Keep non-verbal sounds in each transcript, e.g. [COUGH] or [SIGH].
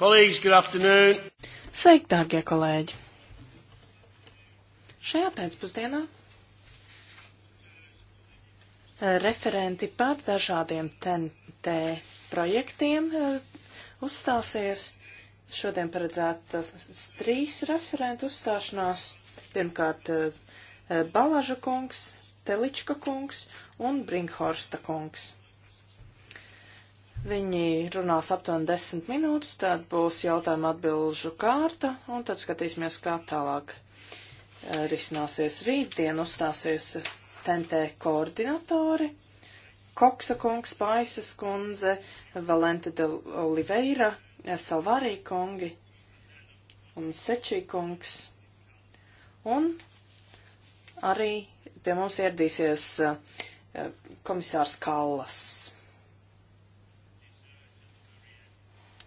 Kolēģis, good afternoon! Sveiki, dārgie kolēģi! Šajā pēcpusdienā referenti par dažādiem TNT projektiem eh, uzstāsies. Šodien paredzētas trīs referentu uzstāšanās. Pirmkārt, eh, Balaža kungs, Telička kungs un Brinkhorsta kungs. Viņi runās aptuveni desmit minūtes, tad būs jautājuma atbilžu kārta, un tad skatīsimies, kā tālāk eh, risināsies rītdien, uzstāsies TNT koordinatori, Koksa kungs, Paisas kundze, Valente de Oliveira, Salvarī kungi un Sečī kungs. Un arī pie mums ieradīsies eh, komisārs Kallas.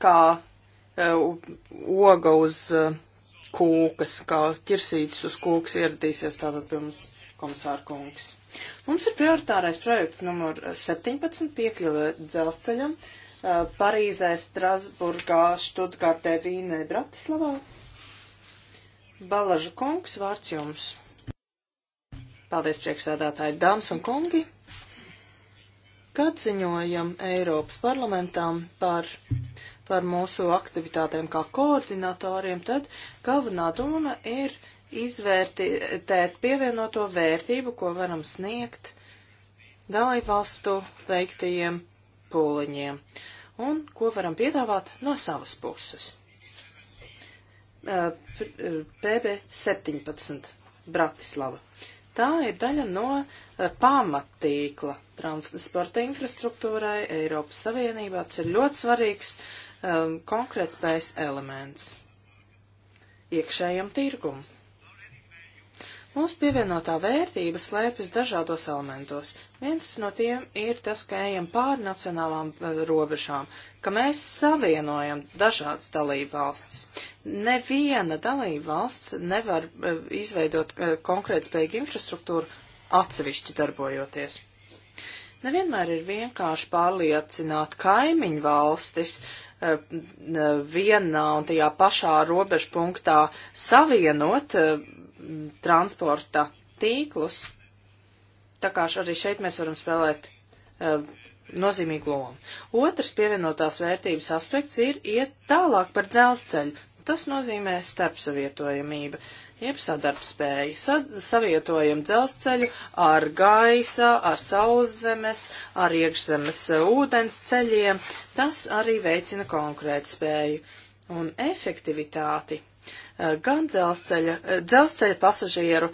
kā e, oga uz e, kūkas, kā ķirsītis uz kūkas ieradīsies tātad pie mums komisāra kungs. Mums ir prioritārais projekts numur 17 piekļuve dzelzceļam e, Parīzē, Strasburgā, Študgārtē, Vīnē, Bratislavā. Balažu kungs, vārds jums. Paldies, priekšsēdētāji, dāmas un kungi. Kad ziņojam Eiropas parlamentām par par mūsu aktivitātēm kā koordinatoriem, tad galvenā doma ir izvērtēt pievienoto vērtību, ko varam sniegt dalībvalstu veiktajiem pūliņiem un ko varam piedāvāt no savas puses. PB17 Bratislava. Tā ir daļa no pamatīkla transporta infrastruktūrai Eiropas Savienībā. Tas ir ļoti svarīgs um, konkrētspējas elements iekšējam tirgum. Mūsu pievienotā vērtība slēpjas dažādos elementos. Viens no tiem ir tas, ka ejam pāri nacionālām uh, robežām, ka mēs savienojam dažādas dalību valstis. Neviena dalība valsts nevar uh, izveidot uh, konkrēt spējīgu infrastruktūru atsevišķi darbojoties. Nevienmēr ir vienkārši pārliecināt kaimiņu valstis Eh, vienā un tajā pašā robežpunktā savienot eh, transporta tīklus. Tā kā arī šeit mēs varam spēlēt eh, nozīmīgu lomu. Otrs pievienotās vērtības aspekts ir iet tālāk par dzelzceļu. Tas nozīmē starpsavietojamība jeb sadarbspēja. Sad, savietojam dzelzceļu ar gaisa, ar sauszemes, ar iekšzemes eh, ūdens ceļiem. Tas arī veicina konkurētspēju un efektivitāti eh, gan dzelzceļa, eh, dzelzceļa pasažieru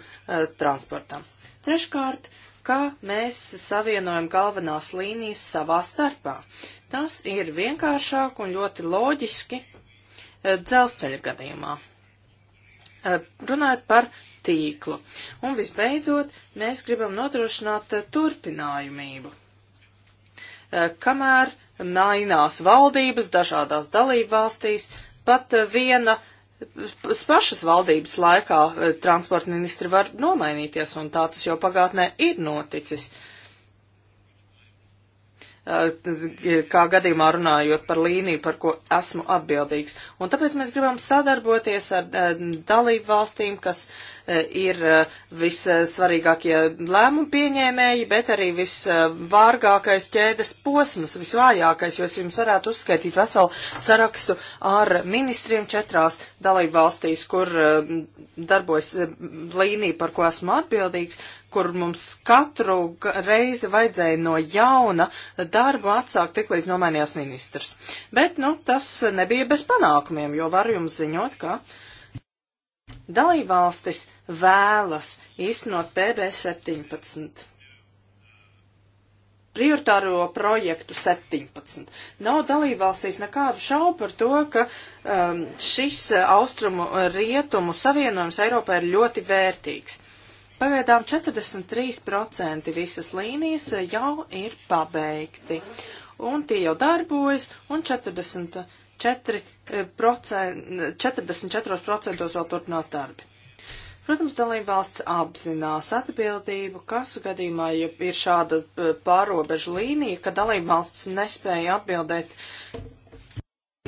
transportam. Treškārt, kā mēs savienojam galvenās līnijas savā starpā. Tas ir vienkāršāk un ļoti loģiski dzelzceļa gadījumā. Eh, runājot par tīklu. Un visbeidzot, mēs gribam nodrošināt eh, turpinājumību. Eh, kamēr mainās valdības dažādās dalību valstīs, pat viena pašas valdības laikā transporta ministri var nomainīties, un tā tas jau pagātnē ir noticis. Uh, kā gadījumā runājot par līniju, par ko esmu atbildīgs. Un tāpēc mēs gribam sadarboties ar eh, dalību valstīm, kas eh, ir eh, vissvarīgākie lēmumu pieņēmēji, bet arī visvārgākais ķēdes posms, visvājākais, jo es jums varētu uzskaitīt veselu sarakstu ar ministriem četrās dalību valstīs, kur darbojas līnija, par ko esmu atbildīgs, kur mums katru reizi vajadzēja no jauna darbu atsākt, tik līdz nomainījās ministrs. Bet, nu, tas nebija bez panākumiem, jo varu jums ziņot, ka dalībvalstis vēlas īstenot PB 17 prioritāro projektu 17. Nav dalībvalstīs nekādu šaubu par to, ka um, šis austrumu rietumu savienojums Eiropā ir ļoti vērtīgs. Pagaidām 43% visas līnijas jau ir pabeigti, un tie jau darbojas, un 44%, 44% vēl turpinās darbi. Protams, dalībvalsts apzinās atbildību, kas gadījumā, ja ir šāda eh, pārobežu līnija, ka dalībvalsts nespēja atbildēt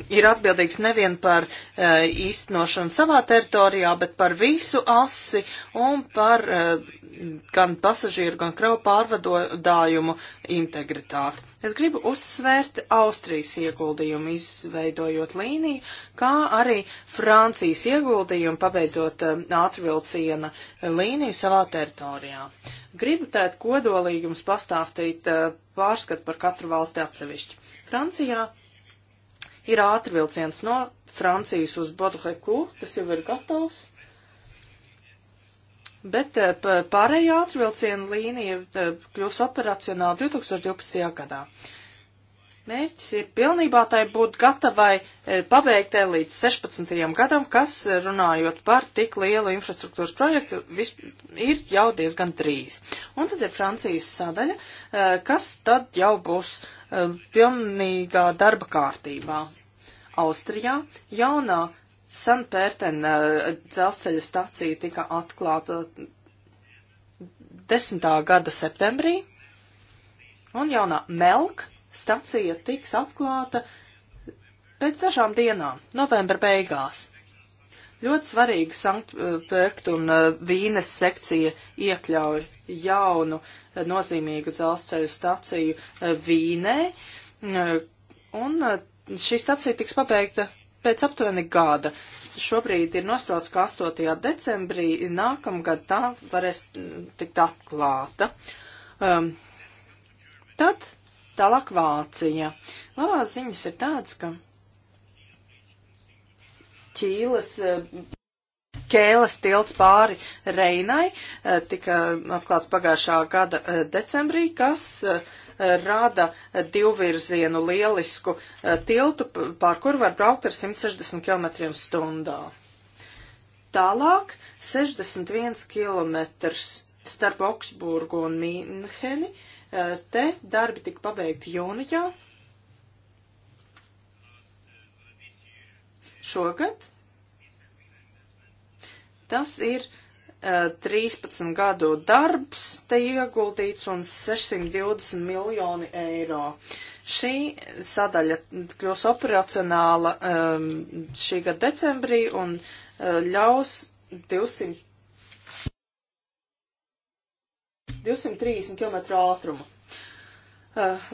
ir atbildīgs nevien par e, īstenošanu savā teritorijā, bet par visu asi un par e, gan pasažieru, gan kravu pārvadājumu integritāti. Es gribu uzsvērt Austrijas ieguldījumu izveidojot līniju, kā arī Francijas ieguldījumu pabeidzot e, ātrvilciena līniju savā teritorijā. Gribu tēt kodolīgi jums pastāstīt e, pārskat par katru valsti atsevišķi. Francijā Ir ātrvilciens no Francijas uz Bordeheku, tas jau ir gatavs. Bet eh, pārējā ātrvilciena līnija eh, kļūs operacionāla 2012. gadā. Mērķis ir pilnībā tai būt gatavai eh, pabeigtē līdz 16. gadam, kas, runājot par tik lielu infrastruktūras projektu, vis, ir jau diezgan drīz. Un tad ir Francijas sadaļa, kas tad jau būs pilnīgā darba kārtībā. Austrijā jaunā Sanpērtena eh, dzelzceļa stacija tika atklāta 10. gada septembrī, un jaunā Melk stacija tiks atklāta pēc dažām dienām, novembra beigās. Ļoti svarīga Sanktpērkt un eh, Vīnes sekcija iekļauj jaunu eh, nozīmīgu dzelzceļu staciju Vīnē, un Šī stacija tiks pabeigta pēc aptuveni gada. Šobrīd ir nosprauts, ka 8. decembrī nākamgad tā varēs tikt atklāta. Um, tad tālāk Vācija. Labās ziņas ir tāds, ka Ķīles. Uh, Kēles tilts pāri Reinai uh, tika atklāts pagājušā gada uh, decembrī, kas uh, rada divvirzienu lielisku eh, tiltu, pār kur var braukt ar 160 km stundā. Tālāk 61 km starp Augsburgu un Mīnheni. Eh, te darbi tika pabeigti jūnijā. Šogad tas ir uh, 13 gadu darbs te ieguldīts un 620 miljoni eiro. Šī sadaļa kļūs operacionāla um, šī gada decembrī un uh, ļaus 200, 230 km ātrumu.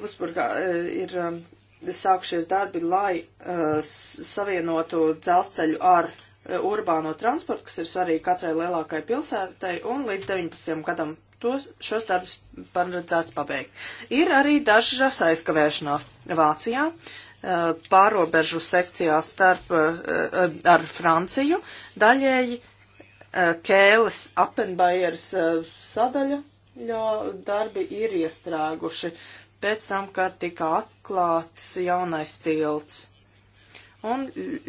Lusburgā uh, uh, ir um, sākušies darbi, lai savienotu dzelzceļu ar uh, urbāno transportu, kas ir svarīgi katrai lielākai pilsētai, un līdz 19 gadam tos, šos darbus paredzēts pabeigt. Ir arī dažas aizkavēšanās Vācijā, eh, pārobežu sekcijā starp eh, ar Franciju, daļēji eh, Kēles Apenbaieras sadaļa, jo darbi ir iestrēguši pēc tam, kad tika atklāts jaunais tilts. Un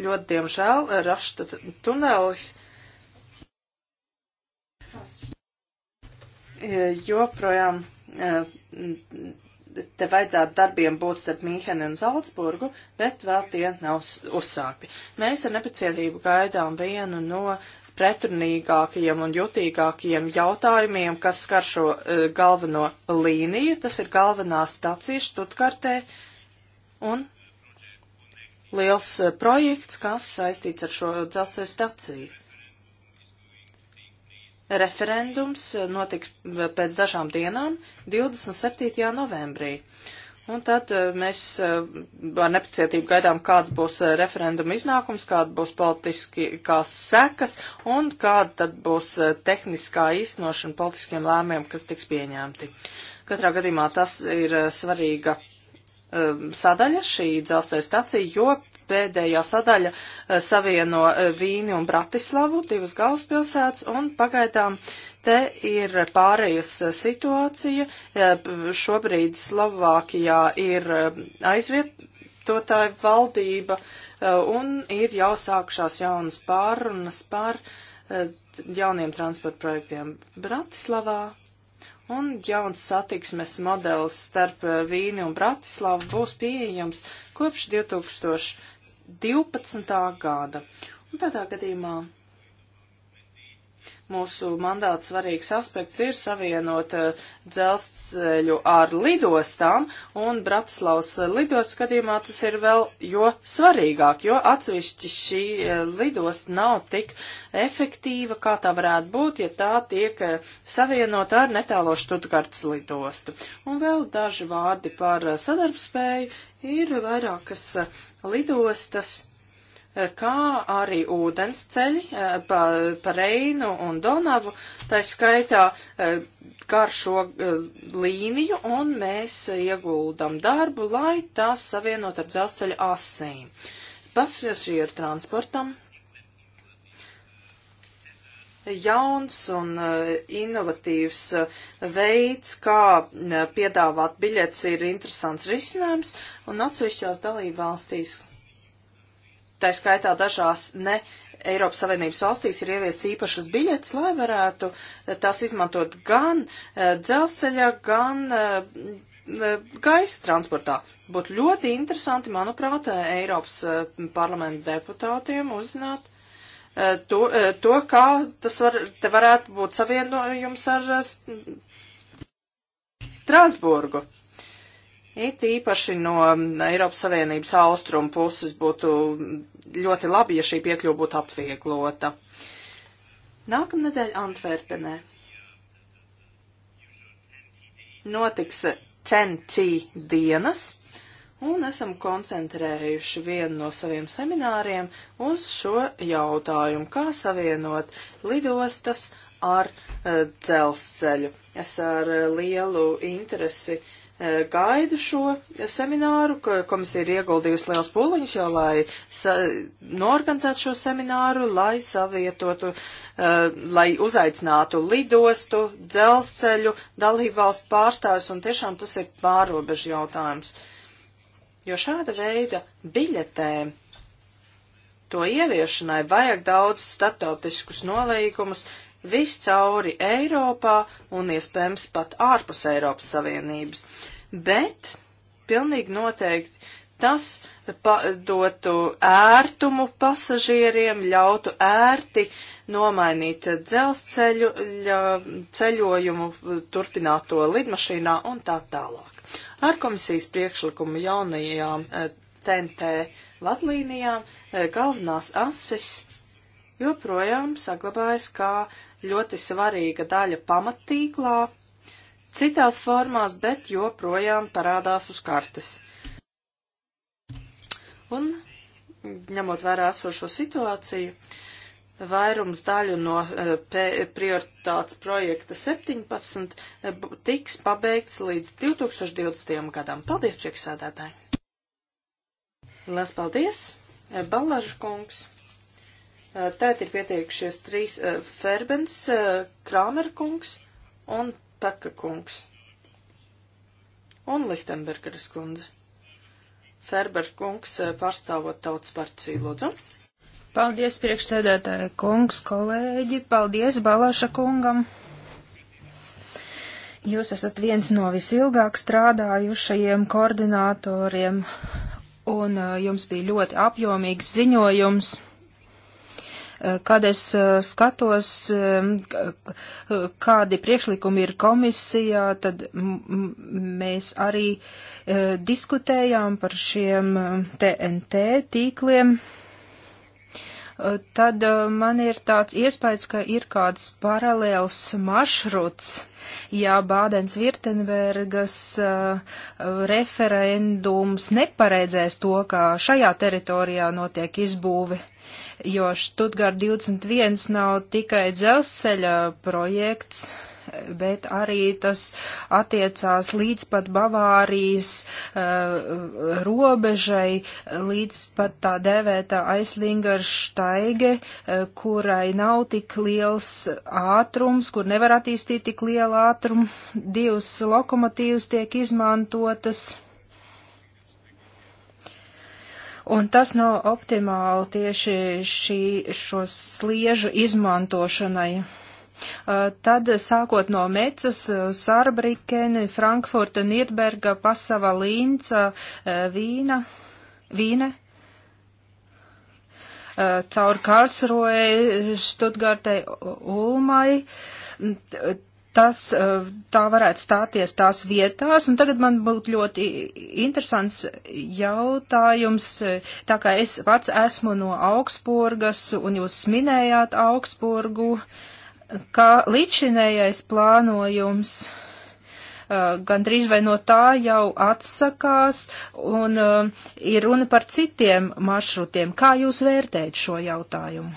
ļoti diemžēl rašta tunelis e, joprojām e, te vajadzētu darbiem būt starp Mīheni un Zaldzburgu, bet vēl tie nav uzsākti. Mēs ar nepacietību gaidām vienu no pretrunīgākajiem un jutīgākajiem jautājumiem, kas skar šo uh, galveno līniju. Tas ir galvenā stacija Štutkartē, un liels eh, projekts, kas saistīts ar šo dzelzceļa staciju. Referendums eh, notiks eh, pēc dažām dienām, 27. novembrī. Un tad mēs ar nepacietību gaidām, kāds būs referenduma iznākums, kāda būs politiskās sekas un kāda tad būs tehniskā īstenošana politiskiem lēmiem, kas tiks pieņemti. Katrā gadījumā tas ir svarīga um, sadaļa, šī dzelzceļa stacija, jo pēdējā sadaļa uh, savieno uh, Vīni un Bratislavu, divas galvaspilsētas, un pagaidām te ir pārējas uh, situācija. Uh, šobrīd Slovākijā ir um, aizvietotāja valdība uh, un ir jau sākušās jaunas pārunas par uh, jauniem transporta projektiem Bratislavā un jauns satiksmes modelis starp eh, Vīni un Bratislavu būs pieejams kopš 2012. gada. Un tādā gadījumā mūsu mandāta svarīgs aspekts ir savienot uh, dzelzceļu ar lidostām, un Bratislavas eh, lidost skatījumā tas ir vēl jo svarīgāk, jo atsevišķi šī uh, lidost nav tik efektīva, kā tā varētu būt, ja tā tiek uh, savienot ar netālo Štutgartas lidostu. Un vēl daži vārdi par sadarbspēju ir vairākas lidostas kā arī ūdensceļi eh, pa, pa Reinu un Donavu, tā skaitā eh, garšo eh, līniju, un mēs ieguldam darbu, lai tās savienot ar dzelzceļa asīm. Pasažieru transportam jauns un inovatīvs veids, kā piedāvāt biļetes, ir interesants risinājums, un atsevišķās dalībvalstīs tā skaitā dažās ne Eiropas Savienības valstīs ir ieviests īpašas biļetes, lai varētu eh, tās izmantot gan eh, dzelzceļā, gan eh, gaisa transportā. Būtu ļoti interesanti, manuprāt, Eiropas parlamenta deputātiem uzzināt to, to kā tas var, te varētu būt savienojums ar Strasburgu. It īpaši no Eiropas Savienības austrumu puses būtu ļoti labi, ja šī piekļuva būtu apvieglota. Nākamnedēļ Antverpenē notiks TNT dienas, un esam koncentrējuši vienu no saviem semināriem uz šo jautājumu, kā savienot lidostas ar uh, dzelzceļu. Es ar uh, lielu interesi uh, Eh, gaidu šo semināru, ka komisija ir ieguldījusi liels pūliņus jau, lai sa, norganizētu šo semināru, lai savietotu, uh, lai uzaicinātu lidostu, dzelzceļu, dalībvalstu pārstāvis, un tiešām tas ir pārobežu jautājums. Jo šāda veida biļetēm to ieviešanai vajag daudz starptautiskus nolīgumus, viscauri Eiropā un iespējams pat ārpus Eiropas Savienības. Bet pilnīgi noteikti tas pa, dotu ērtumu pasažieriem, ļautu ērti nomainīt dzelzceļu ļa, ceļojumu, turpināt to lidmašīnā un tā tālāk. Ar komisijas priekšlikumu jaunajām TNT eh, vadlīnijām eh, galvenās asis joprojām saglabājas kā ļoti svarīga daļa pamattīklā, citās formās, bet joprojām parādās uz kartes. Un, ņemot vērā esošo situāciju, vairums daļu no eh, prioritātes projekta 17 eh, tiks pabeigts līdz 2020. gadam. Paldies, priekšsēdētāji! Lielas paldies, Ballaža kungs! Tēt ir pieteikušies trīs Ferbens, Krāmer kungs un Peka kungs un Lichtenbergeras kundze. Ferber kungs pārstāvot tautas partiju, lūdzu. Paldies, priekšsēdētāja kungs, kolēģi, paldies Balaša kungam. Jūs esat viens no visilgāk strādājušajiem koordinatoriem, un jums bija ļoti apjomīgs ziņojums Eh, kad es eh, skatos, kādi priekšlikumi ir komisijā, tad mēs arī eh, diskutējām par šiem TNT tīkliem tad man ir tāds iespējas, ka ir kāds paralēls maršruts. Ja Bādens Virtenbergas referendums neparedzēs to, ka šajā teritorijā notiek izbūve, jo Štutgārda 21 nav tikai dzelzceļa projekts, bet arī tas attiecās līdz pat Bavārijas uh, robežai, līdz pat tā dēvētā aizlingarštaige, uh, eh, kurai nav tik liels ātrums, kur nevar attīstīt tik lielu ātrumu. Divas lokomotīvas tiek izmantotas Un tas nav optimāli tieši šī, šo sliežu izmantošanai. Tad sākot no Mecas, Sarbrikeni, Frankfurta, Nirberga, Pasava, Līnca, Vīna, Vīne, caur Karlsroe, Štutgartei, Ulmai tas, eh, tā varētu stāties tās vietās, un tagad man būtu ļoti interesants jautājums, eh, tā kā es pats esmu no Augsburgas, un jūs minējāt Augsburgu, ka līdzinējais plānojums eh, gandrīz vai no tā jau atsakās, un ir runa par citiem maršrutiem. Kā jūs vērtējat šo jautājumu?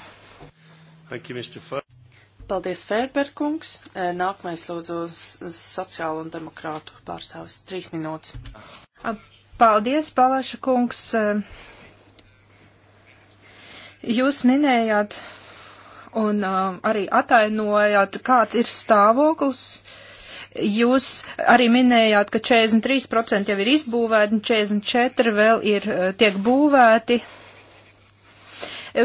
Thank you, Mr. Fur. Paldies, Fērberkungs. Nākamais lūdzu sociālu un demokrātu pārstāvis. Trīs minūtes. Paldies, Palaša kungs. Jūs minējāt un arī atainojāt, kāds ir stāvoklis. Jūs arī minējāt, ka 43% jau ir izbūvēti, 44% vēl ir tiek būvēti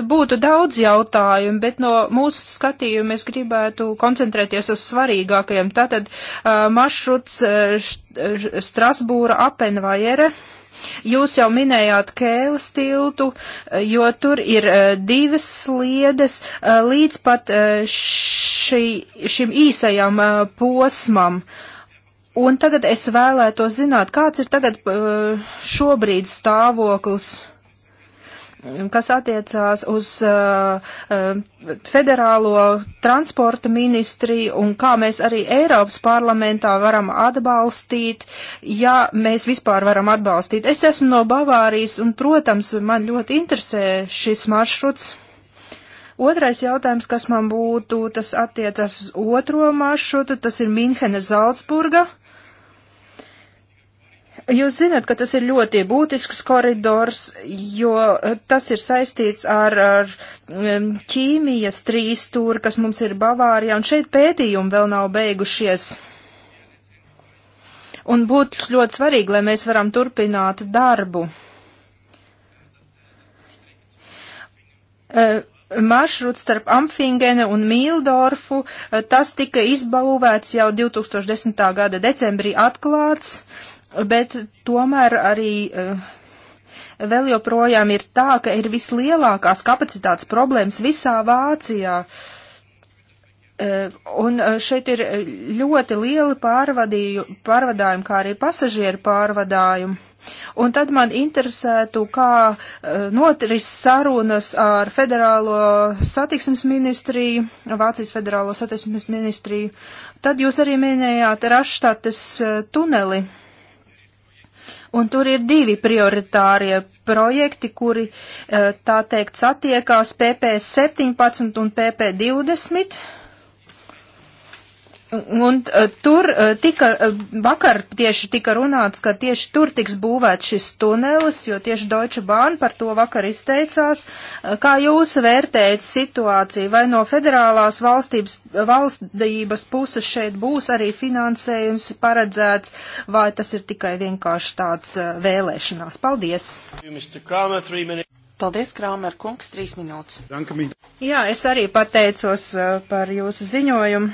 būtu daudz jautājumu, bet no mūsu skatījuma es gribētu koncentrēties uz svarīgākajiem. Tātad uh, maršruts uh, Strasbūra Apenvajere. Jūs jau minējāt Kēlas tiltu, jo tur ir divas sliedes līdz pat šī, šim īsajam posmam. Un tagad es vēlētos zināt, kāds ir tagad šobrīd stāvoklis kas attiecās uz uh, uh, federālo transporta ministriju un kā mēs arī Eiropas parlamentā varam atbalstīt, ja mēs vispār varam atbalstīt. Es esmu no Bavārijas un, protams, man ļoti interesē šis maršruts. Otrais jautājums, kas man būtu, tas attiecas uz otro maršrutu, tas ir Minhene Zaltsburga. Uh, Jūs zināt, ka tas ir ļoti būtisks koridors, jo eh, tas ir saistīts ar, ar mm, ķīmijas trīstūru, kas mums ir Bavārijā, un šeit pētījumi vēl nav beigušies. Un būtu ļoti svarīgi, lai mēs varam turpināt darbu. Eh, maršruts starp Amfingene un Mīldorfu, eh, tas tika izbūvēts jau 2010. gada decembrī atklāts, bet tomēr arī eh, vēl joprojām ir tā, ka ir vislielākās kapacitātes problēmas visā Vācijā. Eh, un eh, šeit ir ļoti lieli pārvadājumi, kā arī pasažieru pārvadājumi. Un tad man interesētu, kā notiris sarunas ar federālo satiksmes ministriju, Vācijas federālo satiksmes ministriju. Tad jūs arī minējāt Raštates tuneli. Un tur ir divi prioritārie projekti, kuri, eh, tā teikt, satiekās PP17 un PP20. Un uh, tur uh, tika, uh, vakar tieši tika runāts, ka tieši tur tiks būvēt šis tunelis, jo tieši Deutsche Bahn par to vakar izteicās. Uh, kā jūs vērtējat situāciju? Vai no federālās valstības, valstības puses šeit būs arī finansējums paredzēts, vai tas ir tikai vienkārši tāds uh, vēlēšanās? Paldies! Paldies, Krāmer kungs, trīs minūtes. Jā, es arī pateicos uh, par jūsu ziņojumu.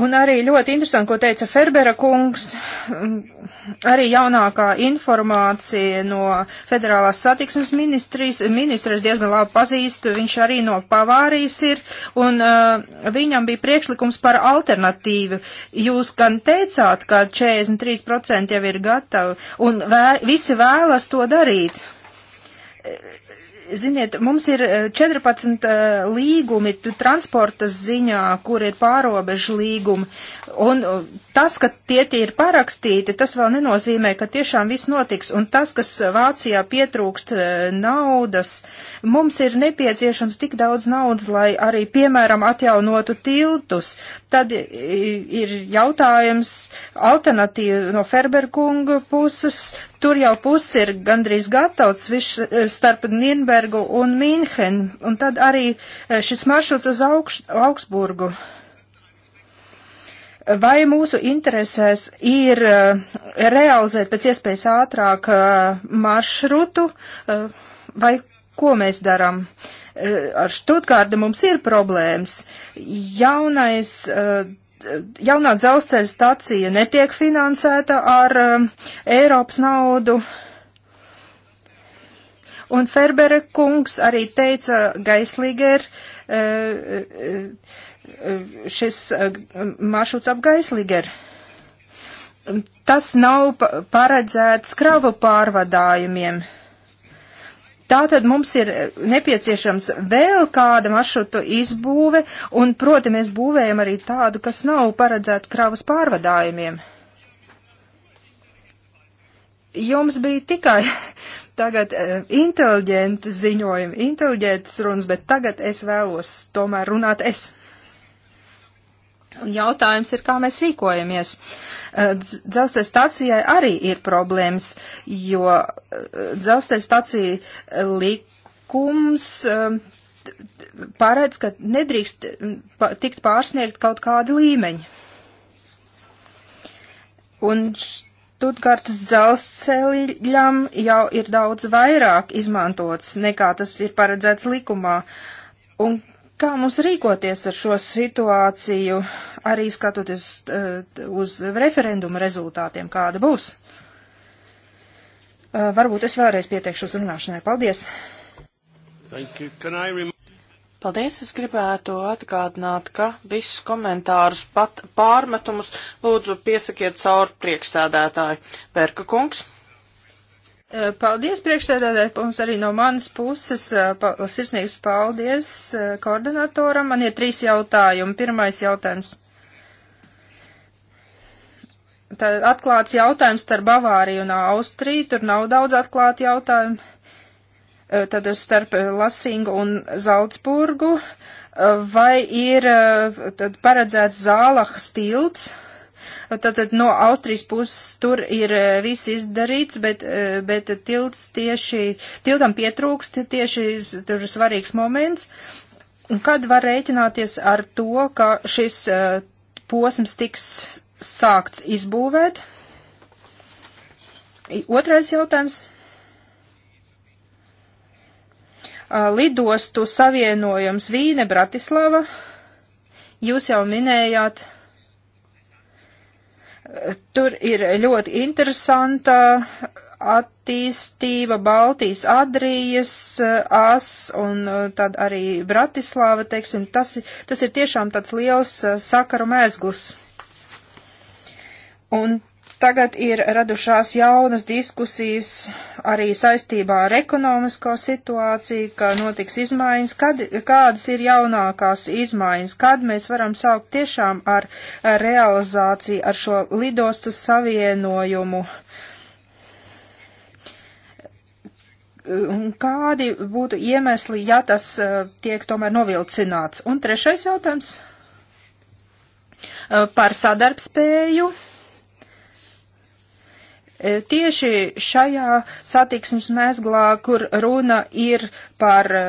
Un arī ļoti interesanti, ko teica Ferbera kungs, arī jaunākā informācija no Federālās satiksmes ministrijas, ministrijas diezgan labi pazīstu, viņš arī no Pavārijas ir, un uh, viņam bija priekšlikums par alternatīvu. Jūs gan teicāt, ka 43% jau ir gatavi, un vē, visi vēlas to darīt Ziniet, mums ir 14 eh, eh, līgumi transporta ziņā, kur ir pārobežu līgumi, un eh, tas, ka tie ir parakstīti, tas vēl nenozīmē, ka tiešām viss notiks, un tas, kas Vācijā pietrūkst naudas, mums ir nepieciešams tik daudz naudas, lai arī, piemēram, atjaunotu tiltus, tad ir jautājums alternatīva no Ferberkunga puses, Tur jau puss ir gandrīz gatavs viš, eh, starp Nienbergu un Mīnhenu, un tad arī eh, šis maršruts uz augš, Augsburgu. Vai mūsu interesēs ir eh, realizēt pēc iespējas ātrāk maršrutu, vai ko mēs darām? Ar Štutgārdu mums ir problēmas. Jaunais uh, jaunā dzelzceļa stacija netiek finansēta ar um, Eiropas naudu. Un Ferbere kungs arī teica, Gaislīger, uh, uh, uh, šis maršruts ap Gaislīger. Tas nav paredzēts kravu pārvadājumiem. Tātad mums ir eh, nepieciešams vēl kāda maršrutu izbūve, un, proti, mēs būvējam arī tādu, kas nav paredzēts kravas pārvadājumiem. Jums bija tikai [LAUGHS] tagad uh, inteliģenti ziņojumi, inteliģentas runas, bet tagad es vēlos tomēr runāt es. Un jautājums ir, kā mēs rīkojamies. Eh, dzelzceļa stacijai arī ir problēmas, jo eh, dzelzceļa stacija eh, likums paredz, ka nedrīkst tikt pārsniegt kaut kādi līmeņi. Un Stuttgartas dzelzceļam jau ir daudz vairāk izmantots nekā tas ir paredzēts likumā. Un Kā mums rīkoties ar šo situāciju, arī skatoties uz referendumu rezultātiem, kāda būs? Uh, varbūt es vēlreiz pieteikšos runāšanai. Paldies! Paldies, es gribētu atgādināt, ka visus komentārus, pat pārmetumus, lūdzu piesakiet caur priekšsēdētāju. Pērka kungs. Eh, paldies priekšsēdētāji, mums arī no manas puses eh, pa, sirsnīgs paldies eh, koordinatoram. Man ir trīs jautājumi. Pirmais jautājums. Tad atklāts jautājums starp Bavāriju un Austriju, tur nav daudz atklātu jautājumu. Tad starp Lasingu un Zalcburgu. Vai ir tad paredzēts zālahas tilts? Tātad no Austrijas puses tur ir e, viss izdarīts, bet, e, bet tilts tieši, tiltam pietrūkst tieši tur svarīgs moments. Kad var rēķināties ar to, ka šis e, posms tiks sākts izbūvēt? Otrais jautājums. lidostu savienojums Vīne Bratislava. Jūs jau minējāt Tur ir ļoti interesanta attīstība Baltijas Adrijas eh, as un eh, tad arī Bratislava, teiksim, tas, tas ir tiešām tāds liels eh, sakaru mēzglis. Un Tagad ir radušās jaunas diskusijas arī saistībā ar ekonomisko situāciju, ka notiks izmaiņas, kad, kādas ir jaunākās izmaiņas, kad mēs varam sākt tiešām ar, ar realizāciju, ar šo lidostu savienojumu. Kādi būtu iemesli, ja tas eh, tiek tomēr novilcināts? Un trešais jautājums eh, par sadarbspēju E, tieši šajā satiksmes mēslā, kur runa ir par e,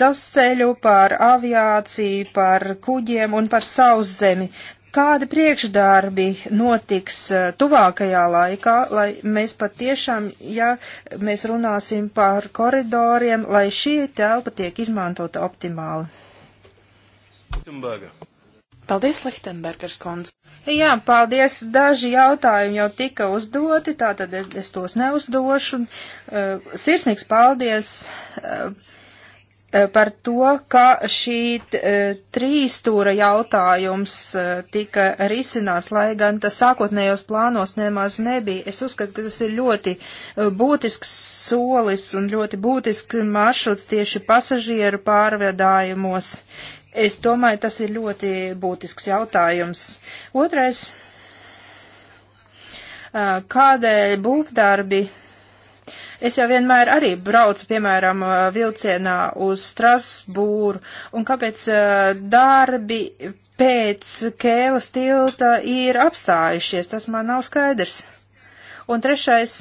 dzelzceļu, par aviāciju, par kuģiem un par sauszemi, Kādi priekšdarbi notiks e, tuvākajā laikā, lai mēs patiešām, ja mēs runāsim par koridoriem, lai šī telpa tiek izmantota optimāli? Timberga. Paldies, Lichtenbergers kundze. Jā, paldies. Daži jautājumi jau tika uzdoti, tātad es, es tos neuzdošu. Uh, sirsnīgs paldies uh, par to, ka šī uh, trīstūra jautājums uh, tika risināts, lai gan tas sākotnējos plānos nemaz nebija. Es uzskatu, ka tas ir ļoti uh, būtisks solis un ļoti būtisks maršruts tieši pasažieru pārvedājumos. Uh, Es domāju, tas ir ļoti būtisks jautājums. Otrais, kādēļ būvdarbi? Es jau vienmēr arī braucu, piemēram, vilcienā uz Strasbūru, un kāpēc darbi pēc Kēlas tilta ir apstājušies, tas man nav skaidrs. Un trešais,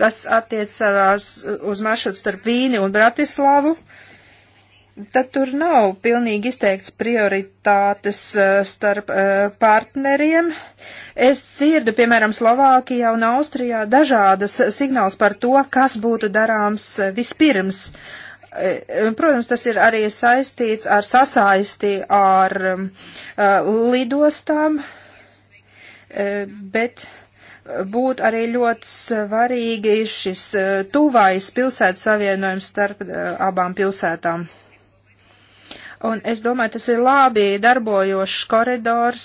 kas attiecās uz maršrutu starp Vīni un Bratislavu, tad tur nav pilnīgi izteikts prioritātes eh, starp eh, partneriem. Es dzirdu, piemēram, Slovākijā un Austrijā dažādas signāls par to, kas būtu darāms eh, vispirms. Protams, tas ir arī saistīts ar sasaisti ar lidostām, bet. Uh, būtu arī ļoti svarīgi šis e, tuvais pilsētas savienojums starp e, abām pilsētām. Un es domāju, tas ir labi darbojošs koridors,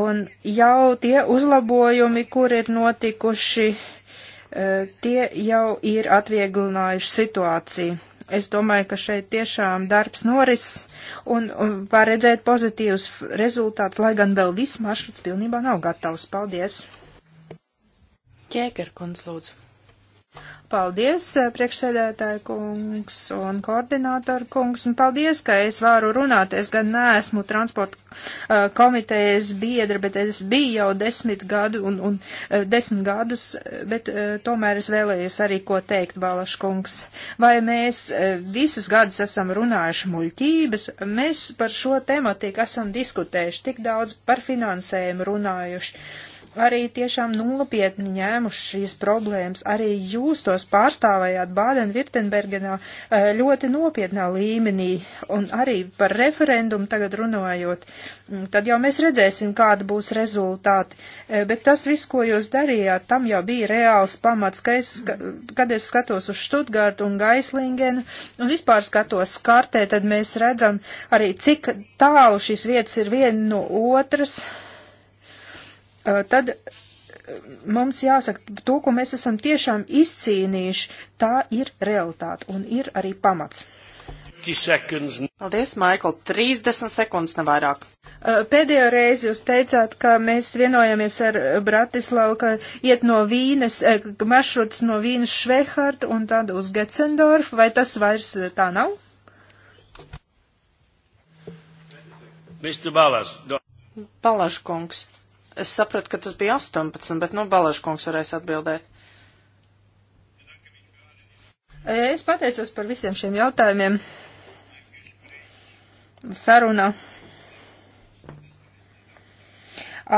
un jau tie uzlabojumi, kur ir notikuši, e, tie jau ir atvieglinājuši situāciju. Es domāju, ka šeit tiešām darbs noris un, un paredzēt pozitīvus rezultātus, lai gan vēl viss maršruts pilnībā nav gatavs. Paldies! Ķēker, kundz, lūdzu. Paldies, eh, priekšsēdētāja kungs un koordinātora kungs, un paldies, ka es varu runāt. Es gan neesmu transporta uh, eh, komitejas biedra, bet es biju jau desmit gadu un, un uh, desmit gadus, bet uh, tomēr es vēlējos arī ko teikt, Balaš kungs. Vai mēs visus gadus esam runājuši muļķības? Mēs par šo tematiku esam diskutējuši, tik daudz par finansējumu runājuši arī tiešām nopietni ņēmuši šīs problēmas. Arī jūs tos pārstāvējāt Bādenvirtenbergenā eh, ļoti nopietnā līmenī. Un arī par referendumu tagad runājot, mm, tad jau mēs redzēsim, kāda būs rezultāti. Eh, bet tas viss, ko jūs darījāt, tam jau bija reāls pamats, ka es, kad es skatos uz Štutgārtu un Gaislingenu un vispār skatos kartē, tad mēs redzam arī, cik tālu šīs vietas ir viena no otras Eh, tad eh, mums jāsaka to, ko mēs esam tiešām izcīnījuši, tā ir realitāte un ir arī pamats. Paldies, Maikl, 30 sekundes nevairāk. Eh, pēdējo reizi jūs teicāt, ka mēs vienojamies ar Bratislavu, ka iet no Vīnes, maršruts no Vīnes Švehart un tad uz Getzendorfu, vai tas vairs tā nav? Mr. Balas. Balaškungs. No... Es sapratu, ka tas bija 18, bet, nu, Balaškungs varēs atbildēt. Es pateicos par visiem šiem jautājumiem. Saruna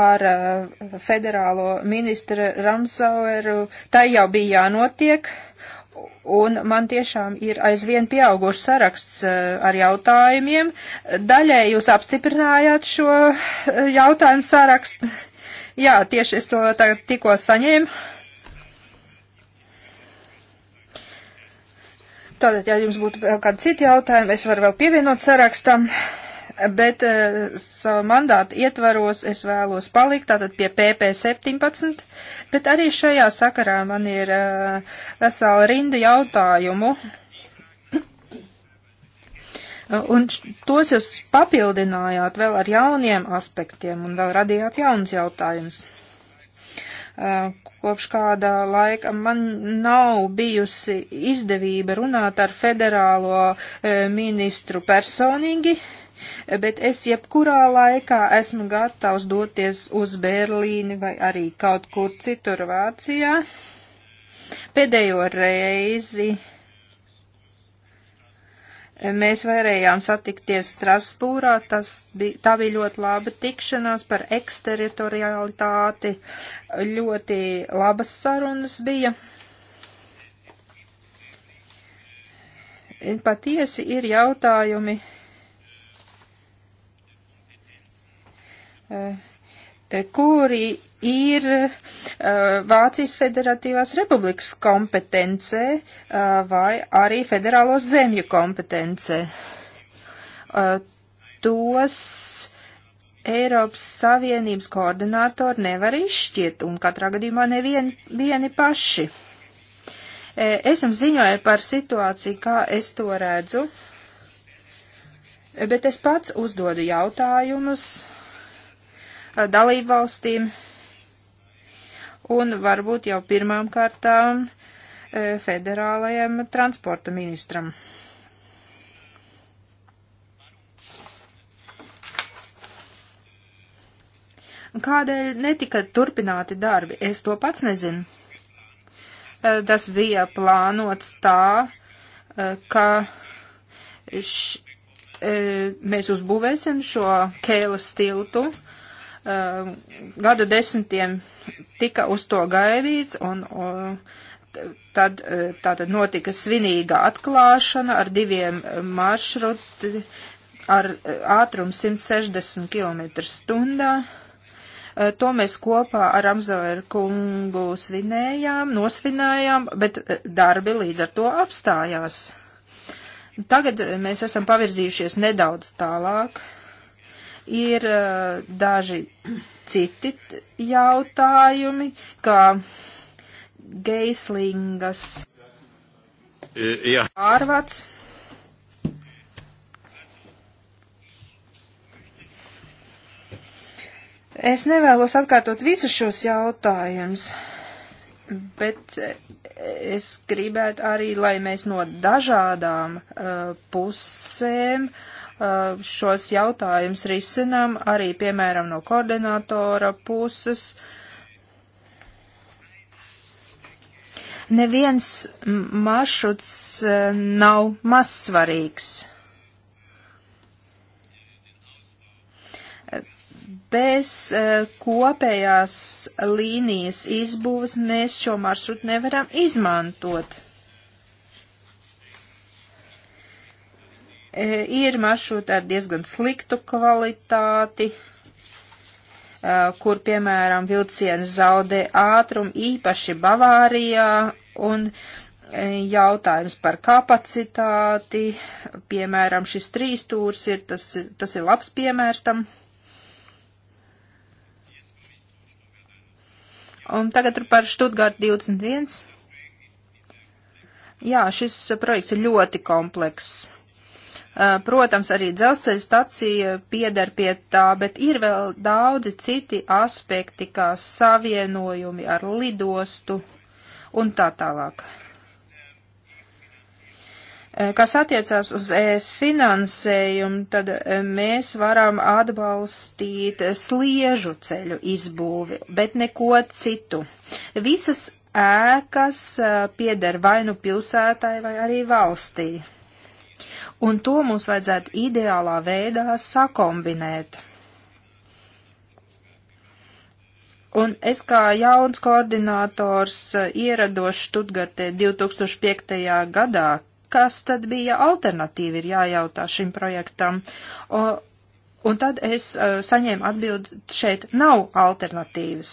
ar eh, federālo ministru Ramsaueru, tai jau bija jānotiek, un man tiešām ir aizvien pieaugušs saraksts eh, ar jautājumiem. Daļai jūs apstiprinājāt šo eh, jautājumu sarakstu. Jā, tieši es to tagad tikko saņēmu. Tātad, ja jums būtu vēl kādi citi jautājumi, es varu vēl pievienot sarakstam, bet uh, savu mandātu ietvaros es vēlos palikt, tātad pie PP17, bet arī šajā sakarā man ir uh, vesela rinda jautājumu. Uh, Un tos jūs papildinājāt vēl ar jauniem aspektiem un vēl radījāt jaunas jautājumus. Kopš kādā laika man nav bijusi izdevība runāt ar federālo ministru personīgi, bet es jebkurā laikā esmu gatavs doties uz Berlīni vai arī kaut kur citur Vācijā. Pēdējo reizi uh, Mēs varējām satikties Strasbūrā, tas bija, tā bija ļoti laba tikšanās par eksteritorialitāti, ļoti labas sarunas bija. Patiesi ir jautājumi. Uh, kuri ir uh, Vācijas Federatīvās Republikas kompetencē uh, eh, vai arī federālo zemju kompetencē. Uh, eh, tos Eiropas Savienības koordinātori nevar izšķirt un katrā gadījumā nevieni paši. Es jums ziņoju par situāciju, kā es to redzu, bet es pats uzdodu jautājumus Uh, dalībvalstīm un varbūt jau pirmām kārtām uh, federālajam transporta ministram. Kādēļ netika turpināti darbi? Es to pats nezinu. Uh, tas bija plānots tā, ka š, mēs uzbūvēsim šo kēlas tiltu uh, gadu desmitiem tika uz to gaidīts, un uh, tad uh, tātad notika svinīga atklāšana ar diviem uh, maršruti ar uh, ātrumu 160 km stundā. Uh, to mēs kopā ar Amzoveru kungu svinējām, nosvinējām, bet darbi līdz ar to apstājās. Tagad mēs esam pavirzījušies nedaudz tālāk ir uh, daži citi jautājumi, kā Geislingas e, Jā. pārvads. Es nevēlos atkārtot visus šos jautājumus, bet es gribētu arī, lai mēs no dažādām uh, pusēm uh, Uh, šos jautājumus risinām arī, piemēram, no koordinātora puses. Neviens maršruts uh, nav mazsvarīgs. bez uh, kopējās līnijas izbūves mēs šo maršrutu nevaram izmantot. E, ir maršruti ar diezgan sliktu kvalitāti, e, kur, piemēram, vilciens zaudē ātrumu, īpaši Bavārijā, un e, jautājums par kapacitāti, piemēram, šis trīs tūrs ir, tas, tas ir labs piemērs tam. Un tagad par Štutgārdu 21. Jā, šis projekts ir ļoti komplekss Eh, protams, arī dzelzceļa stacija pieder pie tā, bet ir vēl daudzi citi aspekti, kā savienojumi ar lidostu un tā tālāk. Eh, kas attiecās uz ES finansējumu, tad eh, mēs varam atbalstīt sliežu ceļu izbūvi, bet neko citu. Visas ēkas pieder vai nu pilsētai, vai arī valstī un to mums vajadzētu ideālā veidā sakombinēt. Un es kā jauns koordinators eh, ierados Štutgartē 2005. gadā, kas tad bija alternatīva, ir jājautā šim projektam. O, un tad es uh, saņēmu atbildi, šeit nav alternatīvas.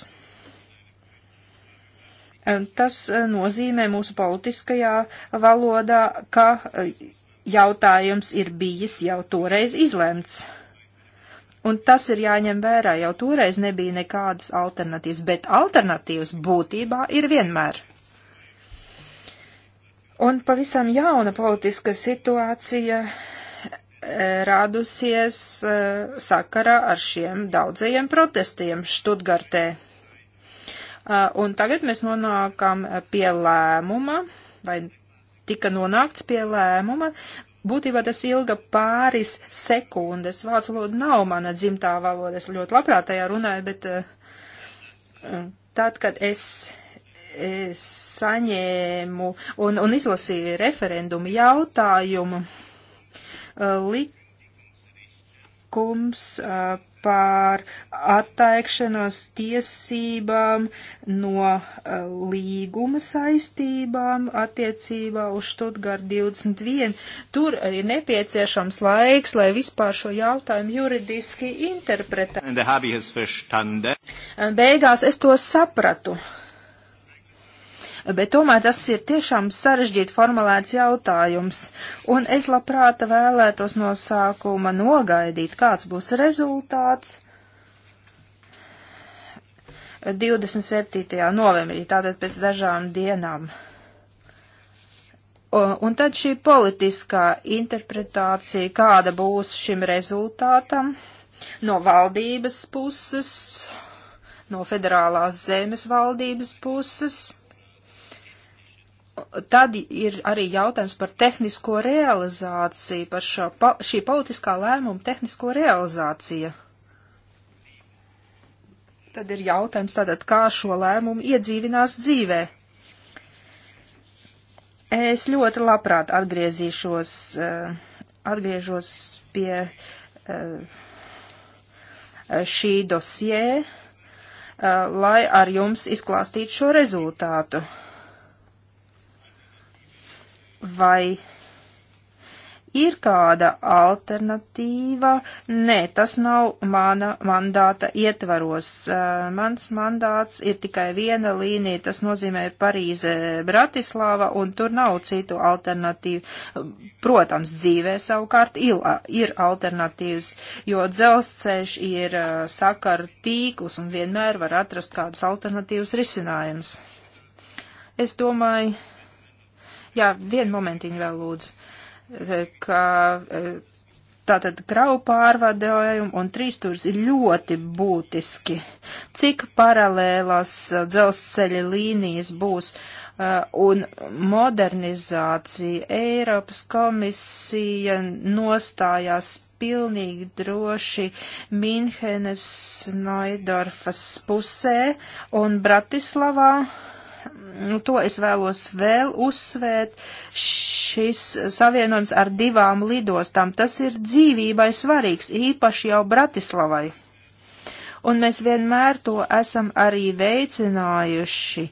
Tas eh, nozīmē mūsu politiskajā valodā, ka jautājums ir bijis jau toreiz izlemts. Un tas ir jāņem vērā, jau toreiz nebija nekādas alternatīvas, bet alternatīvas būtībā ir vienmēr. Un pavisam jauna politiska situācija eh, rādusies eh, sakarā ar šiem daudzajiem protestiem Študgartē. Eh, un tagad mēs nonākam pie lēmuma, vai tika nonākts pie lēmuma. Būtībā tas ilga pāris sekundes. Vācu valoda nav mana dzimtā valoda. Es ļoti labprāt tajā runāju, bet eh, eh, tad, kad es eh, saņēmu un, un izlasīju referendumu jautājumu, likums par atteikšanos tiesībām no eh, līguma saistībām attiecībā uz Štutgart 21. Tur ir nepieciešams laiks, lai vispār šo jautājumu juridiski interpretētu. Beigās es to sapratu bet tomēr tas ir tiešām sarežģīti formulēts jautājums, un es labprāt vēlētos no sākuma nogaidīt, kāds būs rezultāts. 27. novembrī, tātad pēc dažām dienām. Un tad šī politiskā interpretācija, kāda būs šim rezultātam no valdības puses, no federālās zemes valdības puses, tad ir arī jautājums par tehnisko realizāciju, par šo, pa, šī politiskā lēmuma tehnisko realizāciju. Tad ir jautājums tātad, kā šo lēmumu iedzīvinās dzīvē. Es ļoti labprāt atgriezīšos, eh, atgriežos pie eh, šī dosie, eh, lai ar jums izklāstītu šo rezultātu vai ir kāda alternatīva? Nē, tas nav mana mandāta ietvaros. Uh, mans mandāts ir tikai viena līnija, tas nozīmē Parīze, Bratislava, un tur nav citu alternatīvu. Protams, dzīvē savukārt il, ir alternatīvas, jo dzelzceļš ir uh, sakaru tīklus, un vienmēr var atrast kādus alternatīvus risinājumus. Es domāju, Jā, vienu momentiņu vēl lūdzu. Ka, e, tātad kravu pārvadājumu un trīstūrs ir ļoti būtiski. Cik paralēlās e, dzelzceļa līnijas būs e, un modernizācija Eiropas komisija nostājās pilnīgi droši Minhenes, Naidorfas pusē un Bratislavā nu, to es vēlos vēl uzsvērt, šis savienojums ar divām lidostām, tas ir dzīvībai svarīgs, īpaši jau Bratislavai. Un mēs vienmēr to esam arī veicinājuši,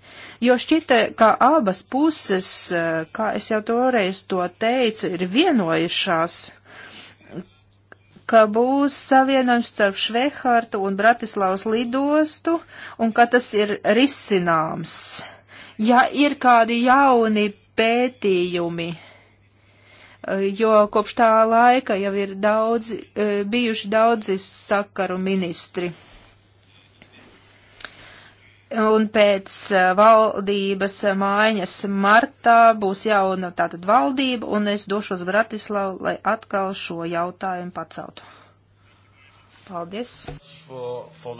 jo šķita, ka abas puses, kā es jau toreiz to teicu, ir vienojušās ka būs savienojums starp Švehartu un Bratislavas lidostu un ka tas ir risināms ja ir kādi jauni pētījumi, eh, jo kopš tā laika jau ir daudz, eh, bijuši daudzi sakaru ministri. Un pēc eh, valdības mājas martā būs jauna tātad valdība, un es došos Bratislavu, lai atkal šo jautājumu paceltu. Paldies. For, for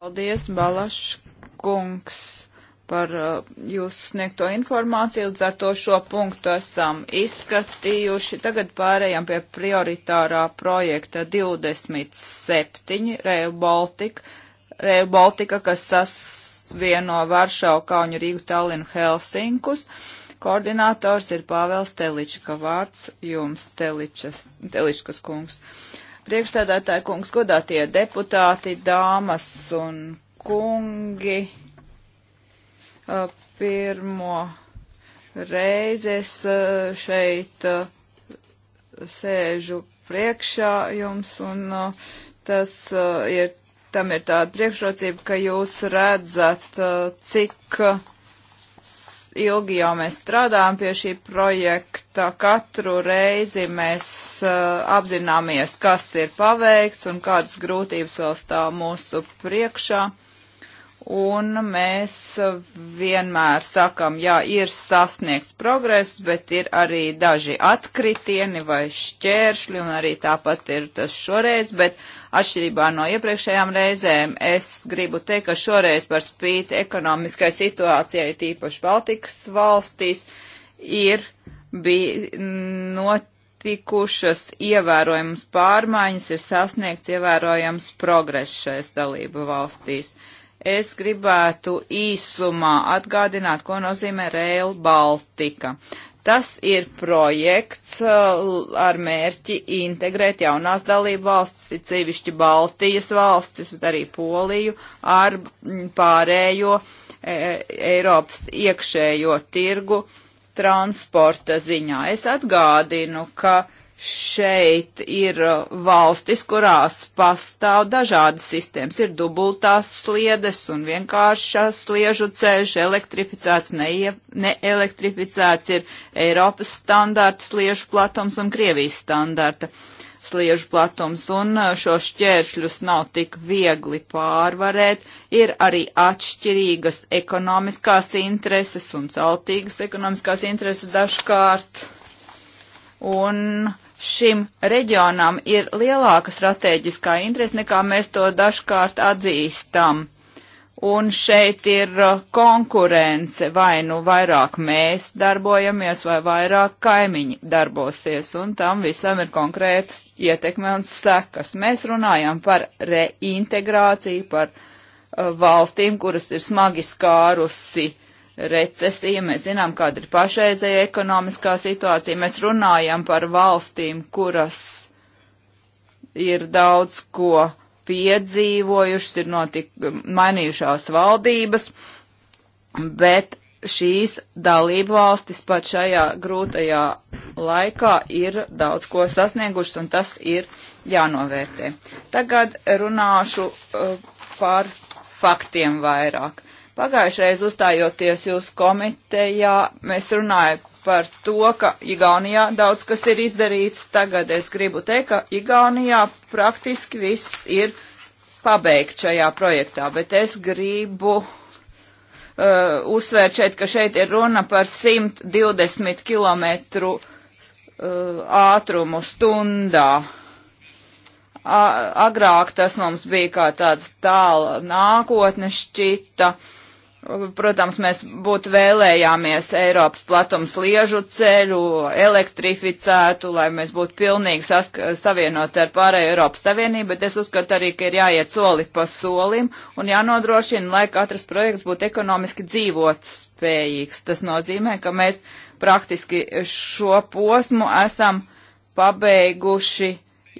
Paldies, Balašs kungs par uh, jūsu sniegto informāciju. Līdz ar to šo punktu esam izskatījuši. Tagad pārējām pie prioritārā projekta 27 Rail Baltica, Rail Baltica kas sasvieno Varšau, Kauņu, Rīgu, Tallinu, Helsinkus. Koordinators ir Pāvels Telička vārds jums, Teličas, Teličkas kungs. Priekšstādātāja kungs, godātie deputāti, dāmas un kungi Uh, pirmo reizi es uh, šeit uh, sēžu priekšā jums, un tas ir, tam ir tāda priekšrocība, ka jūs redzat, cik ilgi jau mēs strādājam pie šī projekta. Katru reizi mēs apzināmies, kas ir paveikts un kādas grūtības vēl stāv mūsu priekšā. Un mēs vienmēr sakam, jā, ir sasniegts progress, bet ir arī daži atkritieni vai šķēršļi, un arī tāpat ir tas šoreiz, bet atšķirībā no iepriekšējām reizēm es gribu teikt, ka šoreiz par spīti ekonomiskai situācijai, tīpaši Baltikas valstīs, ir bija notikušas ievērojams pārmaiņas, ir sasniegts ievērojams progress šais dalību valstīs. Uh, es gribētu īsumā atgādināt, ko nozīmē Rail Baltica. Tas ir projekts uh, ar mērķi integrēt jaunās dalību valstis, ir cīvišķi Baltijas valstis, bet arī Poliju ar mm, pārējo e, e, Eiropas iekšējo tirgu transporta ziņā. Es atgādinu, ka šeit ir uh, valstis, kurās pastāv dažādas sistēmas. Ir dubultās sliedes un vienkāršās sliežu ceļš, elektrificēts, neelektrificēts, ne ir Eiropas standarta sliežu platums un Krievijas standarta sliežu platums, un uh, šo šķēršļus nav tik viegli pārvarēt. Ir arī atšķirīgas ekonomiskās intereses un celtīgas ekonomiskās intereses dažkārt. Un uh, šim reģionam ir lielāka strateģiskā interese nekā mēs to dažkārt atzīstam. Un šeit ir uh, konkurence, vai nu vairāk mēs darbojamies, vai vairāk kaimiņi darbosies, un tam visam ir konkrētas ietekme un sekas. Mēs runājam par reintegrāciju, par uh, valstīm, kuras ir smagi skārusi uh, recesija, mēs zinām, kāda ir pašreizēja ekonomiskā situācija, mēs runājam par valstīm, kuras ir daudz ko piedzīvojušas, ir notik, mainījušās valdības, bet šīs dalību valstis pat šajā grūtajā laikā ir daudz ko sasniegušas, un tas ir jānovērtē. Tagad runāšu uh, par faktiem vairāk. Pagājušreiz uzstājoties jūsu komitejā, mēs runājam par to, ka Igaunijā daudz kas ir izdarīts. Tagad es gribu teikt, ka Igaunijā praktiski viss ir pabeigts šajā projektā, bet es gribu uh, uzsvērt šeit, ka šeit ir runa par 120 km uh, ātrumu stundā. A, agrāk tas mums bija kā tāda tāla nākotne šķita. Uh, Protams, mēs būtu vēlējāmies Eiropas platums liežu ceļu elektrificētu, lai mēs būtu pilnīgi savienoti ar pārējo Eiropas Savienību, bet es uzskatu arī, ka ir jāiet soli pa solim un jānodrošina, lai katrs projekts būtu ekonomiski dzīvot spējīgs. Tas nozīmē, ka mēs praktiski šo posmu esam pabeiguši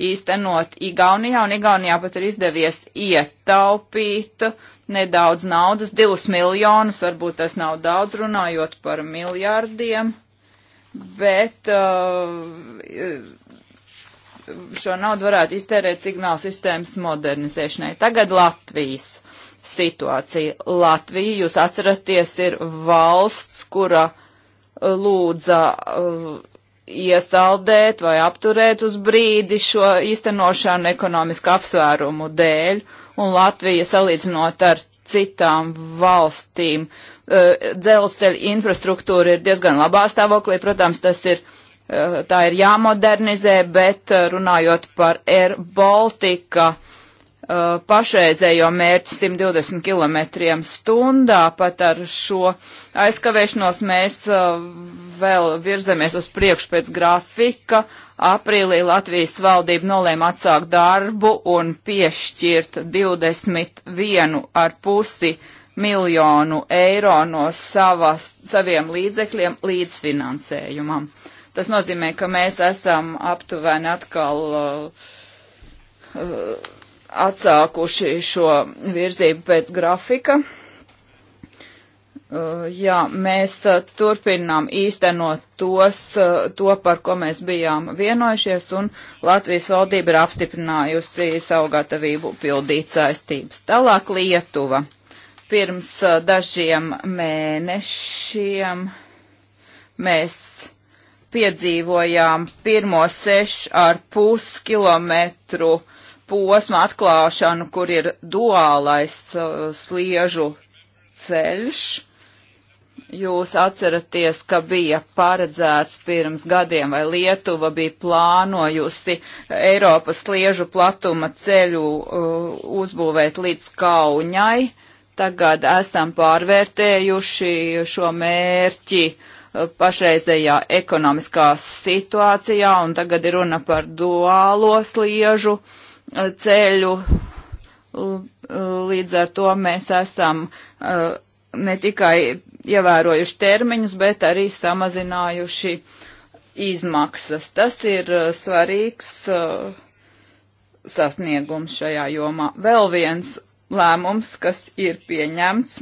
īstenot Igaunijā, un Igaunijā pat ir izdevies ietaupīt nedaudz naudas, divus miljonus, varbūt tas nav daudz runājot par miljārdiem, bet uh, šo naudu varētu iztērēt signāla sistēmas modernizēšanai. Tagad Latvijas situācija. Latvija, jūs atceraties, ir valsts, kura uh, lūdza uh, iesaldēt vai apturēt uz brīdi šo īstenošanu ekonomisku apsvērumu dēļ, un Latvija salīdzinot ar citām valstīm, e, dzelzceļa infrastruktūra ir diezgan labā stāvoklī, protams, tas ir, e, tā ir jāmodernizē, bet e, runājot par Air Baltica, uh, pašreizējo mērķi 120 km stundā, pat ar šo aizkavēšanos mēs uh, vēl virzamies uz priekšu pēc grafika. Aprīlī Latvijas valdība nolēma atsākt darbu un piešķirt 21 ar pusi miljonu eiro no savas, saviem līdzekļiem līdzfinansējumam. Tas nozīmē, ka mēs esam aptuveni atkal uh, uh, atsākuši šo virzību pēc grafika. Uh, jā, mēs uh, turpinām īstenot tos, uh, to, par ko mēs bijām vienojušies, un Latvijas valdība ir apstiprinājusi savu gatavību pildīt saistības. Tālāk Lietuva. Pirms dažiem mēnešiem mēs piedzīvojām pirmo sešu ar pus kilometru uh, posma atklāšanu, kur ir duālais uh, sliežu ceļš. Jūs atceraties, ka bija paredzēts pirms gadiem, vai Lietuva bija plānojusi Eiropas sliežu platuma ceļu uh, uzbūvēt līdz Kaunai. Tagad esam pārvērtējuši šo mērķi uh, pašreizējā ekonomiskā situācijā, un tagad ir runa par duālo sliežu uh, ceļu. Līdz ar to mēs esam ne tikai ievērojuši termiņus, bet arī samazinājuši izmaksas. Tas ir svarīgs sasniegums šajā jomā. Vēl viens lēmums, kas ir pieņemts,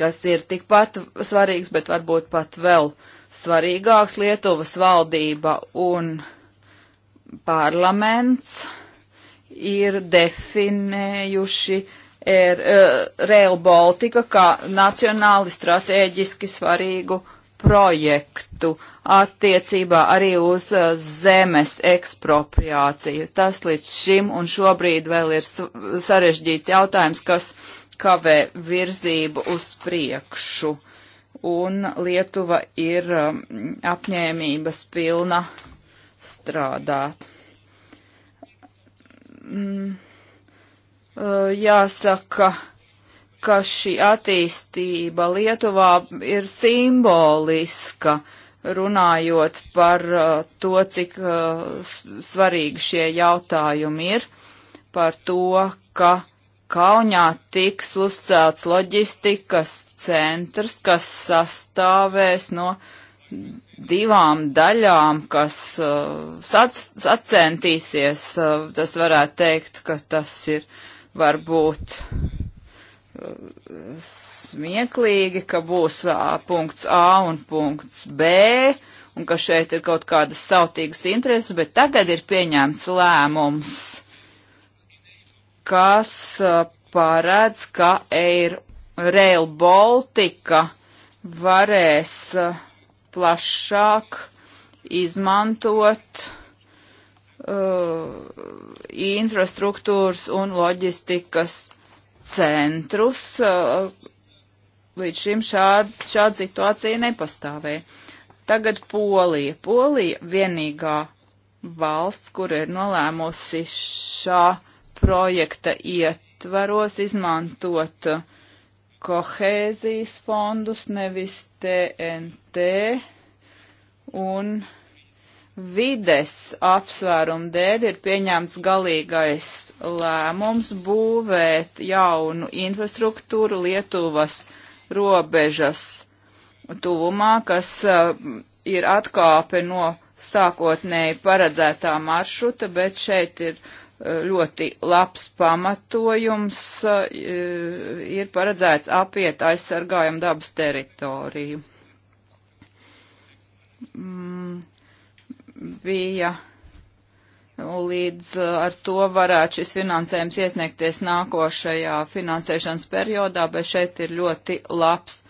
kas ir tikpat svarīgs, bet varbūt pat vēl svarīgāks Lietuvas valdība un parlaments ir definējuši er, Rail Baltica kā nacionāli strateģiski svarīgu projektu attiecībā arī uz eh, zemes ekspropriāciju. Tas līdz šim un šobrīd vēl ir sarežģīts jautājums, kas kavē virzību uz priekšu. Un Lietuva ir eh, apņēmības pilna strādāt mm, uh, jāsaka, ka šī attīstība Lietuvā ir simboliska, runājot par uh, to, cik uh, svarīgi šie jautājumi ir, par to, ka Kaunijā tiks uzcelts loģistikas centrs, kas sastāvēs no uh, divām daļām, kas uh, sac, sacentīsies, uh, tas varētu teikt, ka tas ir varbūt uh, smieklīgi, ka būs uh, punkts A un punkts B, un ka šeit ir kaut kādas sautīgas intereses, bet tagad ir pieņemts lēmums, kas uh, paredz, ka Air Rail Baltica varēs uh, plašāk izmantot uh, infrastruktūras un loģistikas centrus. Uh, līdz šim šāda, šāda situācija nepastāvēja. Tagad Polija. Polija vienīgā valsts, kur ir nolēmusi šā projekta ietvaros izmantot uh, kohēzijas fondus, nevis TNT, un vides apsvērumu dēļ ir pieņemts galīgais lēmums būvēt jaunu infrastruktūru Lietuvas robežas tuvumā, kas uh, ir atkāpe no sākotnēji paredzētā maršruta, bet šeit ir ļoti labs pamatojums eh, ir paredzēts apiet aizsargājumu dabas teritoriju. Mm, bija līdz ar to varētu šis finansējums iesniegties nākošajā finansēšanas periodā, bet šeit ir ļoti labs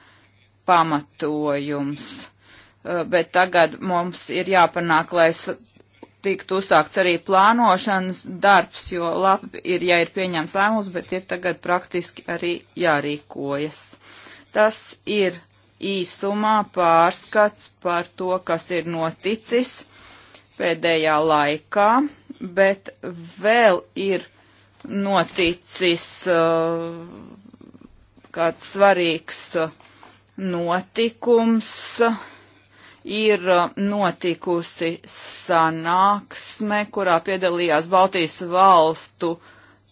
pamatojums. Eh, bet tagad mums ir jāpanāk, lai tiktu uzsākts arī plānošanas darbs, jo labi ir, ja ir pieņemts lēmums, bet ir tagad praktiski arī jārīkojas. Tas ir īsumā pārskats par to, kas ir noticis pēdējā laikā, bet vēl ir noticis uh, kāds svarīgs uh, notikums. Uh, ir uh, notikusi sanāksme, kurā piedalījās Baltijas valstu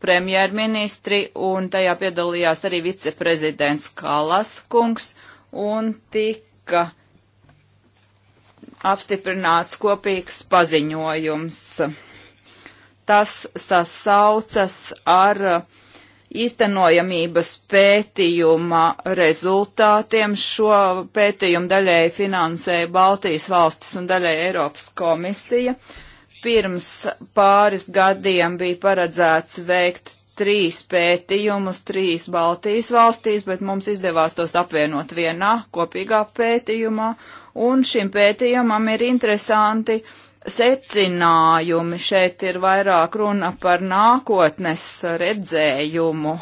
premjerministri un tajā piedalījās arī viceprezidents Kalas kungs un tika apstiprināts kopīgs paziņojums. Tas sasaucas ar uh, īstenojamības pētījuma rezultātiem. Šo pētījumu daļēji finansēja Baltijas valstis un daļēji Eiropas komisija. Pirms pāris gadiem bija paredzēts veikt trīs pētījumus trīs Baltijas valstīs, bet mums izdevās tos apvienot vienā kopīgā pētījumā, un šim pētījumam ir interesanti uh, secinājumi. Šeit ir vairāk runa par nākotnes redzējumu,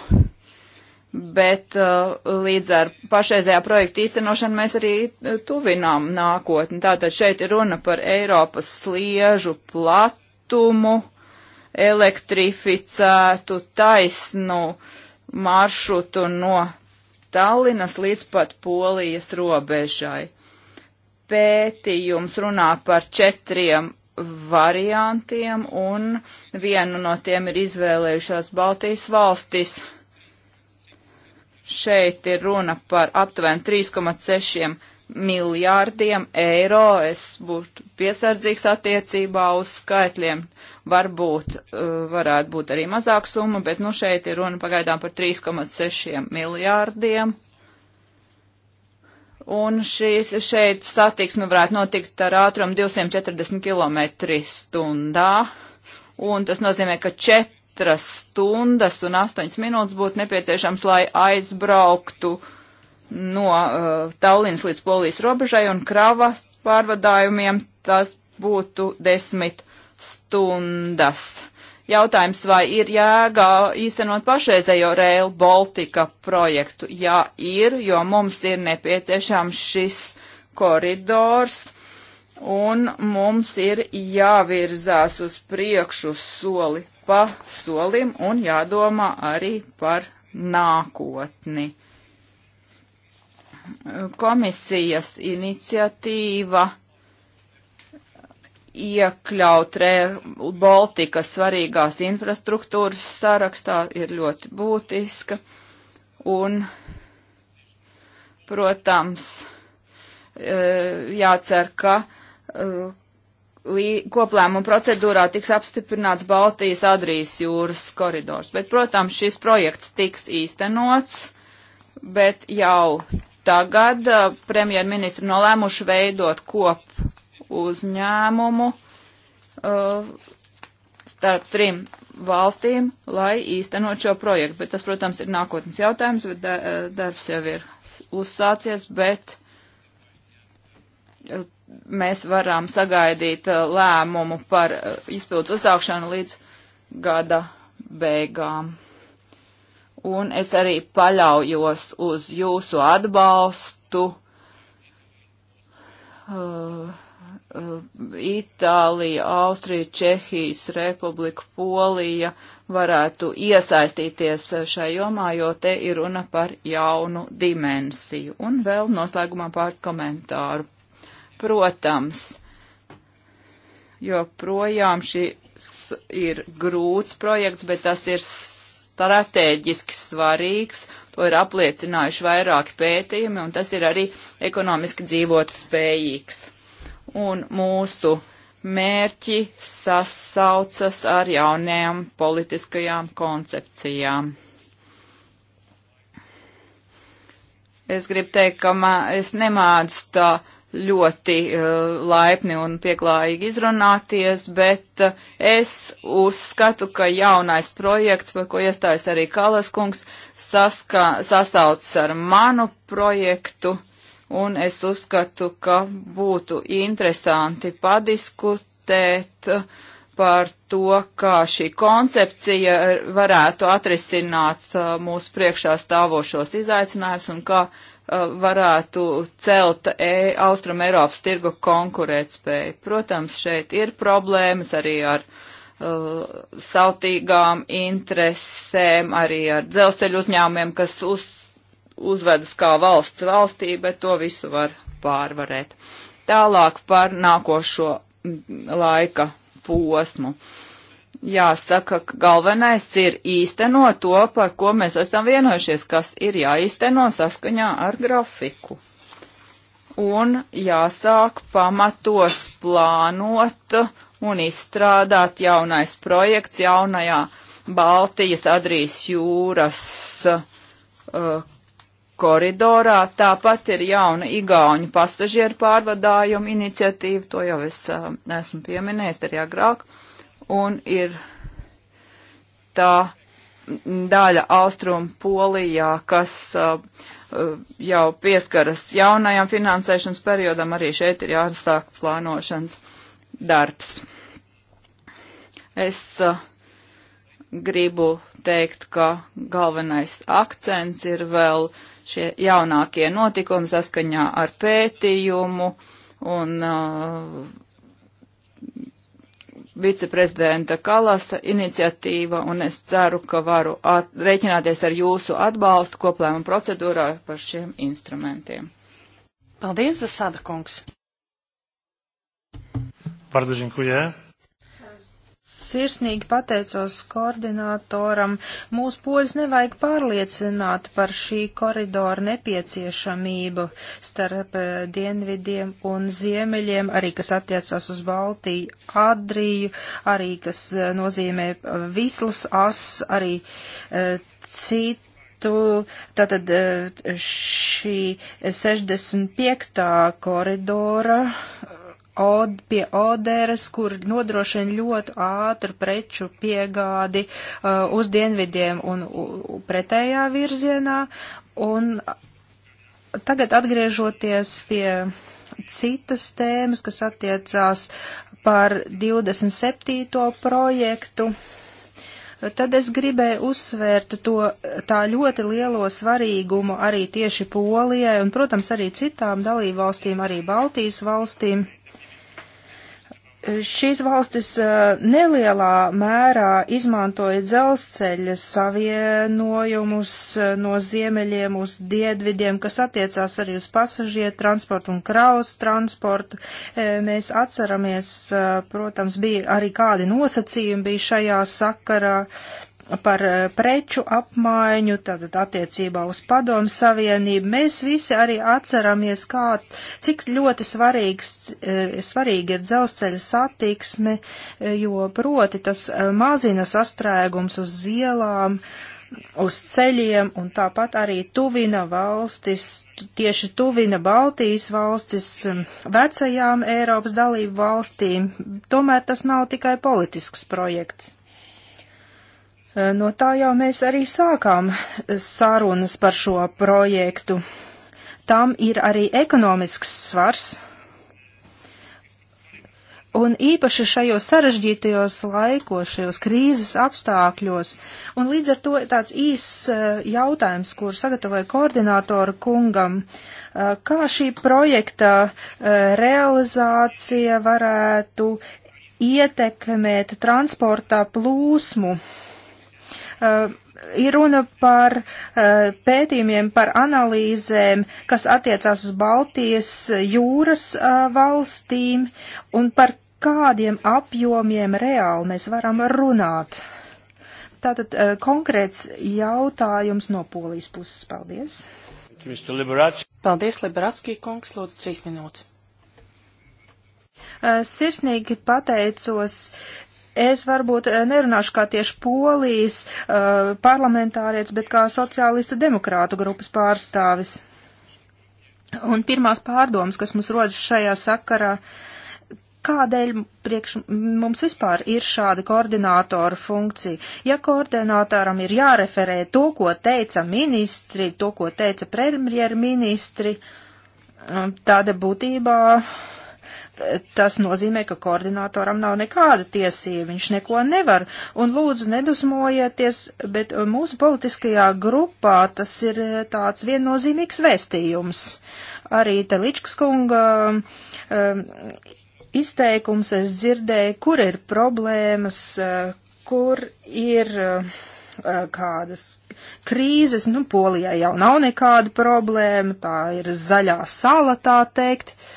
bet uh, līdz ar pašreizējā projekta īstenošanu mēs arī uh, tuvinām nākotni. Tātad šeit ir runa par Eiropas sliežu platumu, elektrificētu taisnu maršrutu no Tallinas līdz pat Polijas robežai pētījums runā par četriem variantiem, un vienu no tiem ir izvēlējušās Baltijas valstis. Šeit ir runa par aptuveni 3,6 miljārdiem eiro. Es būtu piesardzīgs attiecībā uz skaitļiem. Varbūt uh, varētu būt arī mazāk summa, bet nu šeit ir runa pagaidām par 3,6 miljārdiem Un šīs, šeit satiksme varētu notikt ar ātrumu 240 km stundā. Un tas nozīmē, ka 4 stundas un 8 minūtes būtu nepieciešams, lai aizbrauktu no uh, Tallinas līdz Polijas robežai un krava pārvadājumiem. Tas būtu 10 stundas. Jautājums, vai ir jēga īstenot pašreizējo Rail Baltica projektu? Jā, ir, jo mums ir nepieciešams šis koridors. Un mums ir jāvirzās uz priekšu soli pa solim un jādomā arī par nākotni. Komisijas iniciatīva iekļaut Rēr Baltika svarīgās infrastruktūras sarakstā ir ļoti būtiska. Un, protams, e, jācer, ka e, koplēmuma procedūrā tiks apstiprināts Baltijas Adrijas jūras koridors. Bet, protams, šis projekts tiks īstenots, bet jau tagad e, premjerministri nolēmuši veidot kopu uzņēmumu uh, starp trim valstīm, lai īstenot šo projektu. Bet tas, protams, ir nākotnes jautājums, bet da eh, darbs jau ir uzsācies, bet eh, mēs varam sagaidīt eh, lēmumu par izpildus uzsākšanu līdz gada beigām. Un es arī paļaujos uz jūsu atbalstu. Uh, Eh, Itālija, Austrija, Čehijas republika, Polija varētu iesaistīties eh, šai jomā, jo te ir runa par jaunu dimensiju. Un vēl noslēgumā pāris komentāru. Protams, joprojām šis ir grūts projekts, bet tas ir strateģiski svarīgs, to ir apliecinājuši vairāki pētījumi, un tas ir arī ekonomiski dzīvot spējīgs un mūsu mērķi sasaucas ar jaunajām politiskajām koncepcijām. Es gribu teikt, ka mā, es nemādu tā ļoti uh, laipni un pieklājīgi izrunāties, bet uh, es uzskatu, ka jaunais projekts, par ko iestājas arī Kalas kungs, saska, sasaucas ar manu projektu. Uh, un es uzskatu, ka būtu interesanti padiskutēt par to, kā šī koncepcija varētu atrisināt uh, mūsu priekšā stāvošos izaicinājumus un kā uh, varētu celt e Austrum Eiropas tirgu konkurētspēju. Protams, šeit ir problēmas arī ar uh, sautīgām interesēm, arī ar dzelzceļu uzņēmumiem, kas uz uzvedas kā valsts valstī, bet to visu var pārvarēt. Tālāk par nākošo laika posmu. Jāsaka, ka galvenais ir īstenot to, par ko mēs esam vienojušies, kas ir jāīsteno saskaņā ar grafiku. Un jāsāk pamatos plānot un izstrādāt jaunais projekts jaunajā Baltijas Adrijas jūras uh, koridorā. Tāpat ir jauna Igauņu pasažieru pārvadājuma iniciatīva, to jau es uh, esmu pieminējis arī agrāk, un ir tā daļa austrumu polijā, kas uh, jau pieskaras jaunajam finansēšanas periodam, arī šeit ir jāsāk plānošanas darbs. Es uh, gribu teikt, ka galvenais akcents ir vēl šie jaunākie notikumi saskaņā ar pētījumu un uh, viceprezidenta Kalasa iniciatīva, un es ceru, ka varu at, rēķināties ar jūsu atbalstu koplēmu procedūrā par šiem instrumentiem. Paldies, Zasada kungs! Bardzo dziękuję sirsnīgi pateicos koordinatoram. Mūsu poļus nevajag pārliecināt par šī koridora nepieciešamību starp eh, dienvidiem un ziemeļiem, arī kas attiecas uz Baltiju, Adriju, arī kas eh, nozīmē eh, Vislas as, arī citu tu, tātad šī 65. koridora od, pie Oderas, kur nodrošina ļoti ātru preču piegādi uh, uz dienvidiem un uh, pretējā virzienā. Un tagad atgriežoties pie citas tēmas, kas attiecās par 27. projektu. Tad es gribēju uzsvērt to tā ļoti lielo svarīgumu arī tieši Polijai un, protams, arī citām dalībvalstīm, arī Baltijas valstīm šīs valstis eh, nelielā mērā izmantoja dzelzceļa savienojumus eh, no ziemeļiem uz diedvidiem, kas attiecās arī uz pasažieru transportu un kraus transportu. Eh, mēs atceramies, protams, bija arī kādi nosacījumi bija šajā sakarā. Uh, par eh, preču apmaiņu, tātad attiecībā uz padomu savienību. Mēs visi arī atceramies, kā, cik ļoti svarīgs, eh, svarīgi ir dzelzceļa satiksme, eh, jo proti tas mazina sastrēgums uz ielām, uz ceļiem un tāpat arī tuvina valstis, tieši tuvina Baltijas valstis vecajām Eiropas dalību valstīm. Tomēr tas nav tikai politisks projekts. Eh, no tā jau mēs arī sākām sarunas par šo projektu. Tam ir arī ekonomisks svars. Un īpaši šajos sarežģītajos laikos, šajos krīzes apstākļos, un līdz ar to tāds īss eh, jautājums, kur sagatavoja koordinātoru kungam, eh, kā šī projekta realizācija varētu ietekmēt transportā plūsmu Eh, ir runa par eh, pētījumiem, par analīzēm, kas attiecās uz Baltijas eh, jūras valstīm un par kādiem apjomiem reāli mēs varam runāt. Tātad konkrēts jautājums no polijas puses. Paldies! Paldies, Liberatskī kungs, lūdzu, trīs minūtes. Sirsnīgi pateicos Es varbūt eh, nerunāšu kā tieši polijas uh, parlamentārietis, bet kā sociālistu demokrātu grupas pārstāvis. Un pirmās pārdomas, kas mums rodas šajā sakarā, kādēļ priekš mums vispār ir šāda koordinātora funkcija? Ja koordinātoram ir jāreferē to, ko teica ministri, to, ko teica premjerministri, tāda būtībā uh, Tas nozīmē, ka koordinatoram nav nekāda tiesība, viņš neko nevar, un lūdzu nedusmojieties, bet mūsu politiskajā grupā tas ir tāds viennozīmīgs vēstījums. Arī Teličkas kunga um, izteikums es dzirdēju, kur ir problēmas, uh, kur ir uh, kādas krīzes, nu, Polijai jau nav nekāda problēma, tā ir zaļā sala, tā teikt. Uh,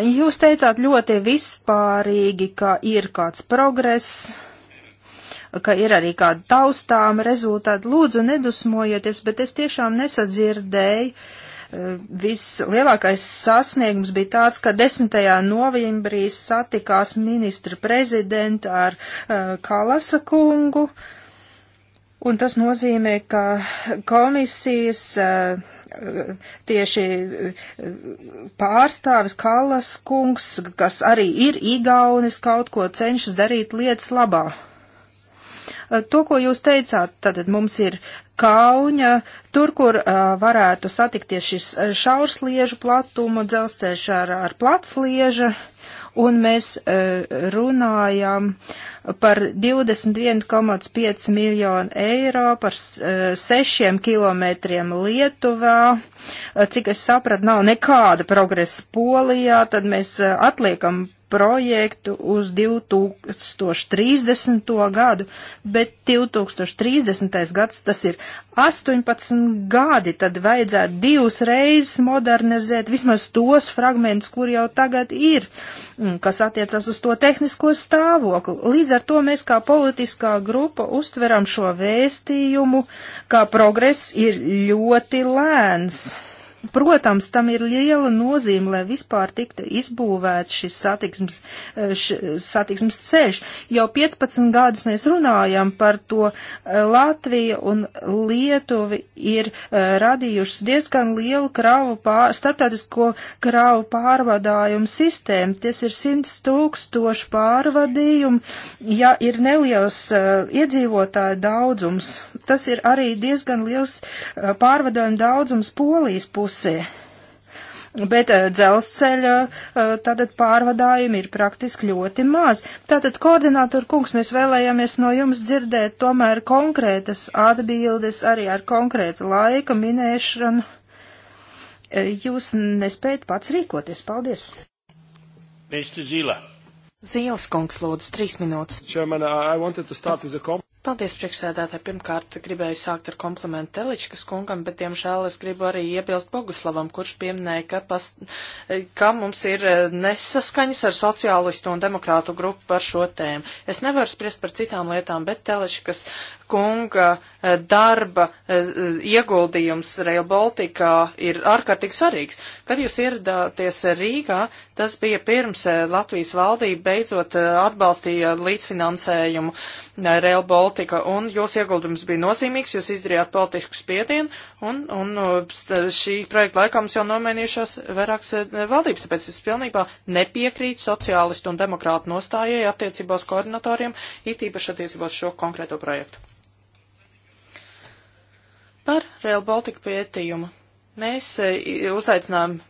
Jūs teicāt ļoti vispārīgi, ka ir kāds progress, ka ir arī kāda taustām rezultāti. Lūdzu, nedusmojieties, bet es tiešām nesadzirdēju. E, vislielākais sasniegums bija tāds, ka 10. novembrī satikās ministra prezidenta ar uh, Kalasa kungu, un tas nozīmē, ka komisijas uh, tieši eh, pārstāvis Kallas kungs, kas arī ir igaunis, kaut ko cenšas darīt lietas labā. Eh, to, ko jūs teicāt, tad mums ir Kauņa, tur, kur uh, varētu satikties šis šaursliežu platuma dzelzceļš ar, ar platsliežu. Uh, un mēs e, runājam par 21,5 miljonu eiro, par 6 e, kilometriem Lietuvā. E, cik es sapratu, nav nekāda progresa Polijā, tad mēs atliekam projektu uz 2030. gadu, bet 2030. gads tas ir 18 gadi, tad vajadzētu divas reizes modernizēt vismaz tos fragmentus, kur jau tagad ir, kas attiecas uz to tehnisko stāvokli. Līdz ar to mēs kā politiskā grupa uztveram šo vēstījumu, kā progress ir ļoti lēns. Protams, tam ir liela nozīme, lai vispār tiktu izbūvēts šis satiksmes, eh, š, satiksmes ceļš. Jau 15 gadus mēs runājam par to. Eh, Latvija un Lietuvi ir eh, radījušas diezgan lielu kravu pār, starptautisko kravu pārvadājumu sistēmu. Ties ir 100 tūkstoši pārvadījumu, ja ir neliels uh, iedzīvotāju daudzums. Tas ir arī diezgan liels uh, pārvadājumu daudzums Polijas pusē pusi. Bet eh, dzelzceļa eh, tātad pārvadājumi ir praktiski ļoti maz. Tātad, koordinātor kungs, mēs vēlējāmies no jums dzirdēt tomēr konkrētas atbildes arī ar konkrētu laika minēšanu. Eh, jūs nespējat pats rīkoties. Paldies! Mr. Zila. Zīles kungs lūdzu trīs minūtes. Chairman, Paldies, priekšsēdētāji. Pirmkārt, gribēju sākt ar komplimentu Teličkas kungam, bet, diemžēl, es gribu arī iebilst Boguslavam, kurš pieminēja, ka, pas, ka mums ir eh, nesaskaņas ar sociālistu un demokrātu grupu par šo tēmu. Es nevaru spriest par citām lietām, bet Teličkas kunga eh, darba eh, ieguldījums Rail Baltica ir ārkārtīgi svarīgs. Kad jūs ieradāties Rīgā, tas bija pirms Latvijas valdība beidzot atbalstīja līdzfinansējumu Rail Baltica politika, un jūsu ieguldījums bija nozīmīgs, jūs izdarījāt politisku spiedienu, un, un uh, šī projekta laikā mums jau nomainījušās vairākas uh, valdības, tāpēc es pilnībā nepiekrītu sociālistu un demokrātu nostājai attiecībos koordinatoriem, it īpaši attiecībos šo konkrēto projektu. Par Rail Baltica pētījumu. Mēs uh, uzaicinām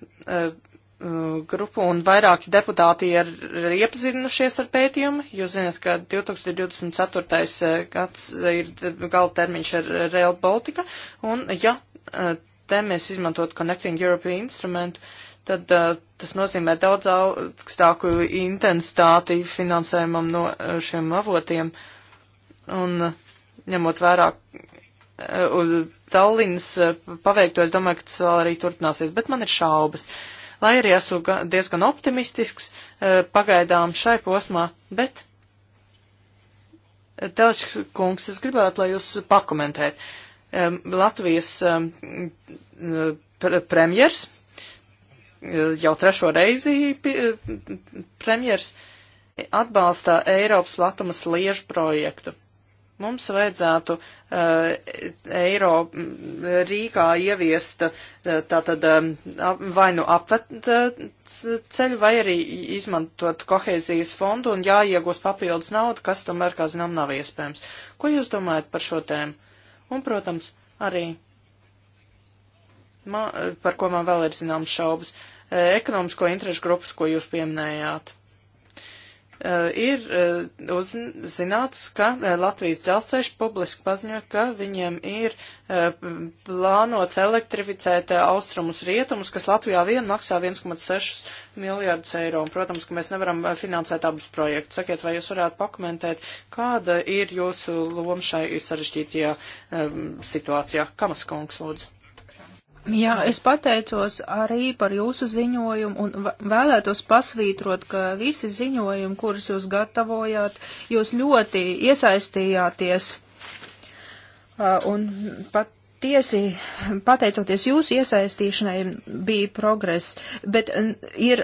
Uh, grupu un vairāki deputāti ir iepazinušies ar pētījumu. Jūs zināt, ka 2024. Uh, gads uh, ir gala termiņš ar Rail Baltica, un ja te mēs izmantot Connecting Europe instrumentu, tad tas nozīmē daudz augstāku intensitāti finansējumam no šiem avotiem, un ņemot vērā Tallinas paveikto, es domāju, ka tas vēl arī turpināsies, bet man ir šaubas. Uh, lai arī esmu diezgan optimistisks e, pagaidām šai posmā, bet e, Telešs kungs, es gribētu, lai jūs pakomentētu. E, Latvijas premjers, jau trešo reizi premjers atbalsta Eiropas Latvijas liežu projektu. Mums vajadzētu uh, eiro mm, Rīgā ieviest uh, tātad um, vai nu apvet uh, ceļu, vai arī izmantot kohēzijas fondu un jāiegūst papildus naudu, kas tomēr, kā zinām, nav iespējams. Ko jūs domājat par šo tēmu? Un, protams, arī, man, par ko man vēl ir zināmas šaubas, ekonomisko interešu grupas, ko jūs pieminējāt. Eh, ir eh, uzzināts, ka eh, Latvijas dzelzceļš publiski paziņo, ka viņiem ir plānots elektrificēt austrumus rietumus, kas Latvijā vien maksā 1,6 miljārdus eiro. Un, protams, ka mēs nevaram finansēt abus projektus. Sakiet, vai jūs varētu pakomentēt, kāda ir jūsu loma šai sarežģītajā um, situācijā? Kamas kungs, lūdzu. Jā, es pateicos arī par jūsu ziņojumu un vēlētos pasvītrot, ka visi ziņojumi, kurus jūs gatavojāt, jūs ļoti iesaistījāties. Uh, un pat tiesi, pateicoties jūsu iesaistīšanai, bija progress, bet ir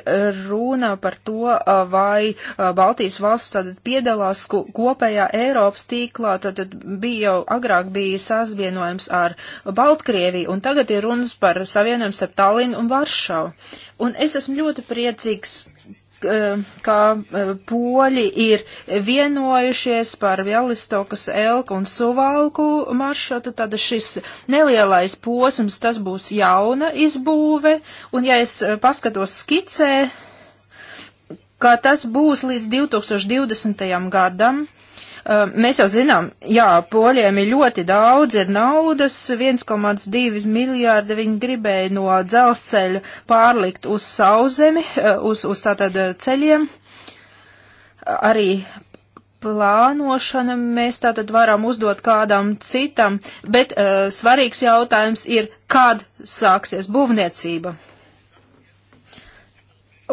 runa par to, vai Baltijas valsts tad piedalās kopējā Eiropas tīklā, tad bija jau agrāk bija sazvienojums ar Baltkrieviju, un tagad ir runas par savienojumu starp Tallinu un Varšavu. Un es esmu ļoti priecīgs, kā e, poļi ir vienojušies par Vjalistokas elku un suvalku maršrutu, tad šis nelielais posms, tas būs jauna izbūve, un ja es e, paskatos skicē, ka tas būs līdz 2020. gadam, Um, mēs jau zinām, jā, poļiem ir ļoti daudz ir naudas, 1,2 miljārdi viņi gribēja no dzelzceļa pārlikt uz sauzemi, uh, uz, uz tātad uh, ceļiem. Arī plānošana mēs tātad varam uzdot kādam citam, bet uh, svarīgs jautājums ir, kad sāksies būvniecība.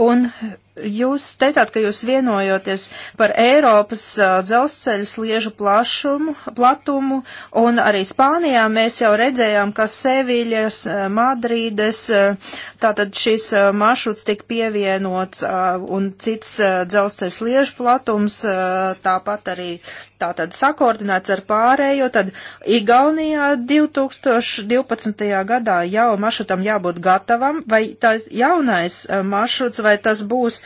Un Jūs teicāt, ka jūs vienojoties par Eiropas dzelzceļa sliežu plašumu, platumu, un arī Spānijā mēs jau redzējām, ka Seviļas, Madrīdes, tātad šis maršruts tika pievienots un cits dzelzceļa sliežu platums, tāpat arī tātad sakoordinēts ar pārējo, tad Igaunijā 2012. gadā jau maršrutam jābūt gatavam, vai tā jaunais maršruts, vai tas būs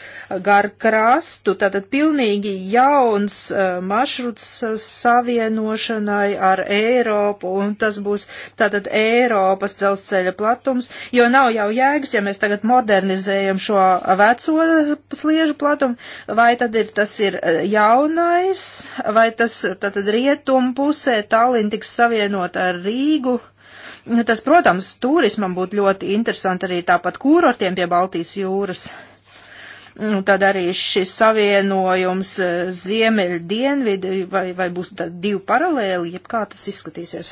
gar krastu, tātad pilnīgi jauns uh, maršruts uh, savienošanai ar Eiropu, un tas būs tātad Eiropas dzelzceļa platums, jo nav jau jēgas, ja mēs tagad modernizējam šo veco sliežu platumu, vai tad ir tas ir uh, jaunais, vai tas tātad rietumu pusē Tallinn tiks savienot ar Rīgu. Tas, protams, turismam būtu ļoti interesanti arī tāpat kūrortiem pie Baltijas jūras. Un nu, tad arī šis savienojums eh, ziemeļu dienvidu, vai, vai būs tad divi paralēli, jeb kā tas izskatīsies?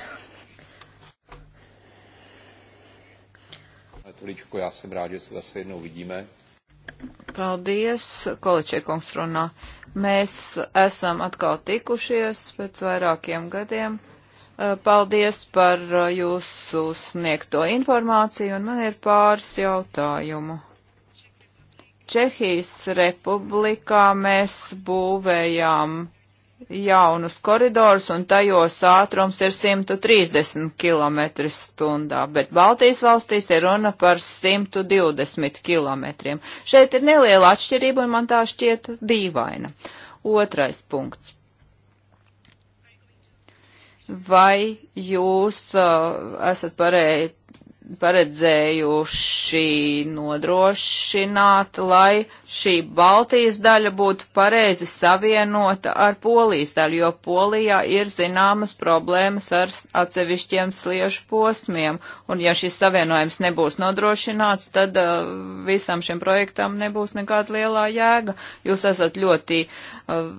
Toličko, jā, sem rád, že se zase jednou vidíme. Paldies, Količiekungs runā. Mēs esam atkal tikušies pēc vairākiem gadiem. Eh, paldies par eh, jūsu sniegto informāciju, un man ir pāris jautājumu. Čehijas republikā mēs būvējām jaunus koridorus, un tajos ātrums ir 130 km stundā, bet Baltijas valstīs ir runa par 120 km. Šeit ir neliela atšķirība, un man tā šķiet dīvaina. Otrais punkts. Vai jūs uh, esat pareizi paredzējuši nodrošināt, lai šī Baltijas daļa būtu pareizi savienota ar Polijas daļu, jo Polijā ir zināmas problēmas ar atsevišķiem sliežu posmiem, un ja šis savienojums nebūs nodrošināts, tad uh, visam šim projektam nebūs nekāda lielā jēga. Jūs esat ļoti uh,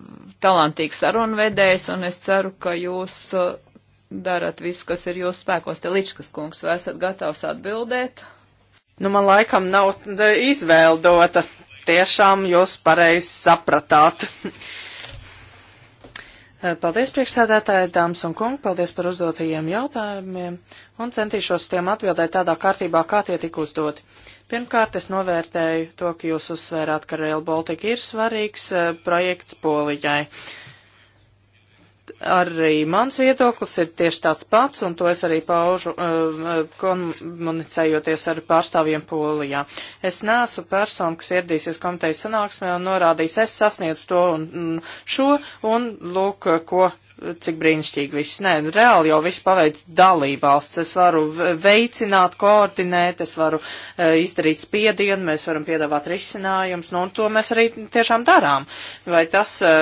talantīgs sarunvedējs, un es ceru, ka jūs uh, darat visu, kas ir jūsu spēkos. Te Ličkas kungs, vai esat gatavs atbildēt? Nu, man laikam nav izvēle dota. Tiešām jūs pareizi sapratāt. [LAUGHS] paldies, priekšsēdētāji, dāmas un kungi, paldies par uzdotajiem jautājumiem un centīšos tiem atbildēt tādā kārtībā, kā tie tika uzdoti. Pirmkārt, es novērtēju to, ka jūs uzsvērāt, ka Rail Baltica ir svarīgs uh, projekts Polijai arī mans viedoklis ir tieši tāds pats, un to es arī paužu um, uh, komunicējoties ar pārstāvjiem Polijā. Es nesu persona, kas ieradīsies komitejas sanāksmē un norādīs, es sasniedzu to un, un šo, un lūk, ko cik brīnišķīgi viss. Nē, nu, reāli jau viss paveic dalībvalsts. Es varu veicināt, koordinēt, es varu e, izdarīt spiedienu, mēs varam piedāvāt risinājumus, nu, un to mēs arī tiešām darām. Vai tas e,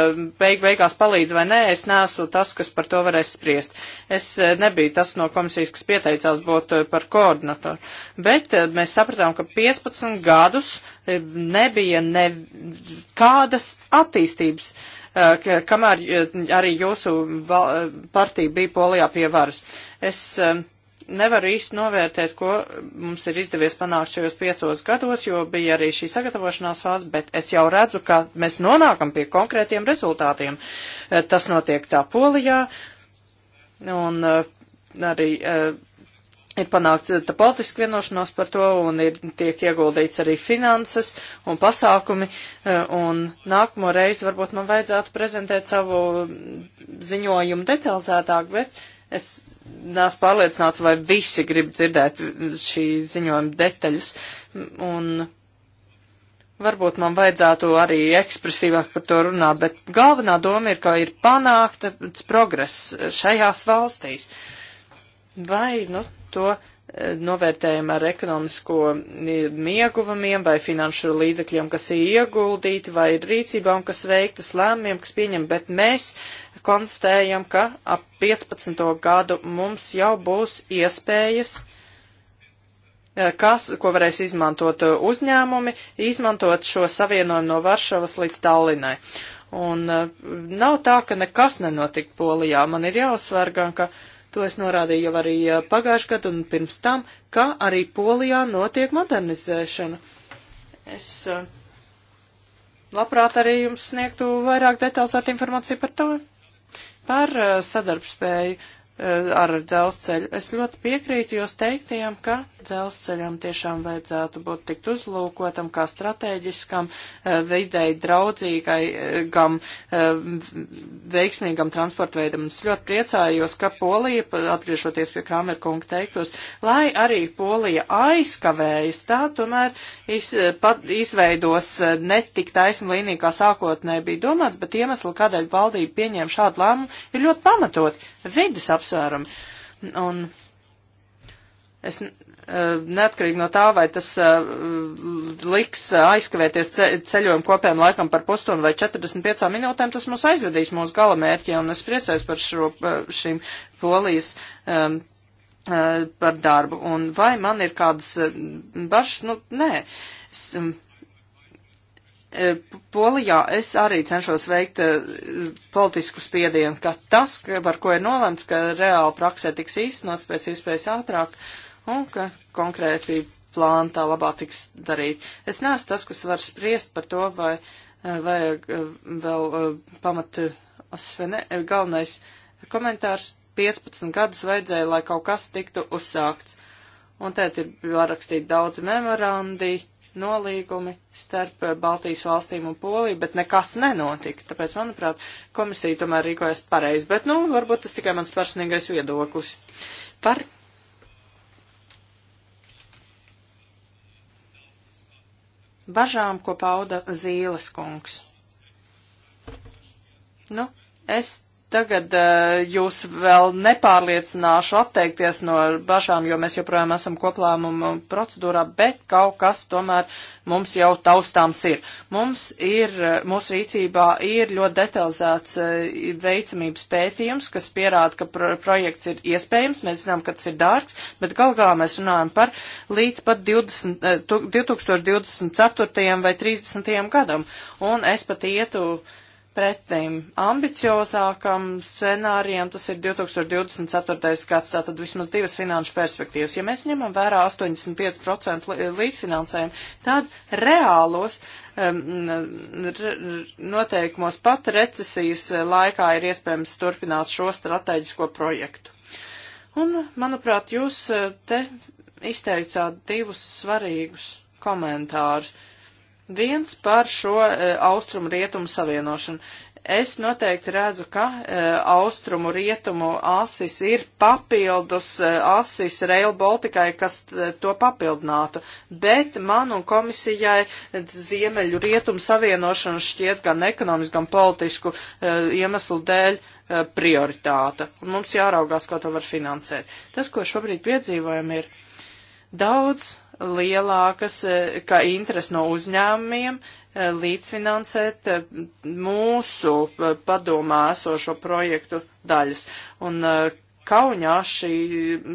beig beigās palīdz vai nē, es neesmu tas, kas par to varēs spriest. Es e, nebiju tas no komisijas, kas pieteicās būt e, par koordinatoru. Bet e, mēs sapratām, ka 15 gadus e, nebija nekādas attīstības. E, Eh, ka, kamēr eh, arī jūsu eh, partija bija Polijā pie varas. Es nevaru īsti novērtēt, ko mums ir izdevies panākt šajos piecos gados, jo bija arī šī sagatavošanās fāze, bet es jau redzu, ka mēs nonākam pie konkrētiem rezultātiem. Tas notiek tā Polijā, un arī ir panākts uh, politiski vienošanos par to un ir tiek ieguldīts arī finanses un pasākumi. Uh, un nākamo reizi varbūt man vajadzētu prezentēt savu ziņojumu detalizētāk, bet es neesmu pārliecināts, vai visi grib dzirdēt šī ziņojuma detaļas. Un varbūt man vajadzētu arī ekspresīvāk par to runāt, bet galvenā doma ir, ka ir panākta progress šajās valstīs. Vai, nu, to eh, novērtējam ar ekonomisko eh, ieguvumiem vai finanšu līdzekļiem, kas ir ieguldīti, vai rīcībām, kas veiktas, lēmumiem, kas pieņem, bet mēs konstatējam, ka ap 15. gadu mums jau būs iespējas eh, kas, ko varēs izmantot uzņēmumi, izmantot šo savienojumu no Varšavas līdz Tallinai. Un nav tā, ka nekas nenotika Polijā. Man ir jāuzsver gan, ka uh, To es norādīju jau arī pagājušajā gadā un pirms tam, ka arī Polijā notiek modernizēšana. Es labprāt arī jums sniegtu vairāk detalizētu informāciju par to, par sadarbspēju. Eh, ar dzelzceļu. Es ļoti piekrītu jūs teiktajam, ka dzelzceļam tiešām vajadzētu būt tikt uzlūkotam kā strateģiskam, eh, videi draudzīgam, eh, veiksmīgam transportveidam. Es ļoti priecājos, ka Polija, atgriežoties pie Kramerkunga teiktos, lai arī Polija aizkavējas, tā tomēr iz, pat, izveidos ne tik taisnu līniju, kā sākotnēji bija domāts, bet iemesli, kādēļ valdība pieņēma šādu lēmumu, ir ļoti pamatot vidas apsvērumi. Un es e, neatkarīgi no tā, vai tas e, liks e, aizkavēties ceļojumu kopējiem laikam par pusstundu vai 45 minūtēm, tas mūs aizvedīs mūsu galamērķi, un es priecājos par šo, šīm polijas um, par darbu. Un vai man ir kādas bažas? Nu, nē. Es, um, E, Polijā es arī cenšos veikt e, politisku spiedienu, ka tas, par ko ir nolēmts, ka reāli praksē tiks īstenots pēc iespējas ātrāk un ka konkrēti plāni tā labā tiks darīt. Es neesmu tas, kas var spriest par to, vai e, vajag vēl pamat osvene, galvenais komentārs 15 gadus vajadzēja, lai kaut kas tiktu uzsākts. Un tēt ir parakstīti daudz memorandi, nolīgumi starp eh, Baltijas valstīm un Poliju, bet nekas nenotika. Tāpēc, manuprāt, komisija tomēr rīkojas pareizi, bet, nu, varbūt tas tikai mans personīgais viedoklis. Par bažām, ko pauda Zīles kungs. Nu, es Tagad uh, jūs vēl nepārliecināšu atteikties no bažām, jo mēs joprojām esam koplāmuma procedūrā, bet kaut kas tomēr mums jau taustāms ir. Mums ir, eh, mūsu rīcībā ir ļoti detalizēts uh, veicamības pētījums, kas pierāda, ka pro projekts ir iespējams, mēs zinām, ka tas ir dārgs, bet gal galā mēs runājam par līdz pat 20, uh, 2024. vai 30. gadam. Un es pat ietu. Uh, pretim ambiciozākam scenārijam, tas ir 2024. gads, tātad vismaz divas finanšu perspektīvas. Ja mēs ņemam vērā 85% līdzfinansējumu, tad reālos um, noteikumos pat recesijas laikā ir iespējams turpināt šo strateģisko projektu. Un, manuprāt, jūs eh, te izteicāt divus svarīgus komentārus. Uh, Viens par šo e, austrumu-rietumu savienošanu. Es noteikti redzu, ka e, austrumu-rietumu asis ir papildus e, asis Rail Baltikai, kas to papildinātu, bet man un komisijai ziemeļu-rietumu savienošanu šķiet gan ekonomisku, gan politisku iemeslu dēļ prioritāte. Un mums jāraugās, kā to var finansēt. Tas, ko šobrīd piedzīvojam, ir daudz lielākas, eh, kā interes no uzņēmumiem eh, līdzfinansēt eh, mūsu padomā esošo projektu daļas. Un Kaunijā šī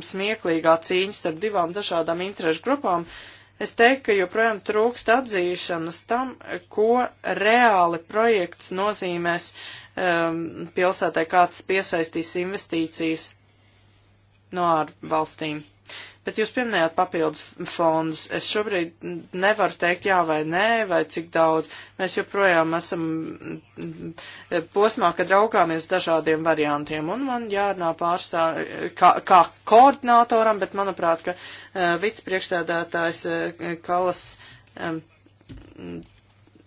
smieklīgā cīņa starp divām dažādām interešu grupām, es teiktu, ka joprojām trūkst atzīšanas tam, ko reāli projekts nozīmēs um, pilsētai, kāds piesaistīs investīcijas no ārvalstīm. Bet jūs pieminējāt papildus fondus. Es šobrīd nevaru teikt jā vai nē, vai cik daudz. Mēs joprojām esam mm, mm, posmā, kad raugāmies dažādiem variantiem. Un man jārunā pārstā kā, kā koordinātoram, bet manuprāt, ka uh, vicepriekšsēdētājs uh, Kalas. Um,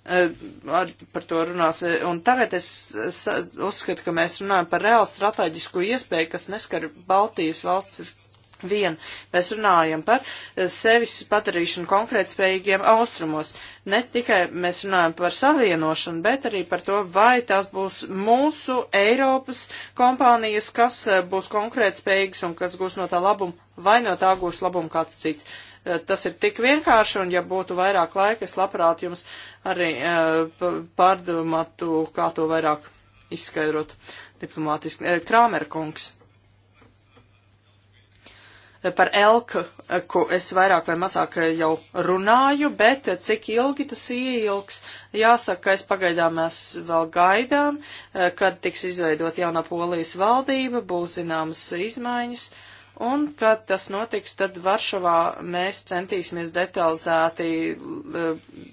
ar, par to runās. Un tagad es uzskatu, ka mēs runājam par reāli strateģisku iespēju, kas neskar Baltijas valsts Vien mēs runājam par eh, sevis padarīšanu konkrētspējīgiem austrumos. Ne tikai mēs runājam par savienošanu, bet arī par to, vai tās būs mūsu Eiropas kompānijas, kas eh, būs konkrētspējīgas un kas gūs no tā labumu, vai no tā gūs labumu kāds cits. Eh, tas ir tik vienkārši, un ja būtu vairāk laika, es labprāt jums arī pārdomātu, kā to vairāk izskaidrot diplomātiski. Krāmerkungs. Par elku eh, es vairāk vai mazāk eh, jau runāju, bet eh, cik ilgi tas ieilgs, jāsaka, es pagaidām mēs vēl gaidām, kad tiks izveidot jaunā polijas valdība, būs zināmas izmaiņas. Un, kad tas notiks, tad Varšavā mēs centīsimies detalizēti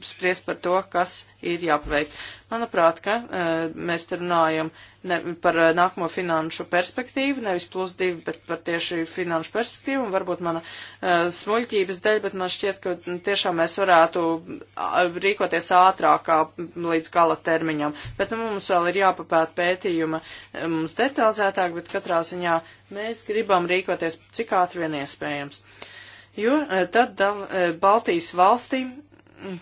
spriest par to, kas ir jāpaveikt. Manuprāt, ka eh, mēs te runājam ne, par eh, nākamo finanšu perspektīvu, nevis plus divi, bet par tieši finanšu perspektīvu, un varbūt mana eh, smuļķības dēļ, bet man šķiet, ka mm, tiešām mēs varētu rīkoties ātrākā mm, līdz gala termiņam. Bet nu, mums vēl ir jāpapēt pētījuma mums detalizētāk, bet katrā ziņā mēs gribam rīkoties cik ātri vien iespējams. Jo tad Baltijas valstīm mm,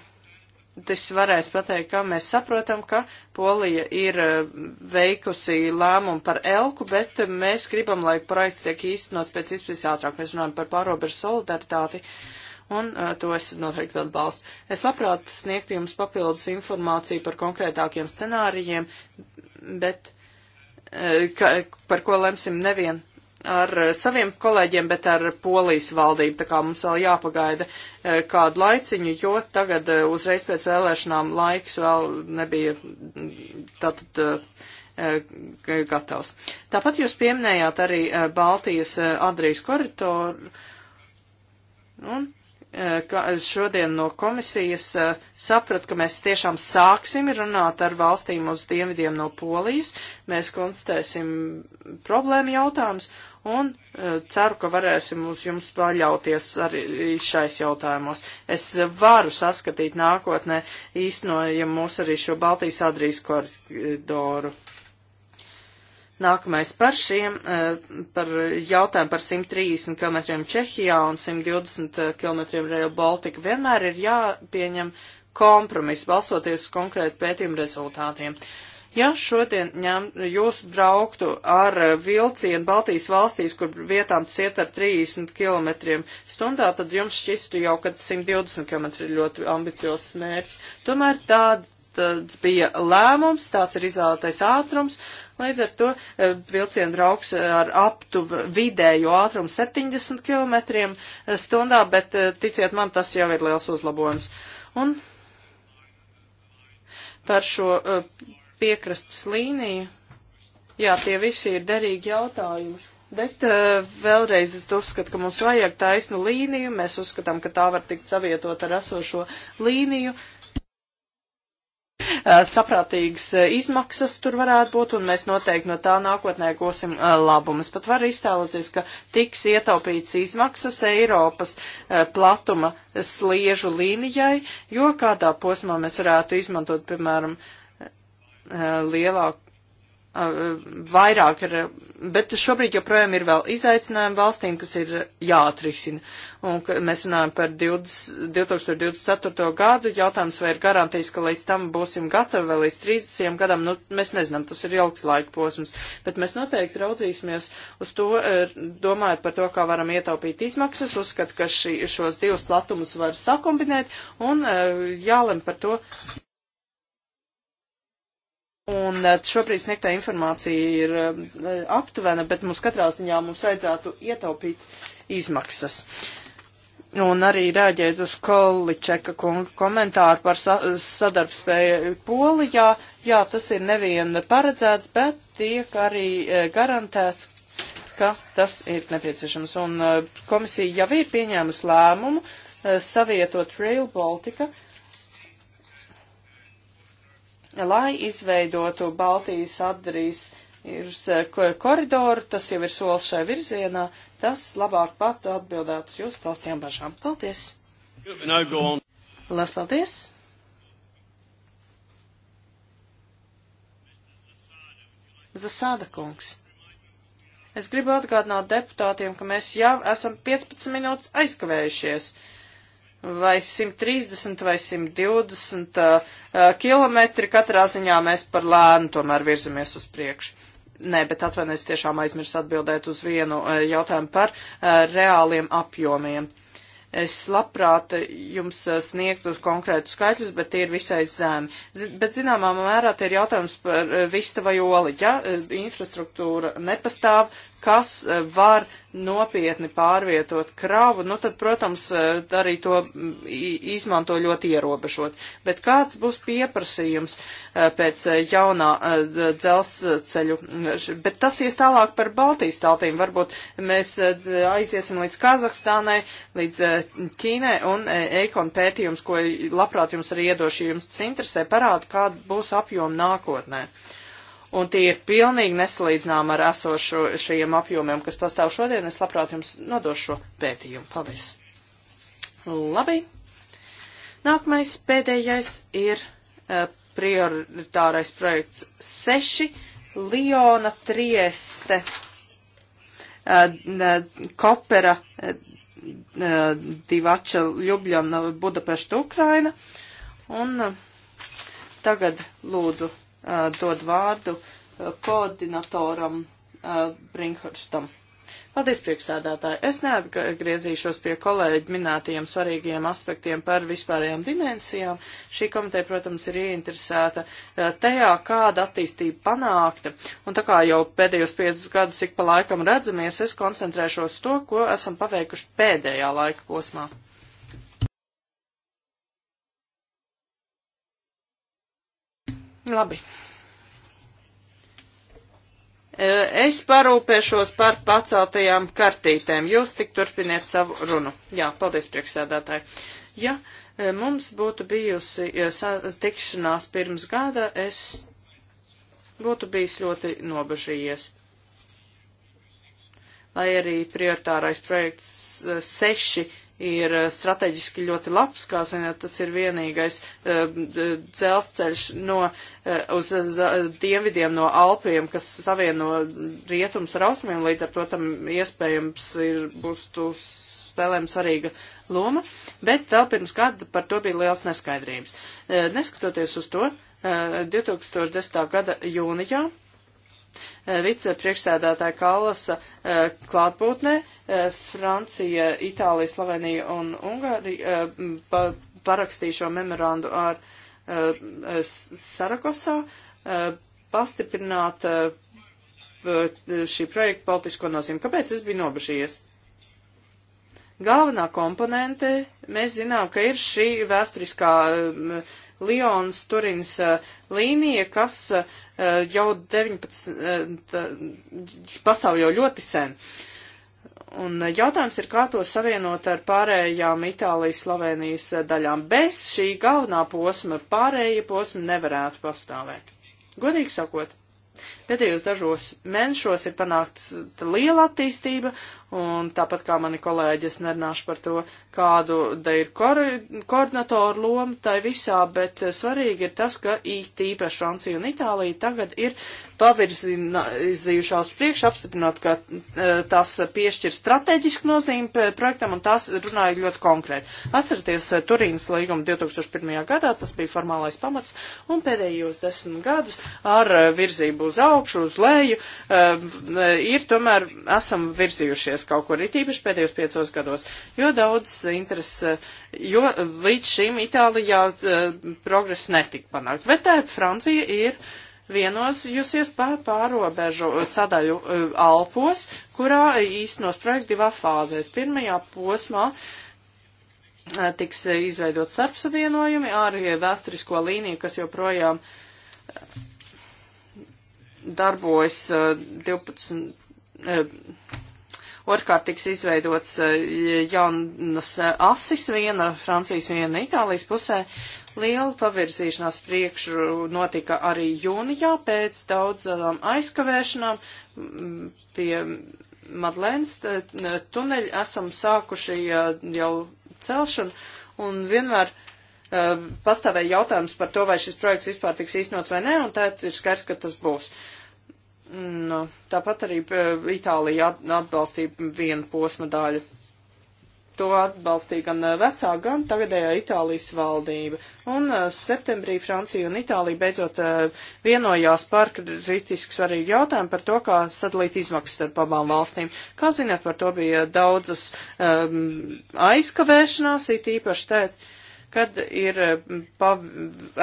Tas varēs pateikt, ka mēs saprotam, ka Polija ir eh, veikusi lēmumu par elku, bet mēs gribam, lai projekts tiek īstenots pēc iespējas ātrāk. Mēs runājam par pārobežu solidaritāti, un uh, to es noteikti atbalstu. Es labprāt sniegtu jums papildus informāciju par konkrētākiem scenārijiem, bet uh, ka, par ko lemsim nevien ar eh, saviem kolēģiem, bet ar polijas valdību. Tā kā mums vēl jāpagaida eh, kādu laiciņu, jo tagad eh, uzreiz pēc vēlēšanām laiks vēl nebija mm, tātad gatavs. Tāpat jūs pieminējāt arī Baltijas Adrijas koridoru. Un Eh, ka šodien no komisijas eh, sapratu, ka mēs tiešām sāksim runāt ar valstīm uz dienvidiem no Polijas, mēs konstatēsim problēmu jautājumus un eh, ceru, ka varēsim uz jums paļauties arī šais jautājumos. Es varu saskatīt nākotnē īstenojam mūs arī šo Baltijas Adrijas koridoru. Nākamais par šiem, eh, par jautājumu par 130 km Čehijā un 120 eh, km Rail Baltica vienmēr ir jāpieņem kompromiss, balstoties uz konkrētu pētījumu rezultātiem. Ja šodien ņem, jūs brauktu ar vilcienu Baltijas valstīs, kur vietām ciet ar 30 km stundā, tad jums šķistu jau, ka 120 km ir ļoti ambiciozs mērķis. Tomēr tāda tāds bija lēmums, tāds ir izvēlētais ātrums, Līdz ar to e, vilcieni brauks e, ar aptuvi vidējo ātrumu 70 km e, stundā, bet ticiet man, tas jau ir liels uzlabojums. Un par šo piekrastas līniju, jā, tie visi ir derīgi jautājumi. Bet uh, vēlreiz es uzskatu, ka mums vajag taisnu līniju. Mēs uzskatām, ka tā var tikt savietot ar esošo līniju. Eh, saprātīgas eh, izmaksas tur varētu būt, un mēs noteikti no tā nākotnē gosim eh, labumus. Pat var iztēloties, ka tiks ietaupīts izmaksas Eiropas platuma sliežu līnijai, jo kādā posmā mēs varētu izmantot, piemēram, lielāku Eh, vairāk ir, eh, bet šobrīd joprojām ir vēl izaicinājumi valstīm, kas ir jāatrisina. Un mēs runājam par 20, 2024. gadu, jautājums vai ir garantijas, ka līdz tam būsim gatavi vai līdz 30 gadam, nu, mēs nezinām, tas ir ilgs laika posms, bet mēs noteikti raudzīsimies uz to, eh, domājot par to, kā varam ietaupīt izmaksas, uzskat, ka šī, šos divus platumus var sakombinēt un jālem par to. Un eh, šobrīd sniegtā informācija ir eh, aptuvena, bet mums katrā ziņā mums vajadzētu ietaupīt izmaksas. Un arī rēģēt uz Količeka komentāru par sa sadarbspēju Polijā. Jā, tas ir nevien paredzēts, bet tiek arī eh, garantēts, ka tas ir nepieciešams. Un komisija jau ir pieņēmusi lēmumu savietot Rail Baltica lai izveidotu Baltijas atdarīs eh, koridoru, tas jau ir solis šai virzienā, tas labāk pat atbildētu uz jūsu paustajām bažām. Paldies! Lās paldies! Zasāda kungs. Es gribu atgādināt deputātiem, ka mēs jau esam 15 minūtes aizkavējušies. Uh, vai 130 vai 120 uh, uh, kilometri. Katrā ziņā mēs par lēnu tomēr virzamies uz priekšu. Nē, bet atvainojiet, tiešām aizmirsu atbildēt uz vienu uh, jautājumu par uh, reāliem apjomiem. Es labprāt uh, jums uh, sniegtu konkrētu skaitļus, bet tie ir visai zemi. Bet zināmā mērā tie ir jautājums par vistu vai oli. Ja infrastruktūra nepastāv, kas var uh, nopietni pārvietot kravu, nu tad, protams, eh, arī to mm, izmanto ļoti ierobežot. Bet kāds būs pieprasījums eh, pēc eh, jaunā dzelzceļu? Bet tas ies tālāk par Baltijas taltīm. Varbūt mēs aiziesim līdz Kazahstānai, līdz Ķīnai un ekon pētījums, ko labprāt jums arī iedošu, ja jums interesē, parāda, kāda būs apjoma nākotnē. Uh, un tie ir pilnīgi nesalīdzināmi ar esošajiem apjomiem, kas pastāv šodien. Es labprāt jums nodošu šo pētījumu. Paldies! Labi! Nākamais pēdējais ir uh, prioritārais projekts 6 Liona Trieste uh, Kopera uh, Divača Ljubljana Budapešta Ukraina. Un tagad lūdzu Eh, dod vārdu eh, koordinatoram eh, Brinkhorstam. Paldies, priekšsēdētāji. Es neatgriezīšos pie kolēģi minētajiem svarīgiem aspektiem par vispārējām dimensijām. Šī komiteja, protams, ir ieinteresēta tajā, kāda attīstība panākta. Un tā kā jau pēdējos piecus gadus ik pa laikam redzamies, es koncentrēšos to, ko esam paveikuši pēdējā laika posmā. Labi. E, es parūpēšos par paceltajām kartītēm. Jūs tik turpiniet savu runu. Jā, paldies, priekšsēdētāji. Ja e, mums būtu bijusi e, tikšanās pirms gada, es būtu bijis ļoti nobežījies. Lai arī prioritārais projekts seši ir eh, strateģiski ļoti labs, kā zināt, tas ir vienīgais eh, dzelzceļš no, eh, uz dienvidiem no Alpiem, kas savieno rietums ar austrumiem, līdz ar to tam iespējams ir, būs tūs spēlēm svarīga loma, bet vēl pirms gada par to bija liels neskaidrības. Neskatoties uz to, 2010. gada jūnijā Eh, vicepriekšstādātāja Kalasa eh, klātbūtnē eh, Francija, Itālija, Slovenija un Ungārija parakstīja šo memorandu ar Sarakosā pastiprināt šī projekta politisko nozīmi. Kāpēc es biju nobežījies? Galvenā komponente, mēs zinām, ka ir šī vēsturiskā uh, Lions Turins uh, līnija, kas uh, jau 19. Uh, pastāv jau ļoti sen. Un jautājums ir, kā to savienot ar pārējām Itālijas, Slovenijas daļām. Bez šī galvenā posma pārējie posmi nevarētu pastāvēt. Godīgi sakot, pēdējos dažos mēnešos ir panākts liela attīstība, un tāpat kā mani kolēģi, es nerunāšu par to, kādu te ir ko koordinatoru loma tai visā, bet svarīgi ir tas, ka it īpaši Francija un Itālija tagad ir pavirzījušās priekš, apstiprinot, ka e, tas piešķir strateģisku nozīmi projektam, un tas runāja ļoti konkrēti. Atcerieties, e, Turīnas līguma 2001. gadā tas bija formālais pamats, un pēdējos desmit gadus ar e, virzību uz augšu, uz leju ir tomēr esam virzījušies virzīties kaut kur it īpaši pēdējos piecos gados, jo daudz intereses, jo līdz šim Itālijā eh, progress netika panākts. Bet tā Francija ir vienojusies par pārobežu sadaļu eh, Alpos, kurā īstenos projekti divās fāzēs. Pirmajā posmā eh, tiks izveidot starpsavienojumi ar vēsturisko līniju, kas joprojām darbojas 12. Otrkārt tiks izveidots eh, jaunas eh, asis, viena Francijas, viena Itālijas pusē. Liela pavirzīšanās priekšu notika arī jūnijā pēc daudzām aizkavēšanām mm, pie Madlēnas eh, tuneļa esam sākuši jau celšanu un vienmēr pastāvēja jautājums par to, vai šis projekts vispār tiks īstenots vai nē, un tā ir skairs, ka tas būs. Uh, Nu, tāpat arī Itālija atbalstīja vienu posma daļu. To atbalstīja gan eh, vecā, gan tagadējā Itālijas valdība. Un eh, septembrī Francija un Itālija beidzot eh, vienojās par kritiski svarīgu jautājumu par to, kā sadalīt izmaksas starp abām valstīm. Kā zināt, par to bija daudzas um, aizkavēšanās, it īpaši tēt. Uh, kad ir, eh, pav,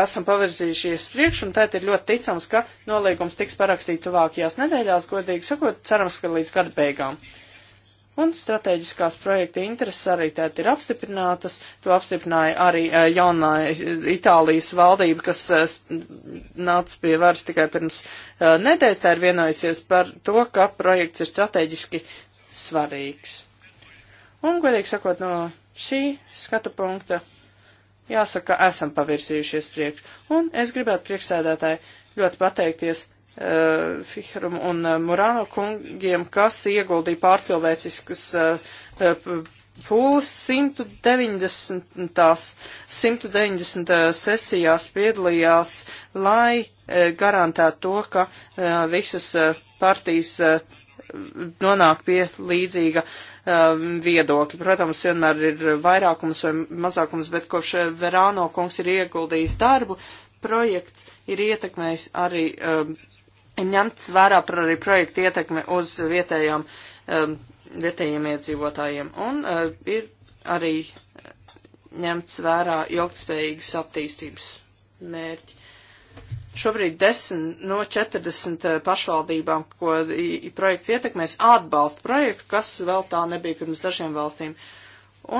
esam pavirzījušies priekš, un tad ir ļoti ticams, ka nolīgums tiks parakstīt tuvākajās nedēļās, godīgi sakot, cerams, ka līdz gada beigām. Un strateģiskās projekta intereses arī tēt ir apstiprinātas. To apstiprināja arī eh, jaunā Itālijas valdība, kas eh, nāca pie varas tikai pirms nedēļas. Tā ir vienojusies par to, ka projekts ir strateģiski svarīgs. Un, godīgi sakot, no šī skatu punkta Jāsaka, esam pavirzījušies priekš. Un es gribētu priekšsēdētāji ļoti pateikties uh, eh, Fiharam un uh, eh, Murāno kungiem, kas ieguldīja pārcilvēciskas uh, uh, pūles 190. 190 sesijās piedalījās, lai garantētu to, ka visas partijas nonāk pie līdzīga um, viedokļa. Protams, vienmēr ir vairākums vai mazākums, bet kopš eh, Verāno kungs ir ieguldījis darbu, projekts ir ietekmējis arī, um, ņemts vērā par arī projektu ietekme uz vietējām, um, vietējiem iedzīvotājiem. Un uh, ir arī ņemts vērā ilgtspējīgas attīstības mērķi. Šobrīd 10 no 40 eh, pašvaldībām, ko projekts ietekmēs, atbalsta projektu, kas vēl tā nebija pirms dažiem valstīm.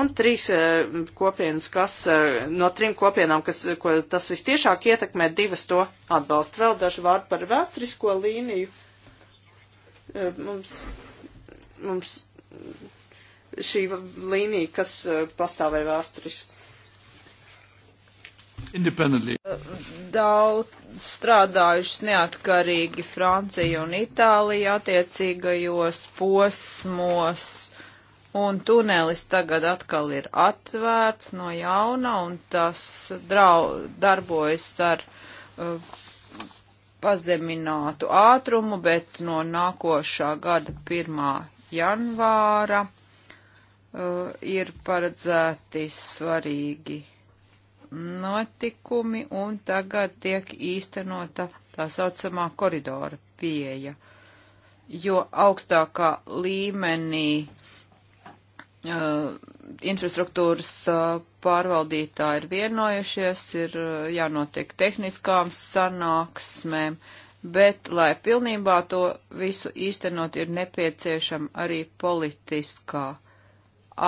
Un trīs eh, kopienas, kas eh, no trim kopienām, kas, ko tas vistiešāk ietekmē, divas to atbalsta. Vēl daži vārdi par vēsturisko līniju. Mums, mums šī līnija, kas pastāvēja vēsturiski. Daudz strādājušas neatkarīgi Francija un Itālija attiecīgajos posmos, un tunelis tagad atkal ir atvērts no jauna, un tas drau, darbojas ar uh, pazeminātu ātrumu, bet no nākošā gada 1. janvāra uh, ir paredzēti svarīgi notikumi un tagad tiek īstenota tā saucamā koridora pieeja, jo augstākā līmenī uh, infrastruktūras uh, pārvaldītāji ir vienojušies, ir uh, jānotiek tehniskām sanāksmēm, bet, lai pilnībā to visu īstenot, ir nepieciešama arī politiskā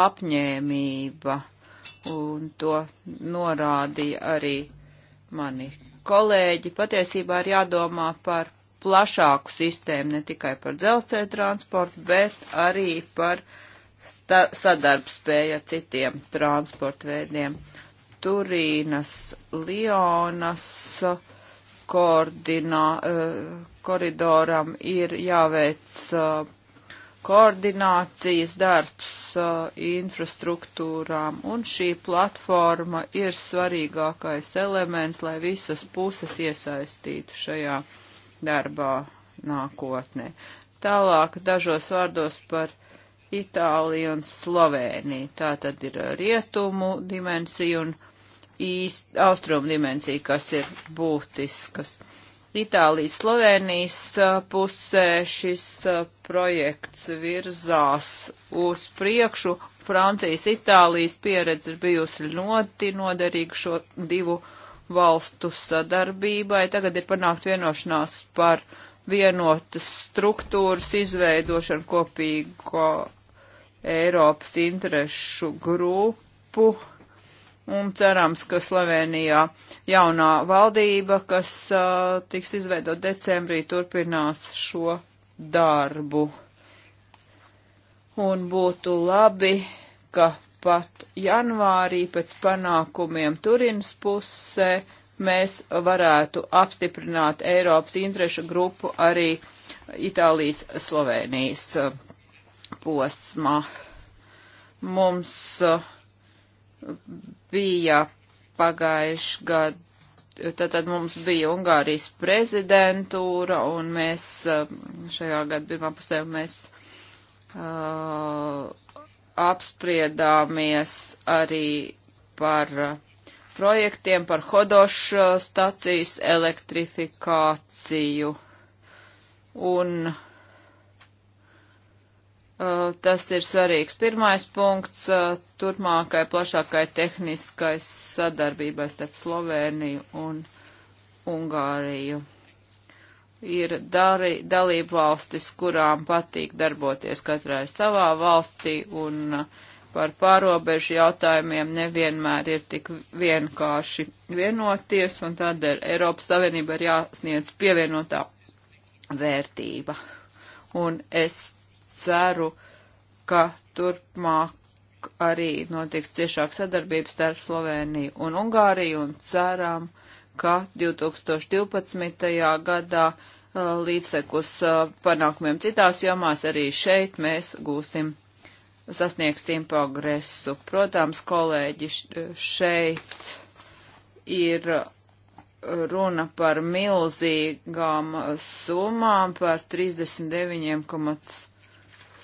apņēmība un to norādīja arī mani kolēģi. Patiesībā ir jādomā par plašāku sistēmu, ne tikai par dzelzceļa transportu, bet arī par sadarbspēju ar citiem transporta veidiem. Turīnas, Lionas koordinā, uh, koridoram ir jāveic uh, koordinācijas darbs uh, infrastruktūrām, un šī platforma ir svarīgākais elements, lai visas puses iesaistītu šajā darbā nākotnē. Tālāk dažos vārdos par Itāliju un Slovēniju. Tā tad ir rietumu dimensija un īst, austrumu dimensija, kas ir būtiskas. Itālijas, Slovenijas pusē šis projekts virzās uz priekšu. Francijas, Itālijas pieredze ir bijusi ļoti noderīga šo divu valstu sadarbībai. Tagad ir panākt vienošanās par vienotas struktūras izveidošanu kopīgo Eiropas interešu grupu un cerams, ka Slovenijā jaunā valdība, kas uh, tiks izveidot decembrī, turpinās šo darbu. Un būtu labi, ka pat janvārī pēc panākumiem Turins pusē mēs varētu apstiprināt Eiropas interešu grupu arī Itālijas Slovenijas posmā. Mums uh, bija pagājuši gadu, tad mums bija Ungārijas prezidentūra, un mēs um, šajā gadu pirmā pusē mēs uh, apspriedāmies arī par uh, projektiem, par hodošu uh, stacijas elektrifikāciju. Un uh, Uh, tas ir svarīgs pirmais punkts uh, turpmākai plašākai tehniskai sadarbībai starp Sloveniju un Ungāriju. Ir dari, dalību valstis, kurām patīk darboties katrai savā valstī un uh, par pārobežu jautājumiem nevienmēr ir tik vienkārši vienoties un tādēļ Eiropas Savienība ir jāsniedz pievienotā vērtība. Un es ceru, ka turpmāk arī notiks ciešāk sadarbības starp Sloveniju un Ungāriju un ceram, ka 2012. gadā uh, līdzsekus uh, panākumiem citās jomās arī šeit mēs gūsim sasniegsim progresu. Protams, kolēģi, šeit ir runa par milzīgām summām, par 39,5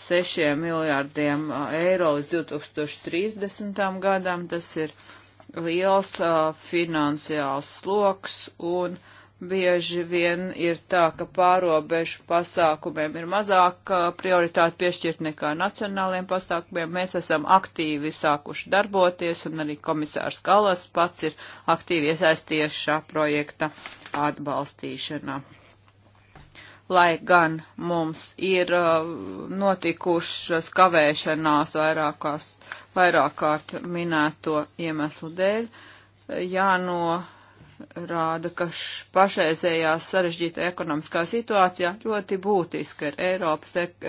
6 miljārdiem eiro līdz 2030. gadam. Tas ir liels uh, finansiāls sloks un bieži vien ir tā, ka pārobežu pasākumiem ir mazāk uh, prioritāti piešķirt nekā nacionāliem pasākumiem. Mēs esam aktīvi sākuši darboties un arī komisārs Kalas pats ir aktīvi iesaisties šā projekta atbalstīšanā lai gan mums ir uh, notikušas kavēšanās vairākās, vairāk kārt minēto iemeslu dēļ, jānorāda, ka pašreizējā sarežģīta ekonomiskā situācijā ļoti būtiska ir Eiropas ek, e,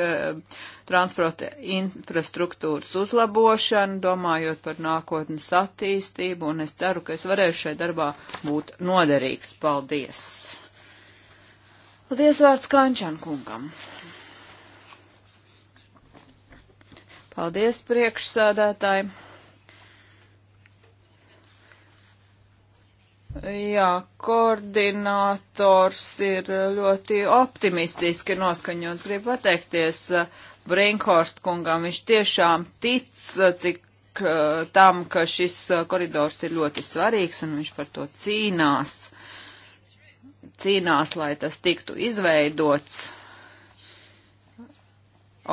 transporta infrastruktūras uzlabošana, domājot par nākotnes attīstību, un es ceru, ka es varēšu šai darbā būt noderīgs. Paldies! Paldies vārds Kančan kungam. Paldies priekšsādātāji. Jā, koordinators ir ļoti optimistiski noskaņots. Gribu pateikties uh, Brinkhorst kungam. Viņš tiešām tic, uh, cik uh, tam, ka šis koridors ir ļoti svarīgs un viņš par to cīnās cīnās, lai tas tiktu izveidots,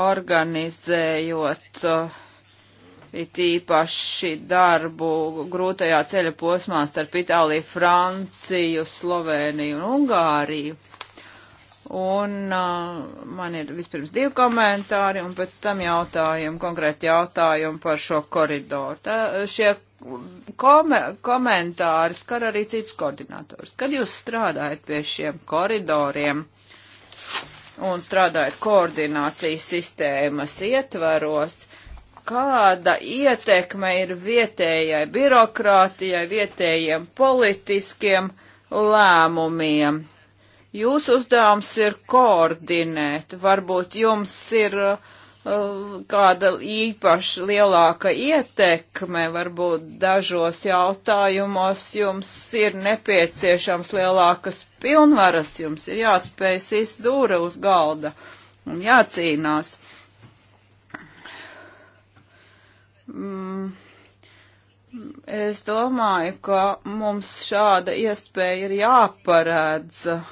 organizējot uh, it īpaši darbu grūtajā ceļa posmā starp Itāliju, Franciju, Sloveniju un Ungāriju. Un uh, man ir vispirms divi komentāri un pēc tam jautājumu, konkrēti jautājumu par šo koridoru. Tā, šie Kome, komentāri skar arī cits koordinators. Kad jūs strādājat pie šiem koridoriem un strādājat koordinācijas sistēmas ietvaros, kāda ietekme ir vietējai birokrātijai, vietējiem politiskiem lēmumiem. Jūsu uzdevums ir koordinēt, varbūt jums ir uh, Uh, kāda īpaši lielāka ietekme, varbūt dažos jautājumos jums ir nepieciešams lielākas pilnvaras, jums ir jāspēj sist dūra uz galda un jācīnās. Mm. Es domāju, ka mums šāda iespēja ir jāparēdz. Uh,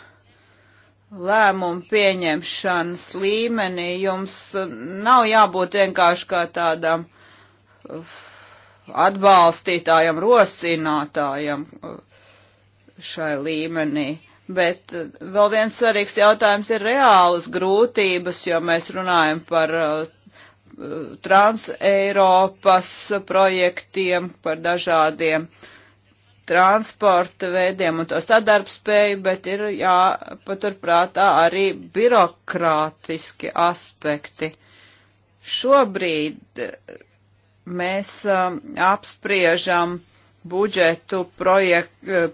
lēmumu pieņemšanas līmenī jums nav jābūt vienkārši kā tādam uh, atbalstītājam, rosinātājam uh, šai līmenī. Bet uh, vēl viens svarīgs jautājums ir reālas grūtības, jo mēs runājam par Trans Eiropas projektiem, par dažādiem uh, transporta veidiem un to sadarbspēju, bet ir jāpaturprātā arī birokrātiski aspekti. Šobrīd eh, mēs um, apspriežam budžetu projektu eh,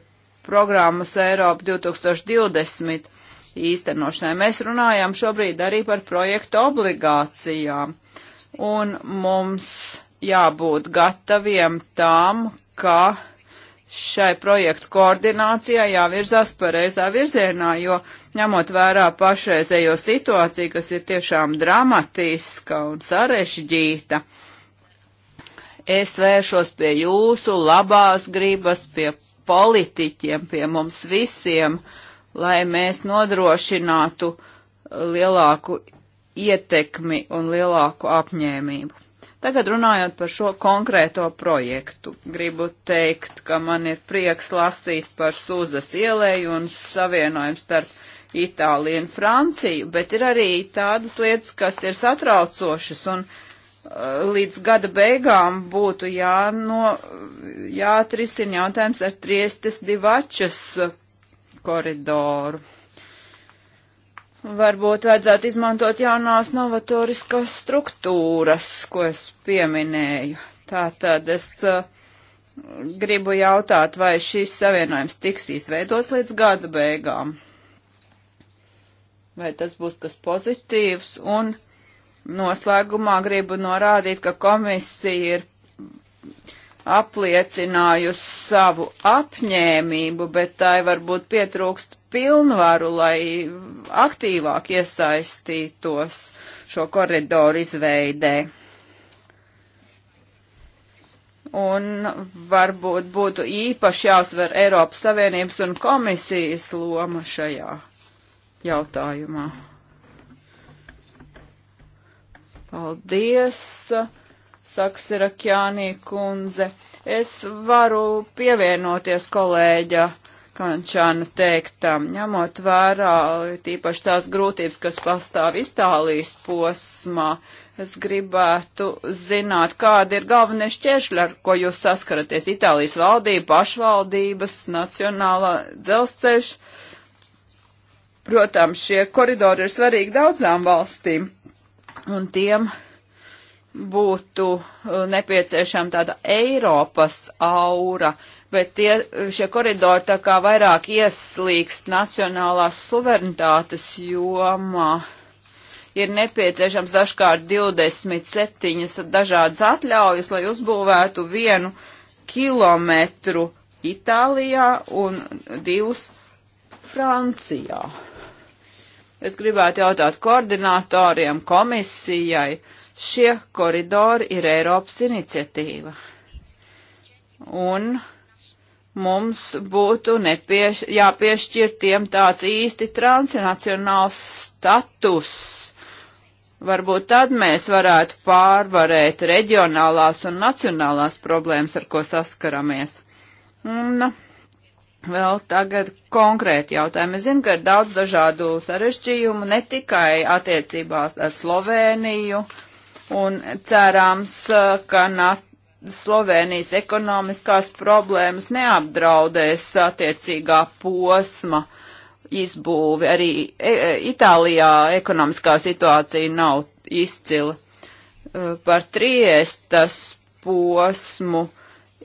programmas Eiropa 2020 īstenošanai. Mēs runājam šobrīd arī par projektu obligācijām, un mums jābūt gataviem tam, ka šai projektu koordinācijai jāvirzās pareizā virzienā, jo ņemot vērā pašreizējo situāciju, kas ir tiešām dramatiska un sarežģīta, es vēršos pie jūsu labās gribas, pie politiķiem, pie mums visiem, lai mēs nodrošinātu lielāku ietekmi un lielāku apņēmību. Tagad runājot par šo konkrēto projektu, gribu teikt, ka man ir prieks lasīt par Sūzas ielēju un savienojumu starp Itāliju un Franciju, bet ir arī tādas lietas, kas ir satraucošas un uh, līdz gada beigām būtu jāno, jāatrisina jautājums ar triestes divačas uh, koridoru. Varbūt vajadzētu izmantot jaunās novatoriskās struktūras, ko es pieminēju. Tātad es uh, gribu jautāt, vai šis savienojums tiks izveidots līdz gada beigām. Vai tas būs kas pozitīvs? Un noslēgumā gribu norādīt, ka komisija ir apliecinājusi savu apņēmību, bet tai varbūt pietrūkst pilnvaru, lai aktīvāk iesaistītos šo koridoru izveidē. Un varbūt būtu īpaši jāuzsver Eiropas Savienības un komisijas loma šajā jautājumā. Paldies, saka Sirakjānī kundze. Es varu pievienoties kolēģa Kančāna teiktam, ņemot vērā tīpaši tās grūtības, kas pastāv Itālijas posmā, es gribētu zināt, kādi ir galvenie šķēršļi, ar ko jūs saskaraties. Itālijas valdība, pašvaldības, nacionālā dzelzceļš. Protams, šie koridori ir svarīgi daudzām valstīm, un tiem būtu uh, nepieciešama tāda Eiropas aura. Uh, bet tie, šie koridori tā kā vairāk ieslīgst nacionālās suverenitātes jomā. Ir nepieciešams dažkārt 27 dažādas atļaujas, lai uzbūvētu vienu kilometru Itālijā un divus Francijā. Es gribētu jautāt koordinatoriem, komisijai, šie koridori ir Eiropas iniciatīva. Un uh, mums būtu nepieš, jāpiešķir tiem tāds īsti transnacionāls status. Varbūt tad mēs varētu pārvarēt reģionālās un nacionālās problēmas, ar ko saskaramies. Un vēl tagad konkrēti jautājumi. Es zinu, ka ir daudz dažādu sarežģījumu, ne tikai attiecībās ar Slovēniju, un cerams, ka NATO Slovenijas ekonomiskās problēmas neapdraudēs attiecīgā posma izbūvi. Arī e, e, Itālijā ekonomiskā situācija nav izcila. E, par triestas posmu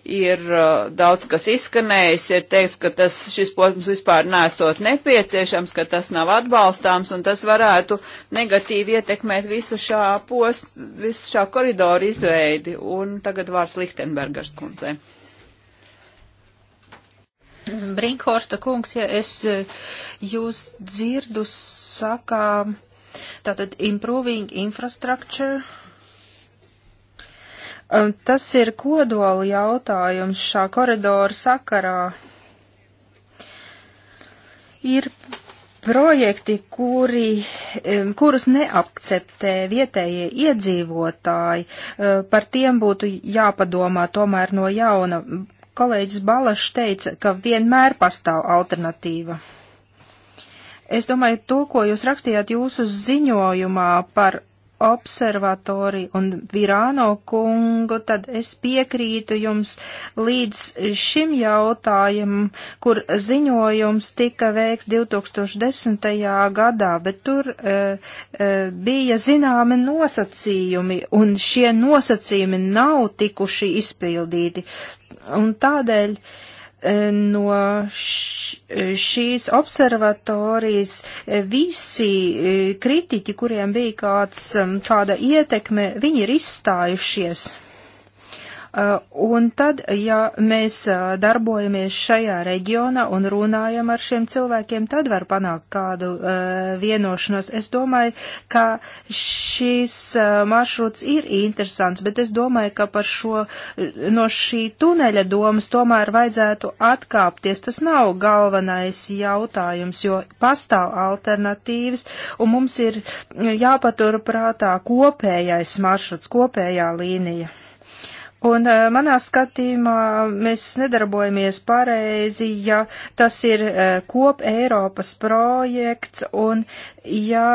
ir uh, daudz kas izskanējis, ir teiks, ka tas, šis posms vispār nesot nepieciešams, ka tas nav atbalstāms un tas varētu negatīvi ietekmēt visu šā post, visu šā koridoru izveidi. Un tagad vārds Lichtenbergers kundzē. Brinkhorsta kungs, ja es eh, jūs dzirdu, sakām, tātad improving infrastructure Um, tas ir kodola jautājums šā koridora sakarā. Ir projekti, kuri, um, kurus neakceptē vietējie iedzīvotāji, uh, par tiem būtu jāpadomā tomēr no jauna. Kolēģis Balašs teica, ka vienmēr pastāv alternatīva. Es domāju, to, ko jūs rakstījāt jūsu ziņojumā par observatori un Virāno kungu, tad es piekrītu jums līdz šim jautājumam, kur ziņojums tika veikts 2010. gadā, bet tur e, e, bija zināmi nosacījumi, un šie nosacījumi nav tikuši izpildīti. Un tādēļ. E, no šīs observatorijas visi eh, kritiķi, kuriem bija kāds, kāda ietekme, viņi ir izstājušies. Uh, un tad, ja mēs uh, darbojamies šajā reģionā un runājam ar šiem cilvēkiem, tad var panākt kādu uh, vienošanos. Es domāju, ka šis maršruts ir interesants, bet es domāju, ka par šo, no šī tuneļa domas tomēr vajadzētu atkāpties. Tas nav galvenais jautājums, jo pastāv alternatīvas, un mums ir jāpatur prātā kopējais maršruts, kopējā līnija. Un eh, manā skatījumā mēs nedarbojamies pareizi, ja tas ir eh, kop Eiropas projekts un ja,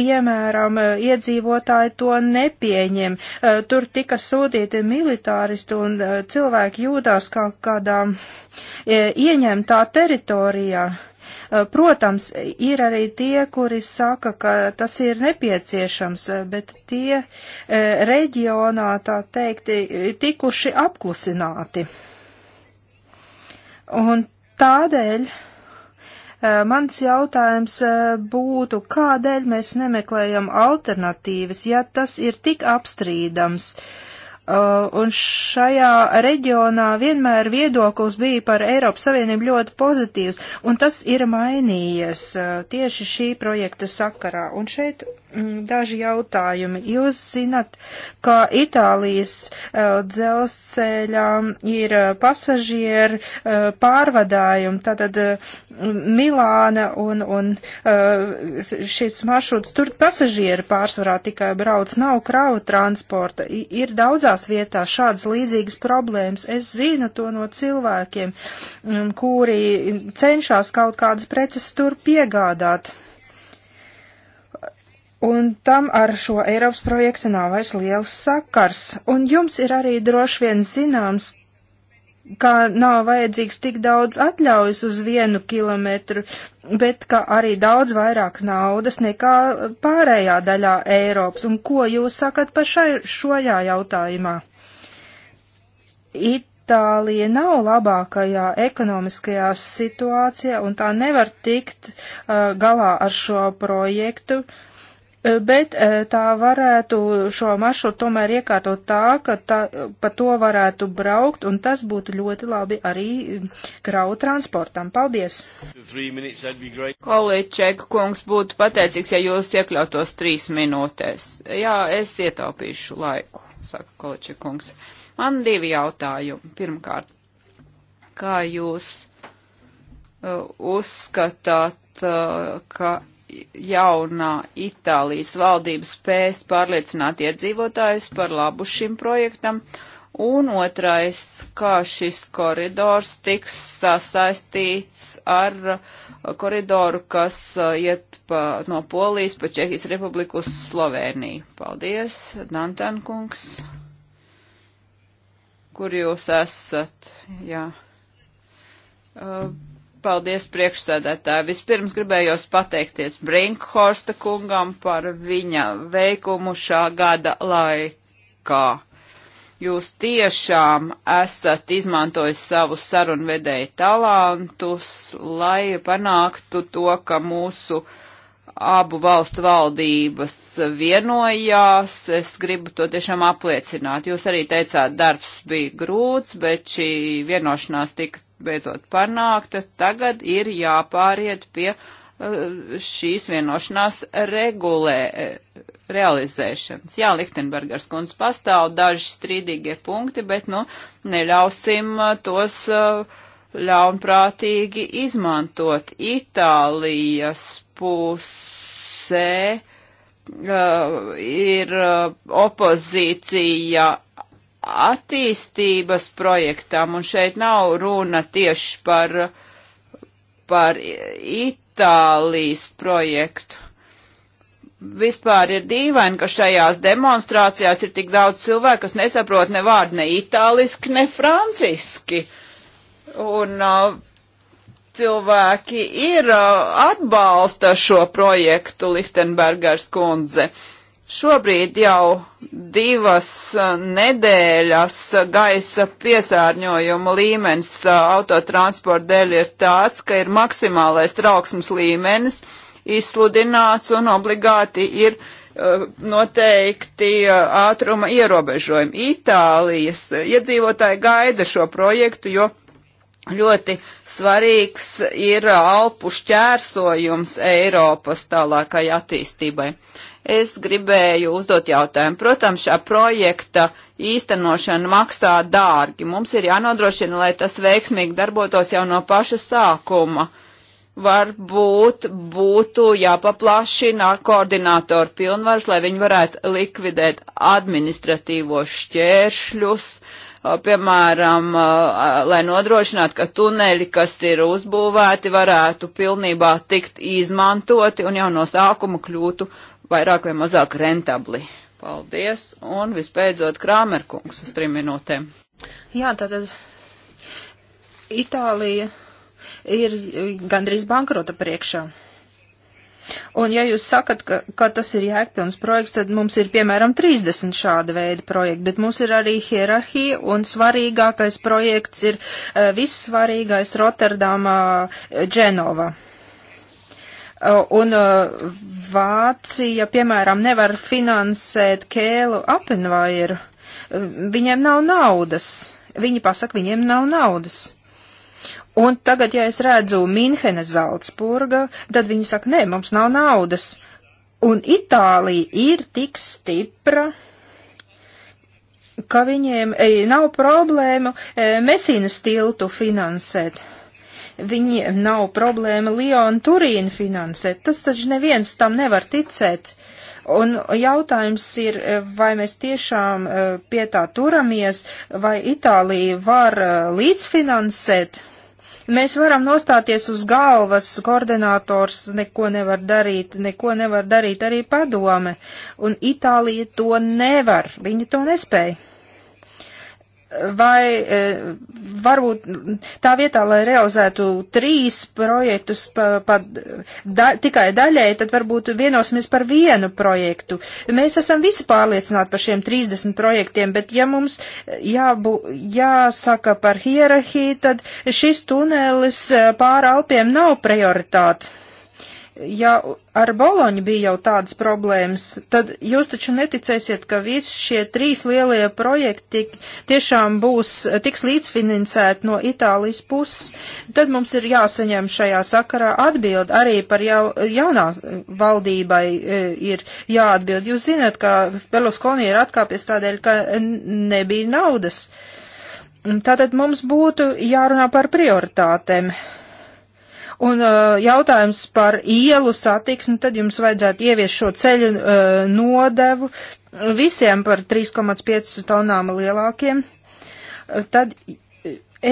piemēram, iedzīvotāji to nepieņem. Eh, tur tika sūtīti militāristi un cilvēki jūtās kā kādā ieņemtā teritorijā. Uh, Eh, protams, ir arī tie, kuri saka, ka tas ir nepieciešams, eh, bet tie eh, reģionā, tā teikt, tikuši apklusināti. Un tādēļ mans jautājums būtu, kādēļ mēs nemeklējam alternatīvas, ja tas ir tik apstrīdams? Uh, Uh, un šajā reģionā vienmēr viedoklis bija par Eiropas Savienību ļoti pozitīvs, un tas ir mainījies uh, tieši šī projekta sakarā. Un šeit Mm, daži jautājumi. Jūs zinat, ka Itālijas uh, dzelzceļā ir uh, eh, pasažieru uh, eh, pārvadājumi, tātad uh, Milāna un, un uh, šis maršruts, tur pasažieri pārsvarā tikai brauc, nav kravu transporta. I, ir daudzās vietās šādas līdzīgas problēmas. Es zinu to no cilvēkiem, um, kuri mm, cenšas kaut kādas preces tur piegādāt. Uh, Un tam ar šo Eiropas projektu nav vairs liels sakars. Un jums ir arī droši vien zināms, ka nav vajadzīgs tik daudz atļaujas uz vienu kilometru, bet ka arī daudz vairāk naudas nekā pārējā daļā Eiropas. Un ko jūs sakat par šai, šojā jautājumā? Itālija nav labākajā ekonomiskajā situācijā, un tā nevar tikt uh, galā ar šo projektu. Uh, Eh, bet eh, tā varētu šo maršrutu tomēr iekārtot tā, ka tā, pa to varētu braukt, un tas būtu ļoti labi arī kravu transportam. Paldies! Kolēķek kungs būtu pateicīgs, ja jūs iekļautos trīs minūtēs. Jā, es ietaupīšu laiku, saka Kolēķek kungs. Man divi jautājumi. Pirmkārt, kā jūs uh, uzskatāt, uh, ka jaunā Itālijas valdība spēs pārliecināt iedzīvotājus par labu šim projektam, un otrais, kā šis koridors tiks sasaistīts ar uh, koridoru, kas uh, iet pa, no Polijas pa Čehijas republiku uz Sloveniju. Paldies, Dantankungs. Kur jūs esat? Jā. Uh, Paldies priekšsēdētāji. Vispirms gribējos pateikties Brinkhorsta kungam par viņa veikumu šā gada laikā. Jūs tiešām esat izmantojis savus sarunvedēju talantus, lai panāktu to, ka mūsu uh, abu valstu valdības vienojās. Es gribu to tiešām apliecināt. Jūs arī teicāt, darbs bija grūts, bet šī vienošanās tika beidzot panākta. Tagad ir jāpāriet pie eh, šīs vienošanās regulē, eh, realizēšanas. Jā, Lichtenbergers kundze pastāv daži strīdīgie punkti, bet, nu, neļausim eh, tos ļaunprātīgi izmantot. Itālijas pusē uh, ir uh, opozīcija attīstības projektam, un šeit nav runa tieši par, par Itālijas projektu. Vispār ir dīvaini, ka šajās demonstrācijās ir tik daudz cilvēku, kas nesaprot ne vārdu ne itāliski, ne franciski. Un uh, cilvēki ir uh, atbalsta šo projektu Lichtenbergers kundze. Šobrīd jau divas uh, nedēļas gaisa piesārņojuma līmenis uh, autotransporta dēļ ir tāds, ka ir maksimālais trauksmes līmenis izsludināts un obligāti ir noteikti ātruma ierobežojumi. Itālijas iedzīvotāji gaida šo projektu, jo ļoti svarīgs ir Alpu šķērsojums Eiropas tālākai attīstībai. Es gribēju uzdot jautājumu. Protams, šā projekta īstenošana maksā dārgi. Mums ir jānodrošina, lai tas veiksmīgi darbotos jau no paša sākuma. Varbūt būtu jāpaplašina koordinātoru pilnvaras, lai viņi varētu likvidēt administratīvos šķēršļus, uh, piemēram, lai nodrošinātu, ka tuneļi, kas ir uzbūvēti, varētu pilnībā tikt izmantoti un jau no sākuma kļūtu vairāk vai mazāk rentabli. Paldies, un vispēdzot Krāmerkungs uz trim minūtēm. Jā, tātad Itālija ir gandrīz bankrota priekšā. Un ja jūs sakat, ka, ka tas ir jēgpilns projekts, tad mums ir piemēram 30 šāda veida projekti, bet mums ir arī hierarhija un svarīgākais projekts ir uh, vissvarīgais Rotterdama Dženova. Eh, uh, eh, un uh, Vācija, piemēram, nevar finansēt Kēlu Apenvairu. Viņiem nav naudas. Viņi pasaka, viņiem nav naudas. Un tagad, ja es redzu Minhene Zaltsburga, tad viņi saka, nē, mums nav naudas. Un Itālija ir tik stipra, ka viņiem ei, nav problēmu e, Mesīnas tiltu finansēt. Viņiem nav problēma Lionu Turīnu finansēt. Tas taču neviens tam nevar ticēt. Un jautājums ir, e, vai mēs tiešām e, pie tā turamies, vai Itālija var e, līdzfinansēt Mēs varam nostāties uz galvas, koordinators neko nevar darīt, neko nevar darīt arī padome, un Itālija to nevar, viņi to nespēja. Vai eh, varbūt tā vietā, lai realizētu trīs projektus pa, pa, da, tikai daļai, tad varbūt vienosimies par vienu projektu. Mēs esam visi pārliecināti par šiem 30 projektiem, bet ja mums jābū, jāsaka par hierarhiju, tad šis tunelis pāri Alpiem nav prioritāte ja ar Boloņu bija jau tādas problēmas, tad jūs taču neticēsiet, ka visi šie trīs lielie projekti tiešām būs, eh, tiks līdzfinansēti no Itālijas puses. Tad mums ir jāsaņem šajā sakarā atbild arī par jau, jaunā valdībai eh, ir jāatbild. Jūs zināt, ka Berlusconi ir atkāpies tādēļ, ka nebija naudas. Tātad mums būtu jārunā par prioritātēm. Un uh, jautājums par ielu satiksmi, tad jums vajadzētu ievies šo ceļu uh, nodevu visiem par 3,5 tonām lielākiem. Uh, tad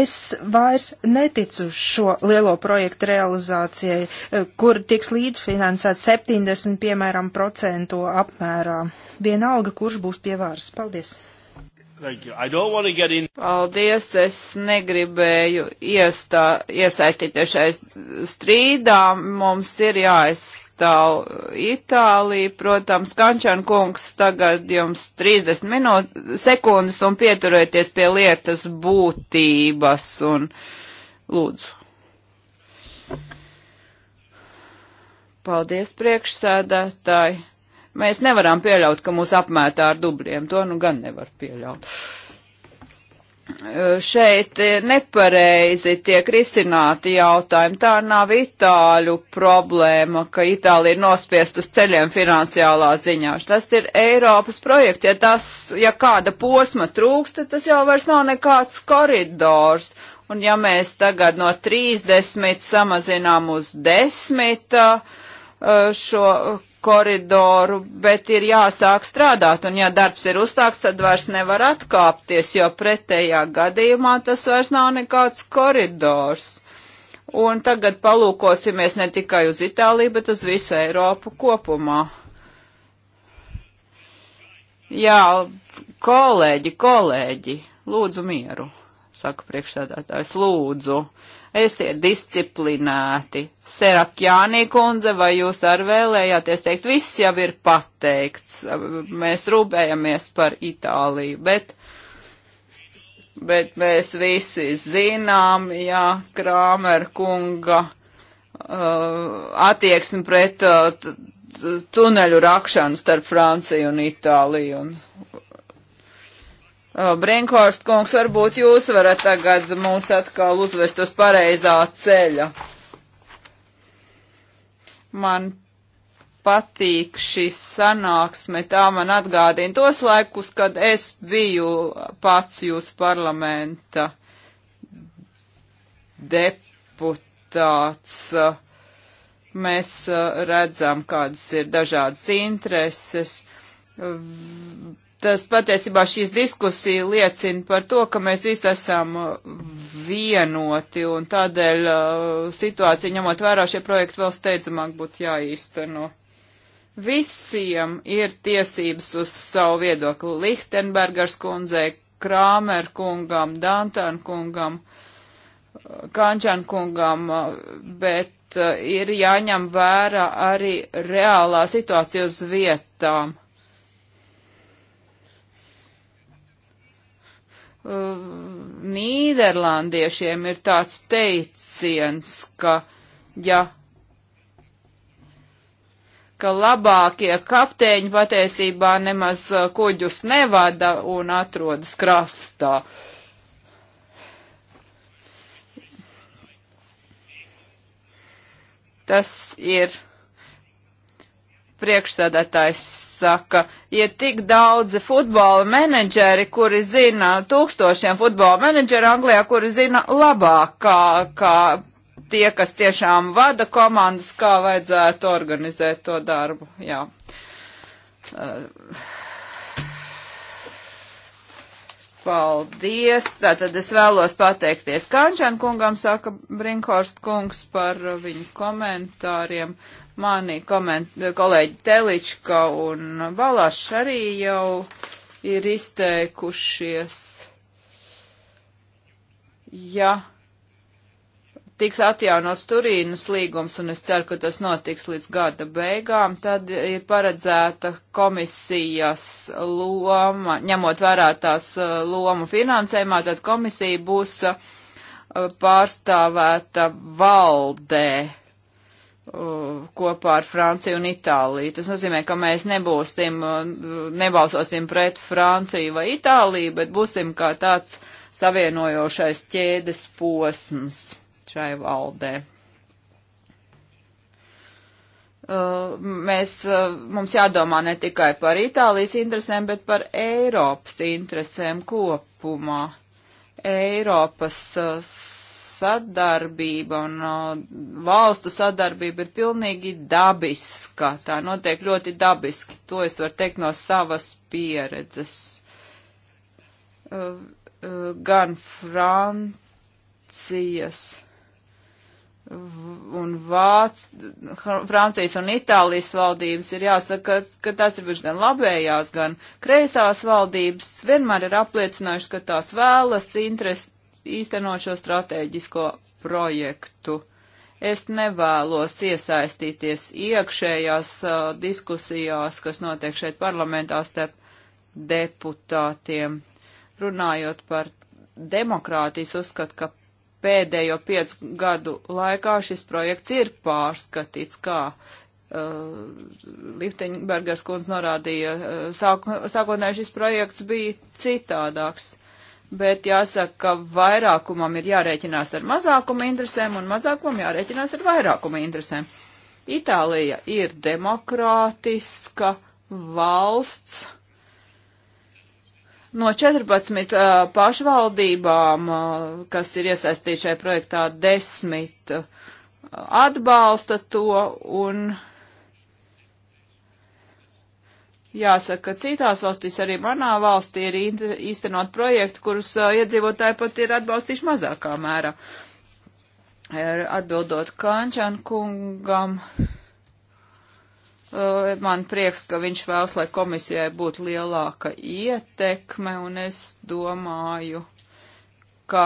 es vairs neticu šo lielo projektu realizācijai, uh, kur tiks līdzfinansēts 70, piemēram, procentu apmērā. Vienalga, kurš būs pie vāras. Paldies! Paldies, es negribēju iestā, iesaistīties šai strīdā. Mums ir jāaizstāv Itālija. Protams, Kančan kungs, tagad jums 30 minūtes, sekundes un pieturēties pie lietas būtības un lūdzu. Paldies, priekšsēdētāji. Mēs nevaram pieļaut, ka mūs apmētā ar dubļiem. To nu gan nevar pieļaut. Šeit nepareizi tiek risināti jautājumi. Tā nav Itāļu problēma, ka Itālija ir nospiest uz ceļiem finansiālā ziņā. Tas ir Eiropas projekts. Ja, tas, ja kāda posma trūkst, tad tas jau vairs nav nekāds koridors. Un ja mēs tagad no 30 samazinām uz 10 šo koridoru, bet ir jāsāk strādāt, un ja darbs ir uzsākts, tad vairs nevar atkāpties, jo pretējā gadījumā tas vairs nav nekāds koridors. Un tagad palūkosimies ne tikai uz Itāliju, bet uz visu Eiropu kopumā. Jā, kolēģi, kolēģi, lūdzu mieru, saka priekšstādātājs, lūdzu. Uh, Esiet disciplinēti. Serakjānī kundze, vai jūs ar vēlējāties teikt, viss jau ir pateikts, mēs rūpējamies par Itāliju, bet, bet mēs visi zinām, jā, Krāmer kunga uh, attieksmi pret uh, tuneļu rakšanu starp Franciju un Itāliju un Uh, Brinkhorst kungs, varbūt jūs varat tagad mūs atkal uzvest uz pareizā ceļa. Man patīk šī sanāksme, tā man atgādina tos laikus, kad es biju pats jūs parlamenta deputāts. Mēs uh, redzam, kādas ir dažādas intereses tas patiesībā šīs diskusija liecina par to, ka mēs visi esam vienoti un tādēļ uh, situācija ņemot vērā šie projekti vēl steidzamāk būtu jāīsteno. Visiem ir tiesības uz savu viedokli. Lichtenbergers kundzei, Krāmer kungam, Dantan kungam, Kančan kungam, bet uh, ir jāņem vērā arī reālā situācija uz vietām Uh, Nīderlandiešiem ir tāds teiciens, ka, ja ka labākie kapteiņi patiesībā nemaz uh, kuģus nevada un atrodas krastā. Tas ir priekšsēdētājs saka, ir tik daudzi futbola menedžeri, kuri zina, tūkstošiem futbola menedžeri Anglijā, kuri zina labāk, kā, kā tie, kas tiešām vada komandas, kā vajadzētu organizēt to darbu. Jā. Uh, paldies. Tātad es vēlos pateikties Kančēn kungam, saka Brinkhorst kungs, par viņu komentāriem mani koment, kolēģi Telička un Balašs arī jau ir izteikušies. Ja tiks atjaunots Turīnas līgums, un es ceru, ka tas notiks līdz gada beigām, tad ir paredzēta komisijas loma, ņemot vērā tās uh, lomu finansējumā, tad komisija būs uh, pārstāvēta valdē Uh, kopā ar Franciju un Itāliju. Tas nozīmē, ka mēs nebūsim, uh, nebalsosim pret Franciju vai Itāliju, bet būsim kā tāds savienojošais ķēdes posms šai valdē. Uh, mēs, mums jādomā ne tikai par Itālijas interesēm, bet par Eiropas interesēm kopumā. Eiropas sadarbība un uh, valstu sadarbība ir pilnīgi dabiska. Tā notiek ļoti dabiski. To es varu teikt no savas pieredzes. Uh, uh, gan Francijas un Vāc, Francijas un Itālijas valdības ir jāsaka, ka, ka tās ir bijušas gan labējās, gan kreisās valdības, vienmēr ir apliecinājušas, ka tās vēlas interest, īstenot šo strateģisko projektu. Es nevēlos iesaistīties iekšējās uh, diskusijās, kas notiek šeit parlamentā starp deputātiem. Runājot par demokrātijas uzskatu, ka pēdējo piecu gadu laikā šis projekts ir pārskatīts, kā uh, Liftenbergers kundze norādīja, uh, sāk, sākotnēji šis projekts bija citādāks bet jāsaka, ka vairākumam ir jārēķinās ar mazākuma interesēm un mazākumam jārēķinās ar vairākuma interesēm. Itālija ir demokrātiska valsts. No 14 uh, pašvaldībām, uh, kas ir iesaistīti šajā projektā, 10 uh, atbalsta to un Jāsaka, ka citās valstīs, arī manā valstī, ir īstenot projekti, kurus uh, iedzīvotāji pat ir atbalstījuši mazākā mērā. Atbildot Kančan kungam, uh, man prieks, ka viņš vēlas, lai komisijai būtu lielāka ietekme, un es domāju, ka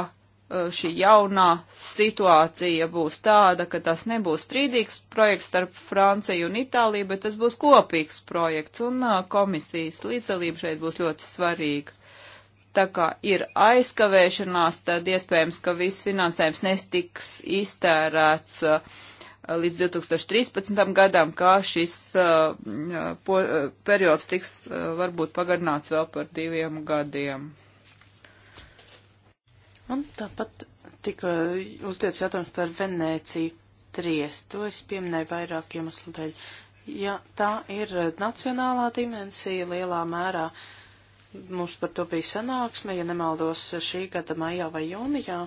Uh, šī jaunā situācija būs tāda, ka tas nebūs strīdīgs projekts starp Franciju un Itāliju, bet tas būs kopīgs projekts, un uh, komisijas līdzdalība šeit būs ļoti svarīga. Tā kā ir aizkavēšanās, tad iespējams, ka viss finansējums nestiks iztērēts uh, līdz 2013. gadam, kā šis uh, po, periods tiks uh, varbūt pagarināts vēl par diviem gadiem. Un tāpat tika uzdots jautājums par Venēciju tries. To es pieminēju vairāk iemeslu dēļ. Ja tā ir nacionālā dimensija lielā mērā, mums par to bija sanāksme, ja nemaldos šī gada maijā vai jūnijā.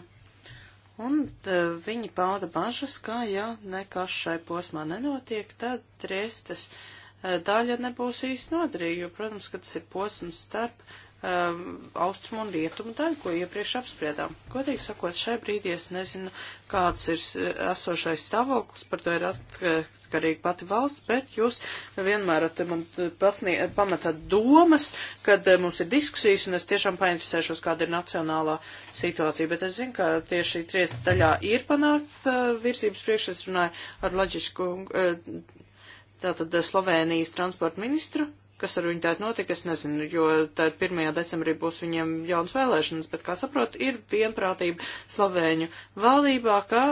Un uh, viņi pauda bažas, ka ja nekas šai posmā nenotiek, tad triestas uh, e, daļa nebūs īsti noderīga, jo, protams, ka tas ir posms starp uh, um, austrumu un rietumu daļu, ko iepriekš apspriedām. Godīgi sakot, šai brīdī es nezinu, kāds ir uh, esošais stāvoklis, par to ir atkarīga pati valsts, bet jūs vienmēr man uh, pasnie, uh, pamatāt domas, kad mums ir diskusijas, un es tiešām painteresēšos, kāda ir nacionālā situācija. Bet es zinu, ka tieši triesta daļā ir panākt uh, virsības priekš, es runāju ar Laģišku, uh, tātad Slovēnijas transporta ministru, kas ar viņu tādu notika, es nezinu, jo tad 1. decembrī būs viņiem jauns vēlēšanas, bet, kā saprotu, ir vienprātība Slovēņu valdībā, ka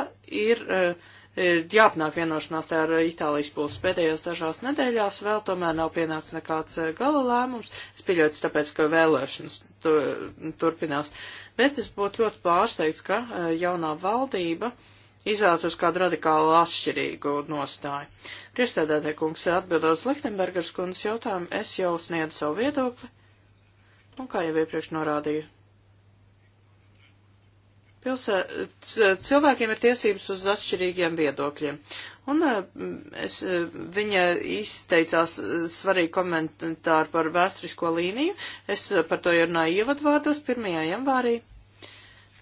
ir, eh, ir jāpanāk vienošanās tā ar Itālijas puses. Pēdējās dažās nedēļās vēl tomēr nav pienāks nekāds eh, gala lēmums. Es pieļauju, tāpēc, ka vēlēšanas turpinās. Bet es būtu ļoti pārsteigts, ka eh, jaunā valdība. Uh, izvēlētos kādu radikālu atšķirīgu nostāju. Priekšstādātē kungs atbildot Lehtenbergers kundas jautājumu, es jau sniedzu savu viedokli, un kā jau iepriekš norādīju. Pilsē, cilvēkiem ir tiesības uz atšķirīgiem viedokļiem. Un eh, es, eh, viņa izteicās eh, svarīgi komentāru par vēsturisko līniju. Es par to jau runāju ievadvārdos 1. janvārī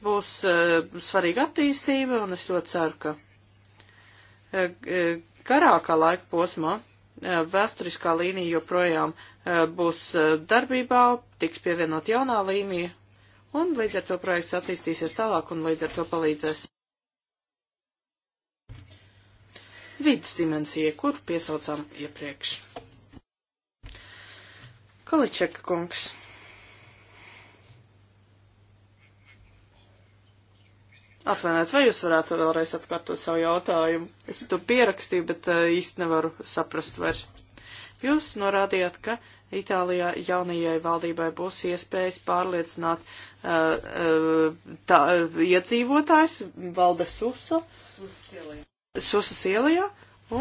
Būs eh, svarīga attīstība, un es ļoti ceru, ka eh, eh, garākā laika posmā vēsturiskā līnija joprojām būs darbībā, tiks pievienot jaunā līnija, un līdz ar to projekts attīstīsies tālāk un līdz ar to palīdzēs. Vides dimensija, kur piesaucām iepriekš. Kaličeka kungs. Atvainojiet, vai jūs varētu vēlreiz atkārtot savu jautājumu? Es to pierakstīju, bet uh, īsti nevaru saprast vairs. Jūs norādījāt, ka Itālijā jaunajai valdībai būs iespējas pārliecināt uh, uh, tā, uh, iedzīvotājs valde Susa. Susa ielijā.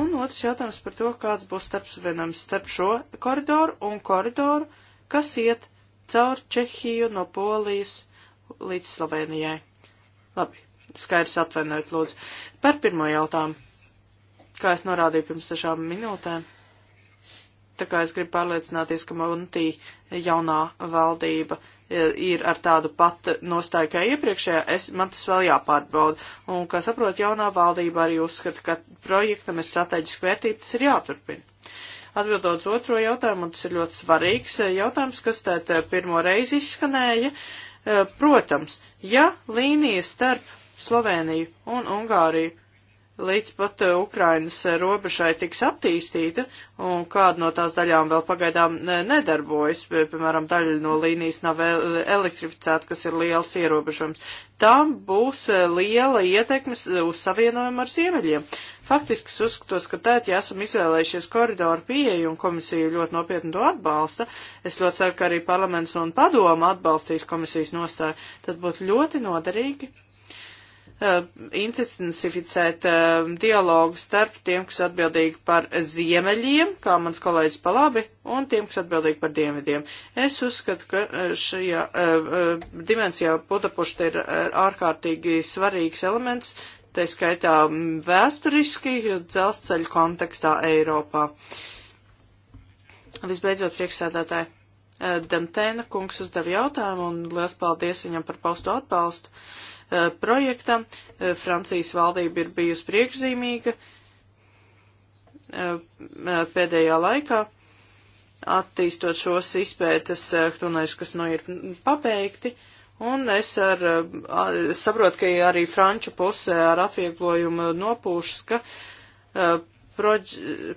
Un otrs jautājums par to, kāds būs starpsavienojums starp šo koridoru un koridoru, kas iet caur Čehiju no Polijas līdz Slovenijai. Labi skaidrs atvainojiet lūdzu. Par pirmo jautājumu, kā es norādīju pirms dažām minūtēm, tā kā es gribu pārliecināties, ka Monti jaunā valdība e, ir ar tādu pat nostāju kā iepriekšējā, es, man tas vēl jāpārbauda. Un, kā saprot, jaunā valdība arī uzskata, ka projektam ir strateģiski vērtība, tas ir jāturpina. Atbildot uz otro jautājumu, un tas ir ļoti svarīgs e, jautājums, kas tēt e, pirmo reizi izskanēja. Protams, ja līnija starp Sloveniju un Ungāriju līdz pat eh, Ukrainas eh, robežai tiks attīstīta, un kāda no tās daļām vēl pagaidām eh, nedarbojas, piemēram, daļa no līnijas nav elektrificēta, kas ir liels ierobežojums. Tam būs liela ietekmes uz savienojumu ar ziemeļiem. Faktiski es uzskatos, ka tēt, ja esam izvēlējušies koridoru pieeju un komisija ļoti nopietni to atbalsta, es ļoti ceru, ka arī parlaments un padoma atbalstīs komisijas nostāju, tad būtu ļoti noderīgi Eh, intensificēt eh, dialogu starp tiem, kas atbildīgi par ziemeļiem, kā mans kolēģis pa labi, un tiem, kas atbildīgi par dienvidiem. Es uzskatu, ka eh, šajā dimensijā Budapušta ir ārkārtīgi svarīgs elements, tā skaitā mm, vēsturiski dzelzceļu kontekstā Eiropā. Visbeidzot, priekšsēdētāji, Dantēna kungs uzdeva jautājumu, un liels paldies viņam par paustu atbalstu. Uh, Eh, projektam. Eh, Francijas valdība ir bijusi priekšzīmīga eh, pēdējā laikā attīstot šos izpētes tuneļus, kas nu ir pabeigti. Un es ar, ar, saprotu, ka arī franču pusē ar atvieglojumu nopūšas, ka uh, proģ,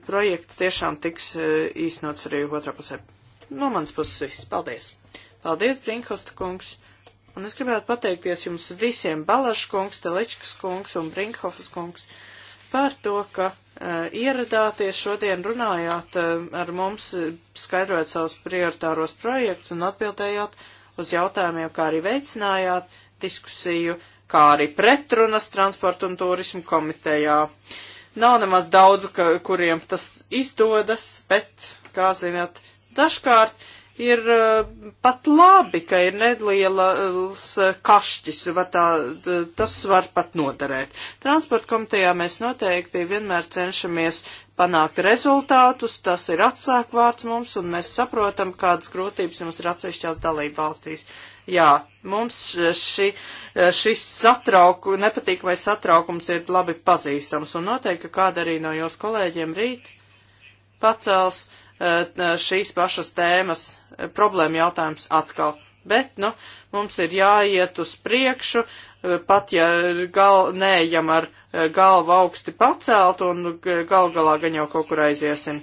projekts tiešām tiks uh, īstenots arī otrā pusē. No manas puses viss. Paldies. Paldies, Brinkhosta kungs. Un es gribētu pateikties jums visiem, Balašs kungs, Teličkas kungs un Brinkhofas kungs, par to, ka uh, ieradāties šodien, runājāt uh, ar mums, skaidrojot savus prioritāros projektus un atbildējāt uz jautājumiem, kā arī veicinājāt diskusiju, kā arī pretrunas transporta un turismu komitejā. Nav nemaz daudz, ka, kuriem tas izdodas, bet, kā zināt, dažkārt ir eh, pat labi, ka ir nelielas eh, kašķis, var tā, tas var pat noderēt. Transporta komitejā mēs noteikti vienmēr cenšamies panākt rezultātus, tas ir atslēgvārds mums, un mēs saprotam, kādas grūtības mums ir atsevišķās dalību valstīs. Jā, mums ši, eh, šis satrauku, nepatīkamais satraukums ir labi pazīstams, un noteikti, ka kāda arī no jūsu kolēģiem rīt pacels uh, Eh, šīs pašas tēmas eh, problēma jautājums atkal. Bet, nu, mums ir jāiet uz priekšu, eh, pat ja gal, neejam ar galvu augsti pacelt un gal galā gan jau kaut kur aiziesim.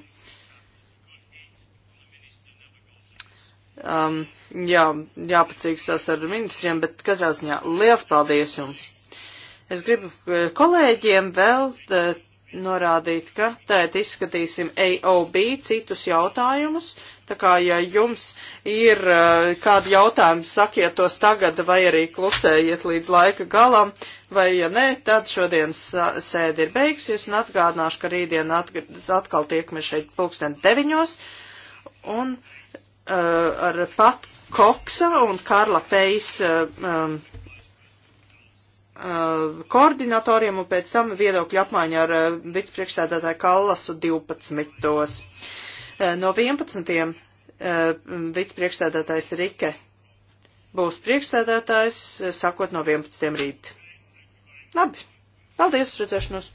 Um, jā, jāpacīkstās ar ministriem, bet katrā ziņā liels paldies jums! Es gribu kolēģiem vēl norādīt, ka tēt izskatīsim AOB citus jautājumus. Tā kā, ja jums ir uh, kādi jautājumi, sakiet tos tagad vai arī klusējiet līdz laika galam, vai ja nē, tad šodienas eh, sēde ir beigsies un atgādināšu, ka rītdien atg atkal tiekamies šeit pulksten deviņos un uh, ar pat Koksa un Karla Pejs. Uh, um, Uh, koordinatoriem un pēc tam viedokļu apmaiņa ar uh, vicepriekšsēdētāju Kallasu 12. Uh, no 11. vicepriekšsēdētājs Rike būs priekšsēdētājs, sākot no 11. rīt. Labi, paldies, redzēšanos!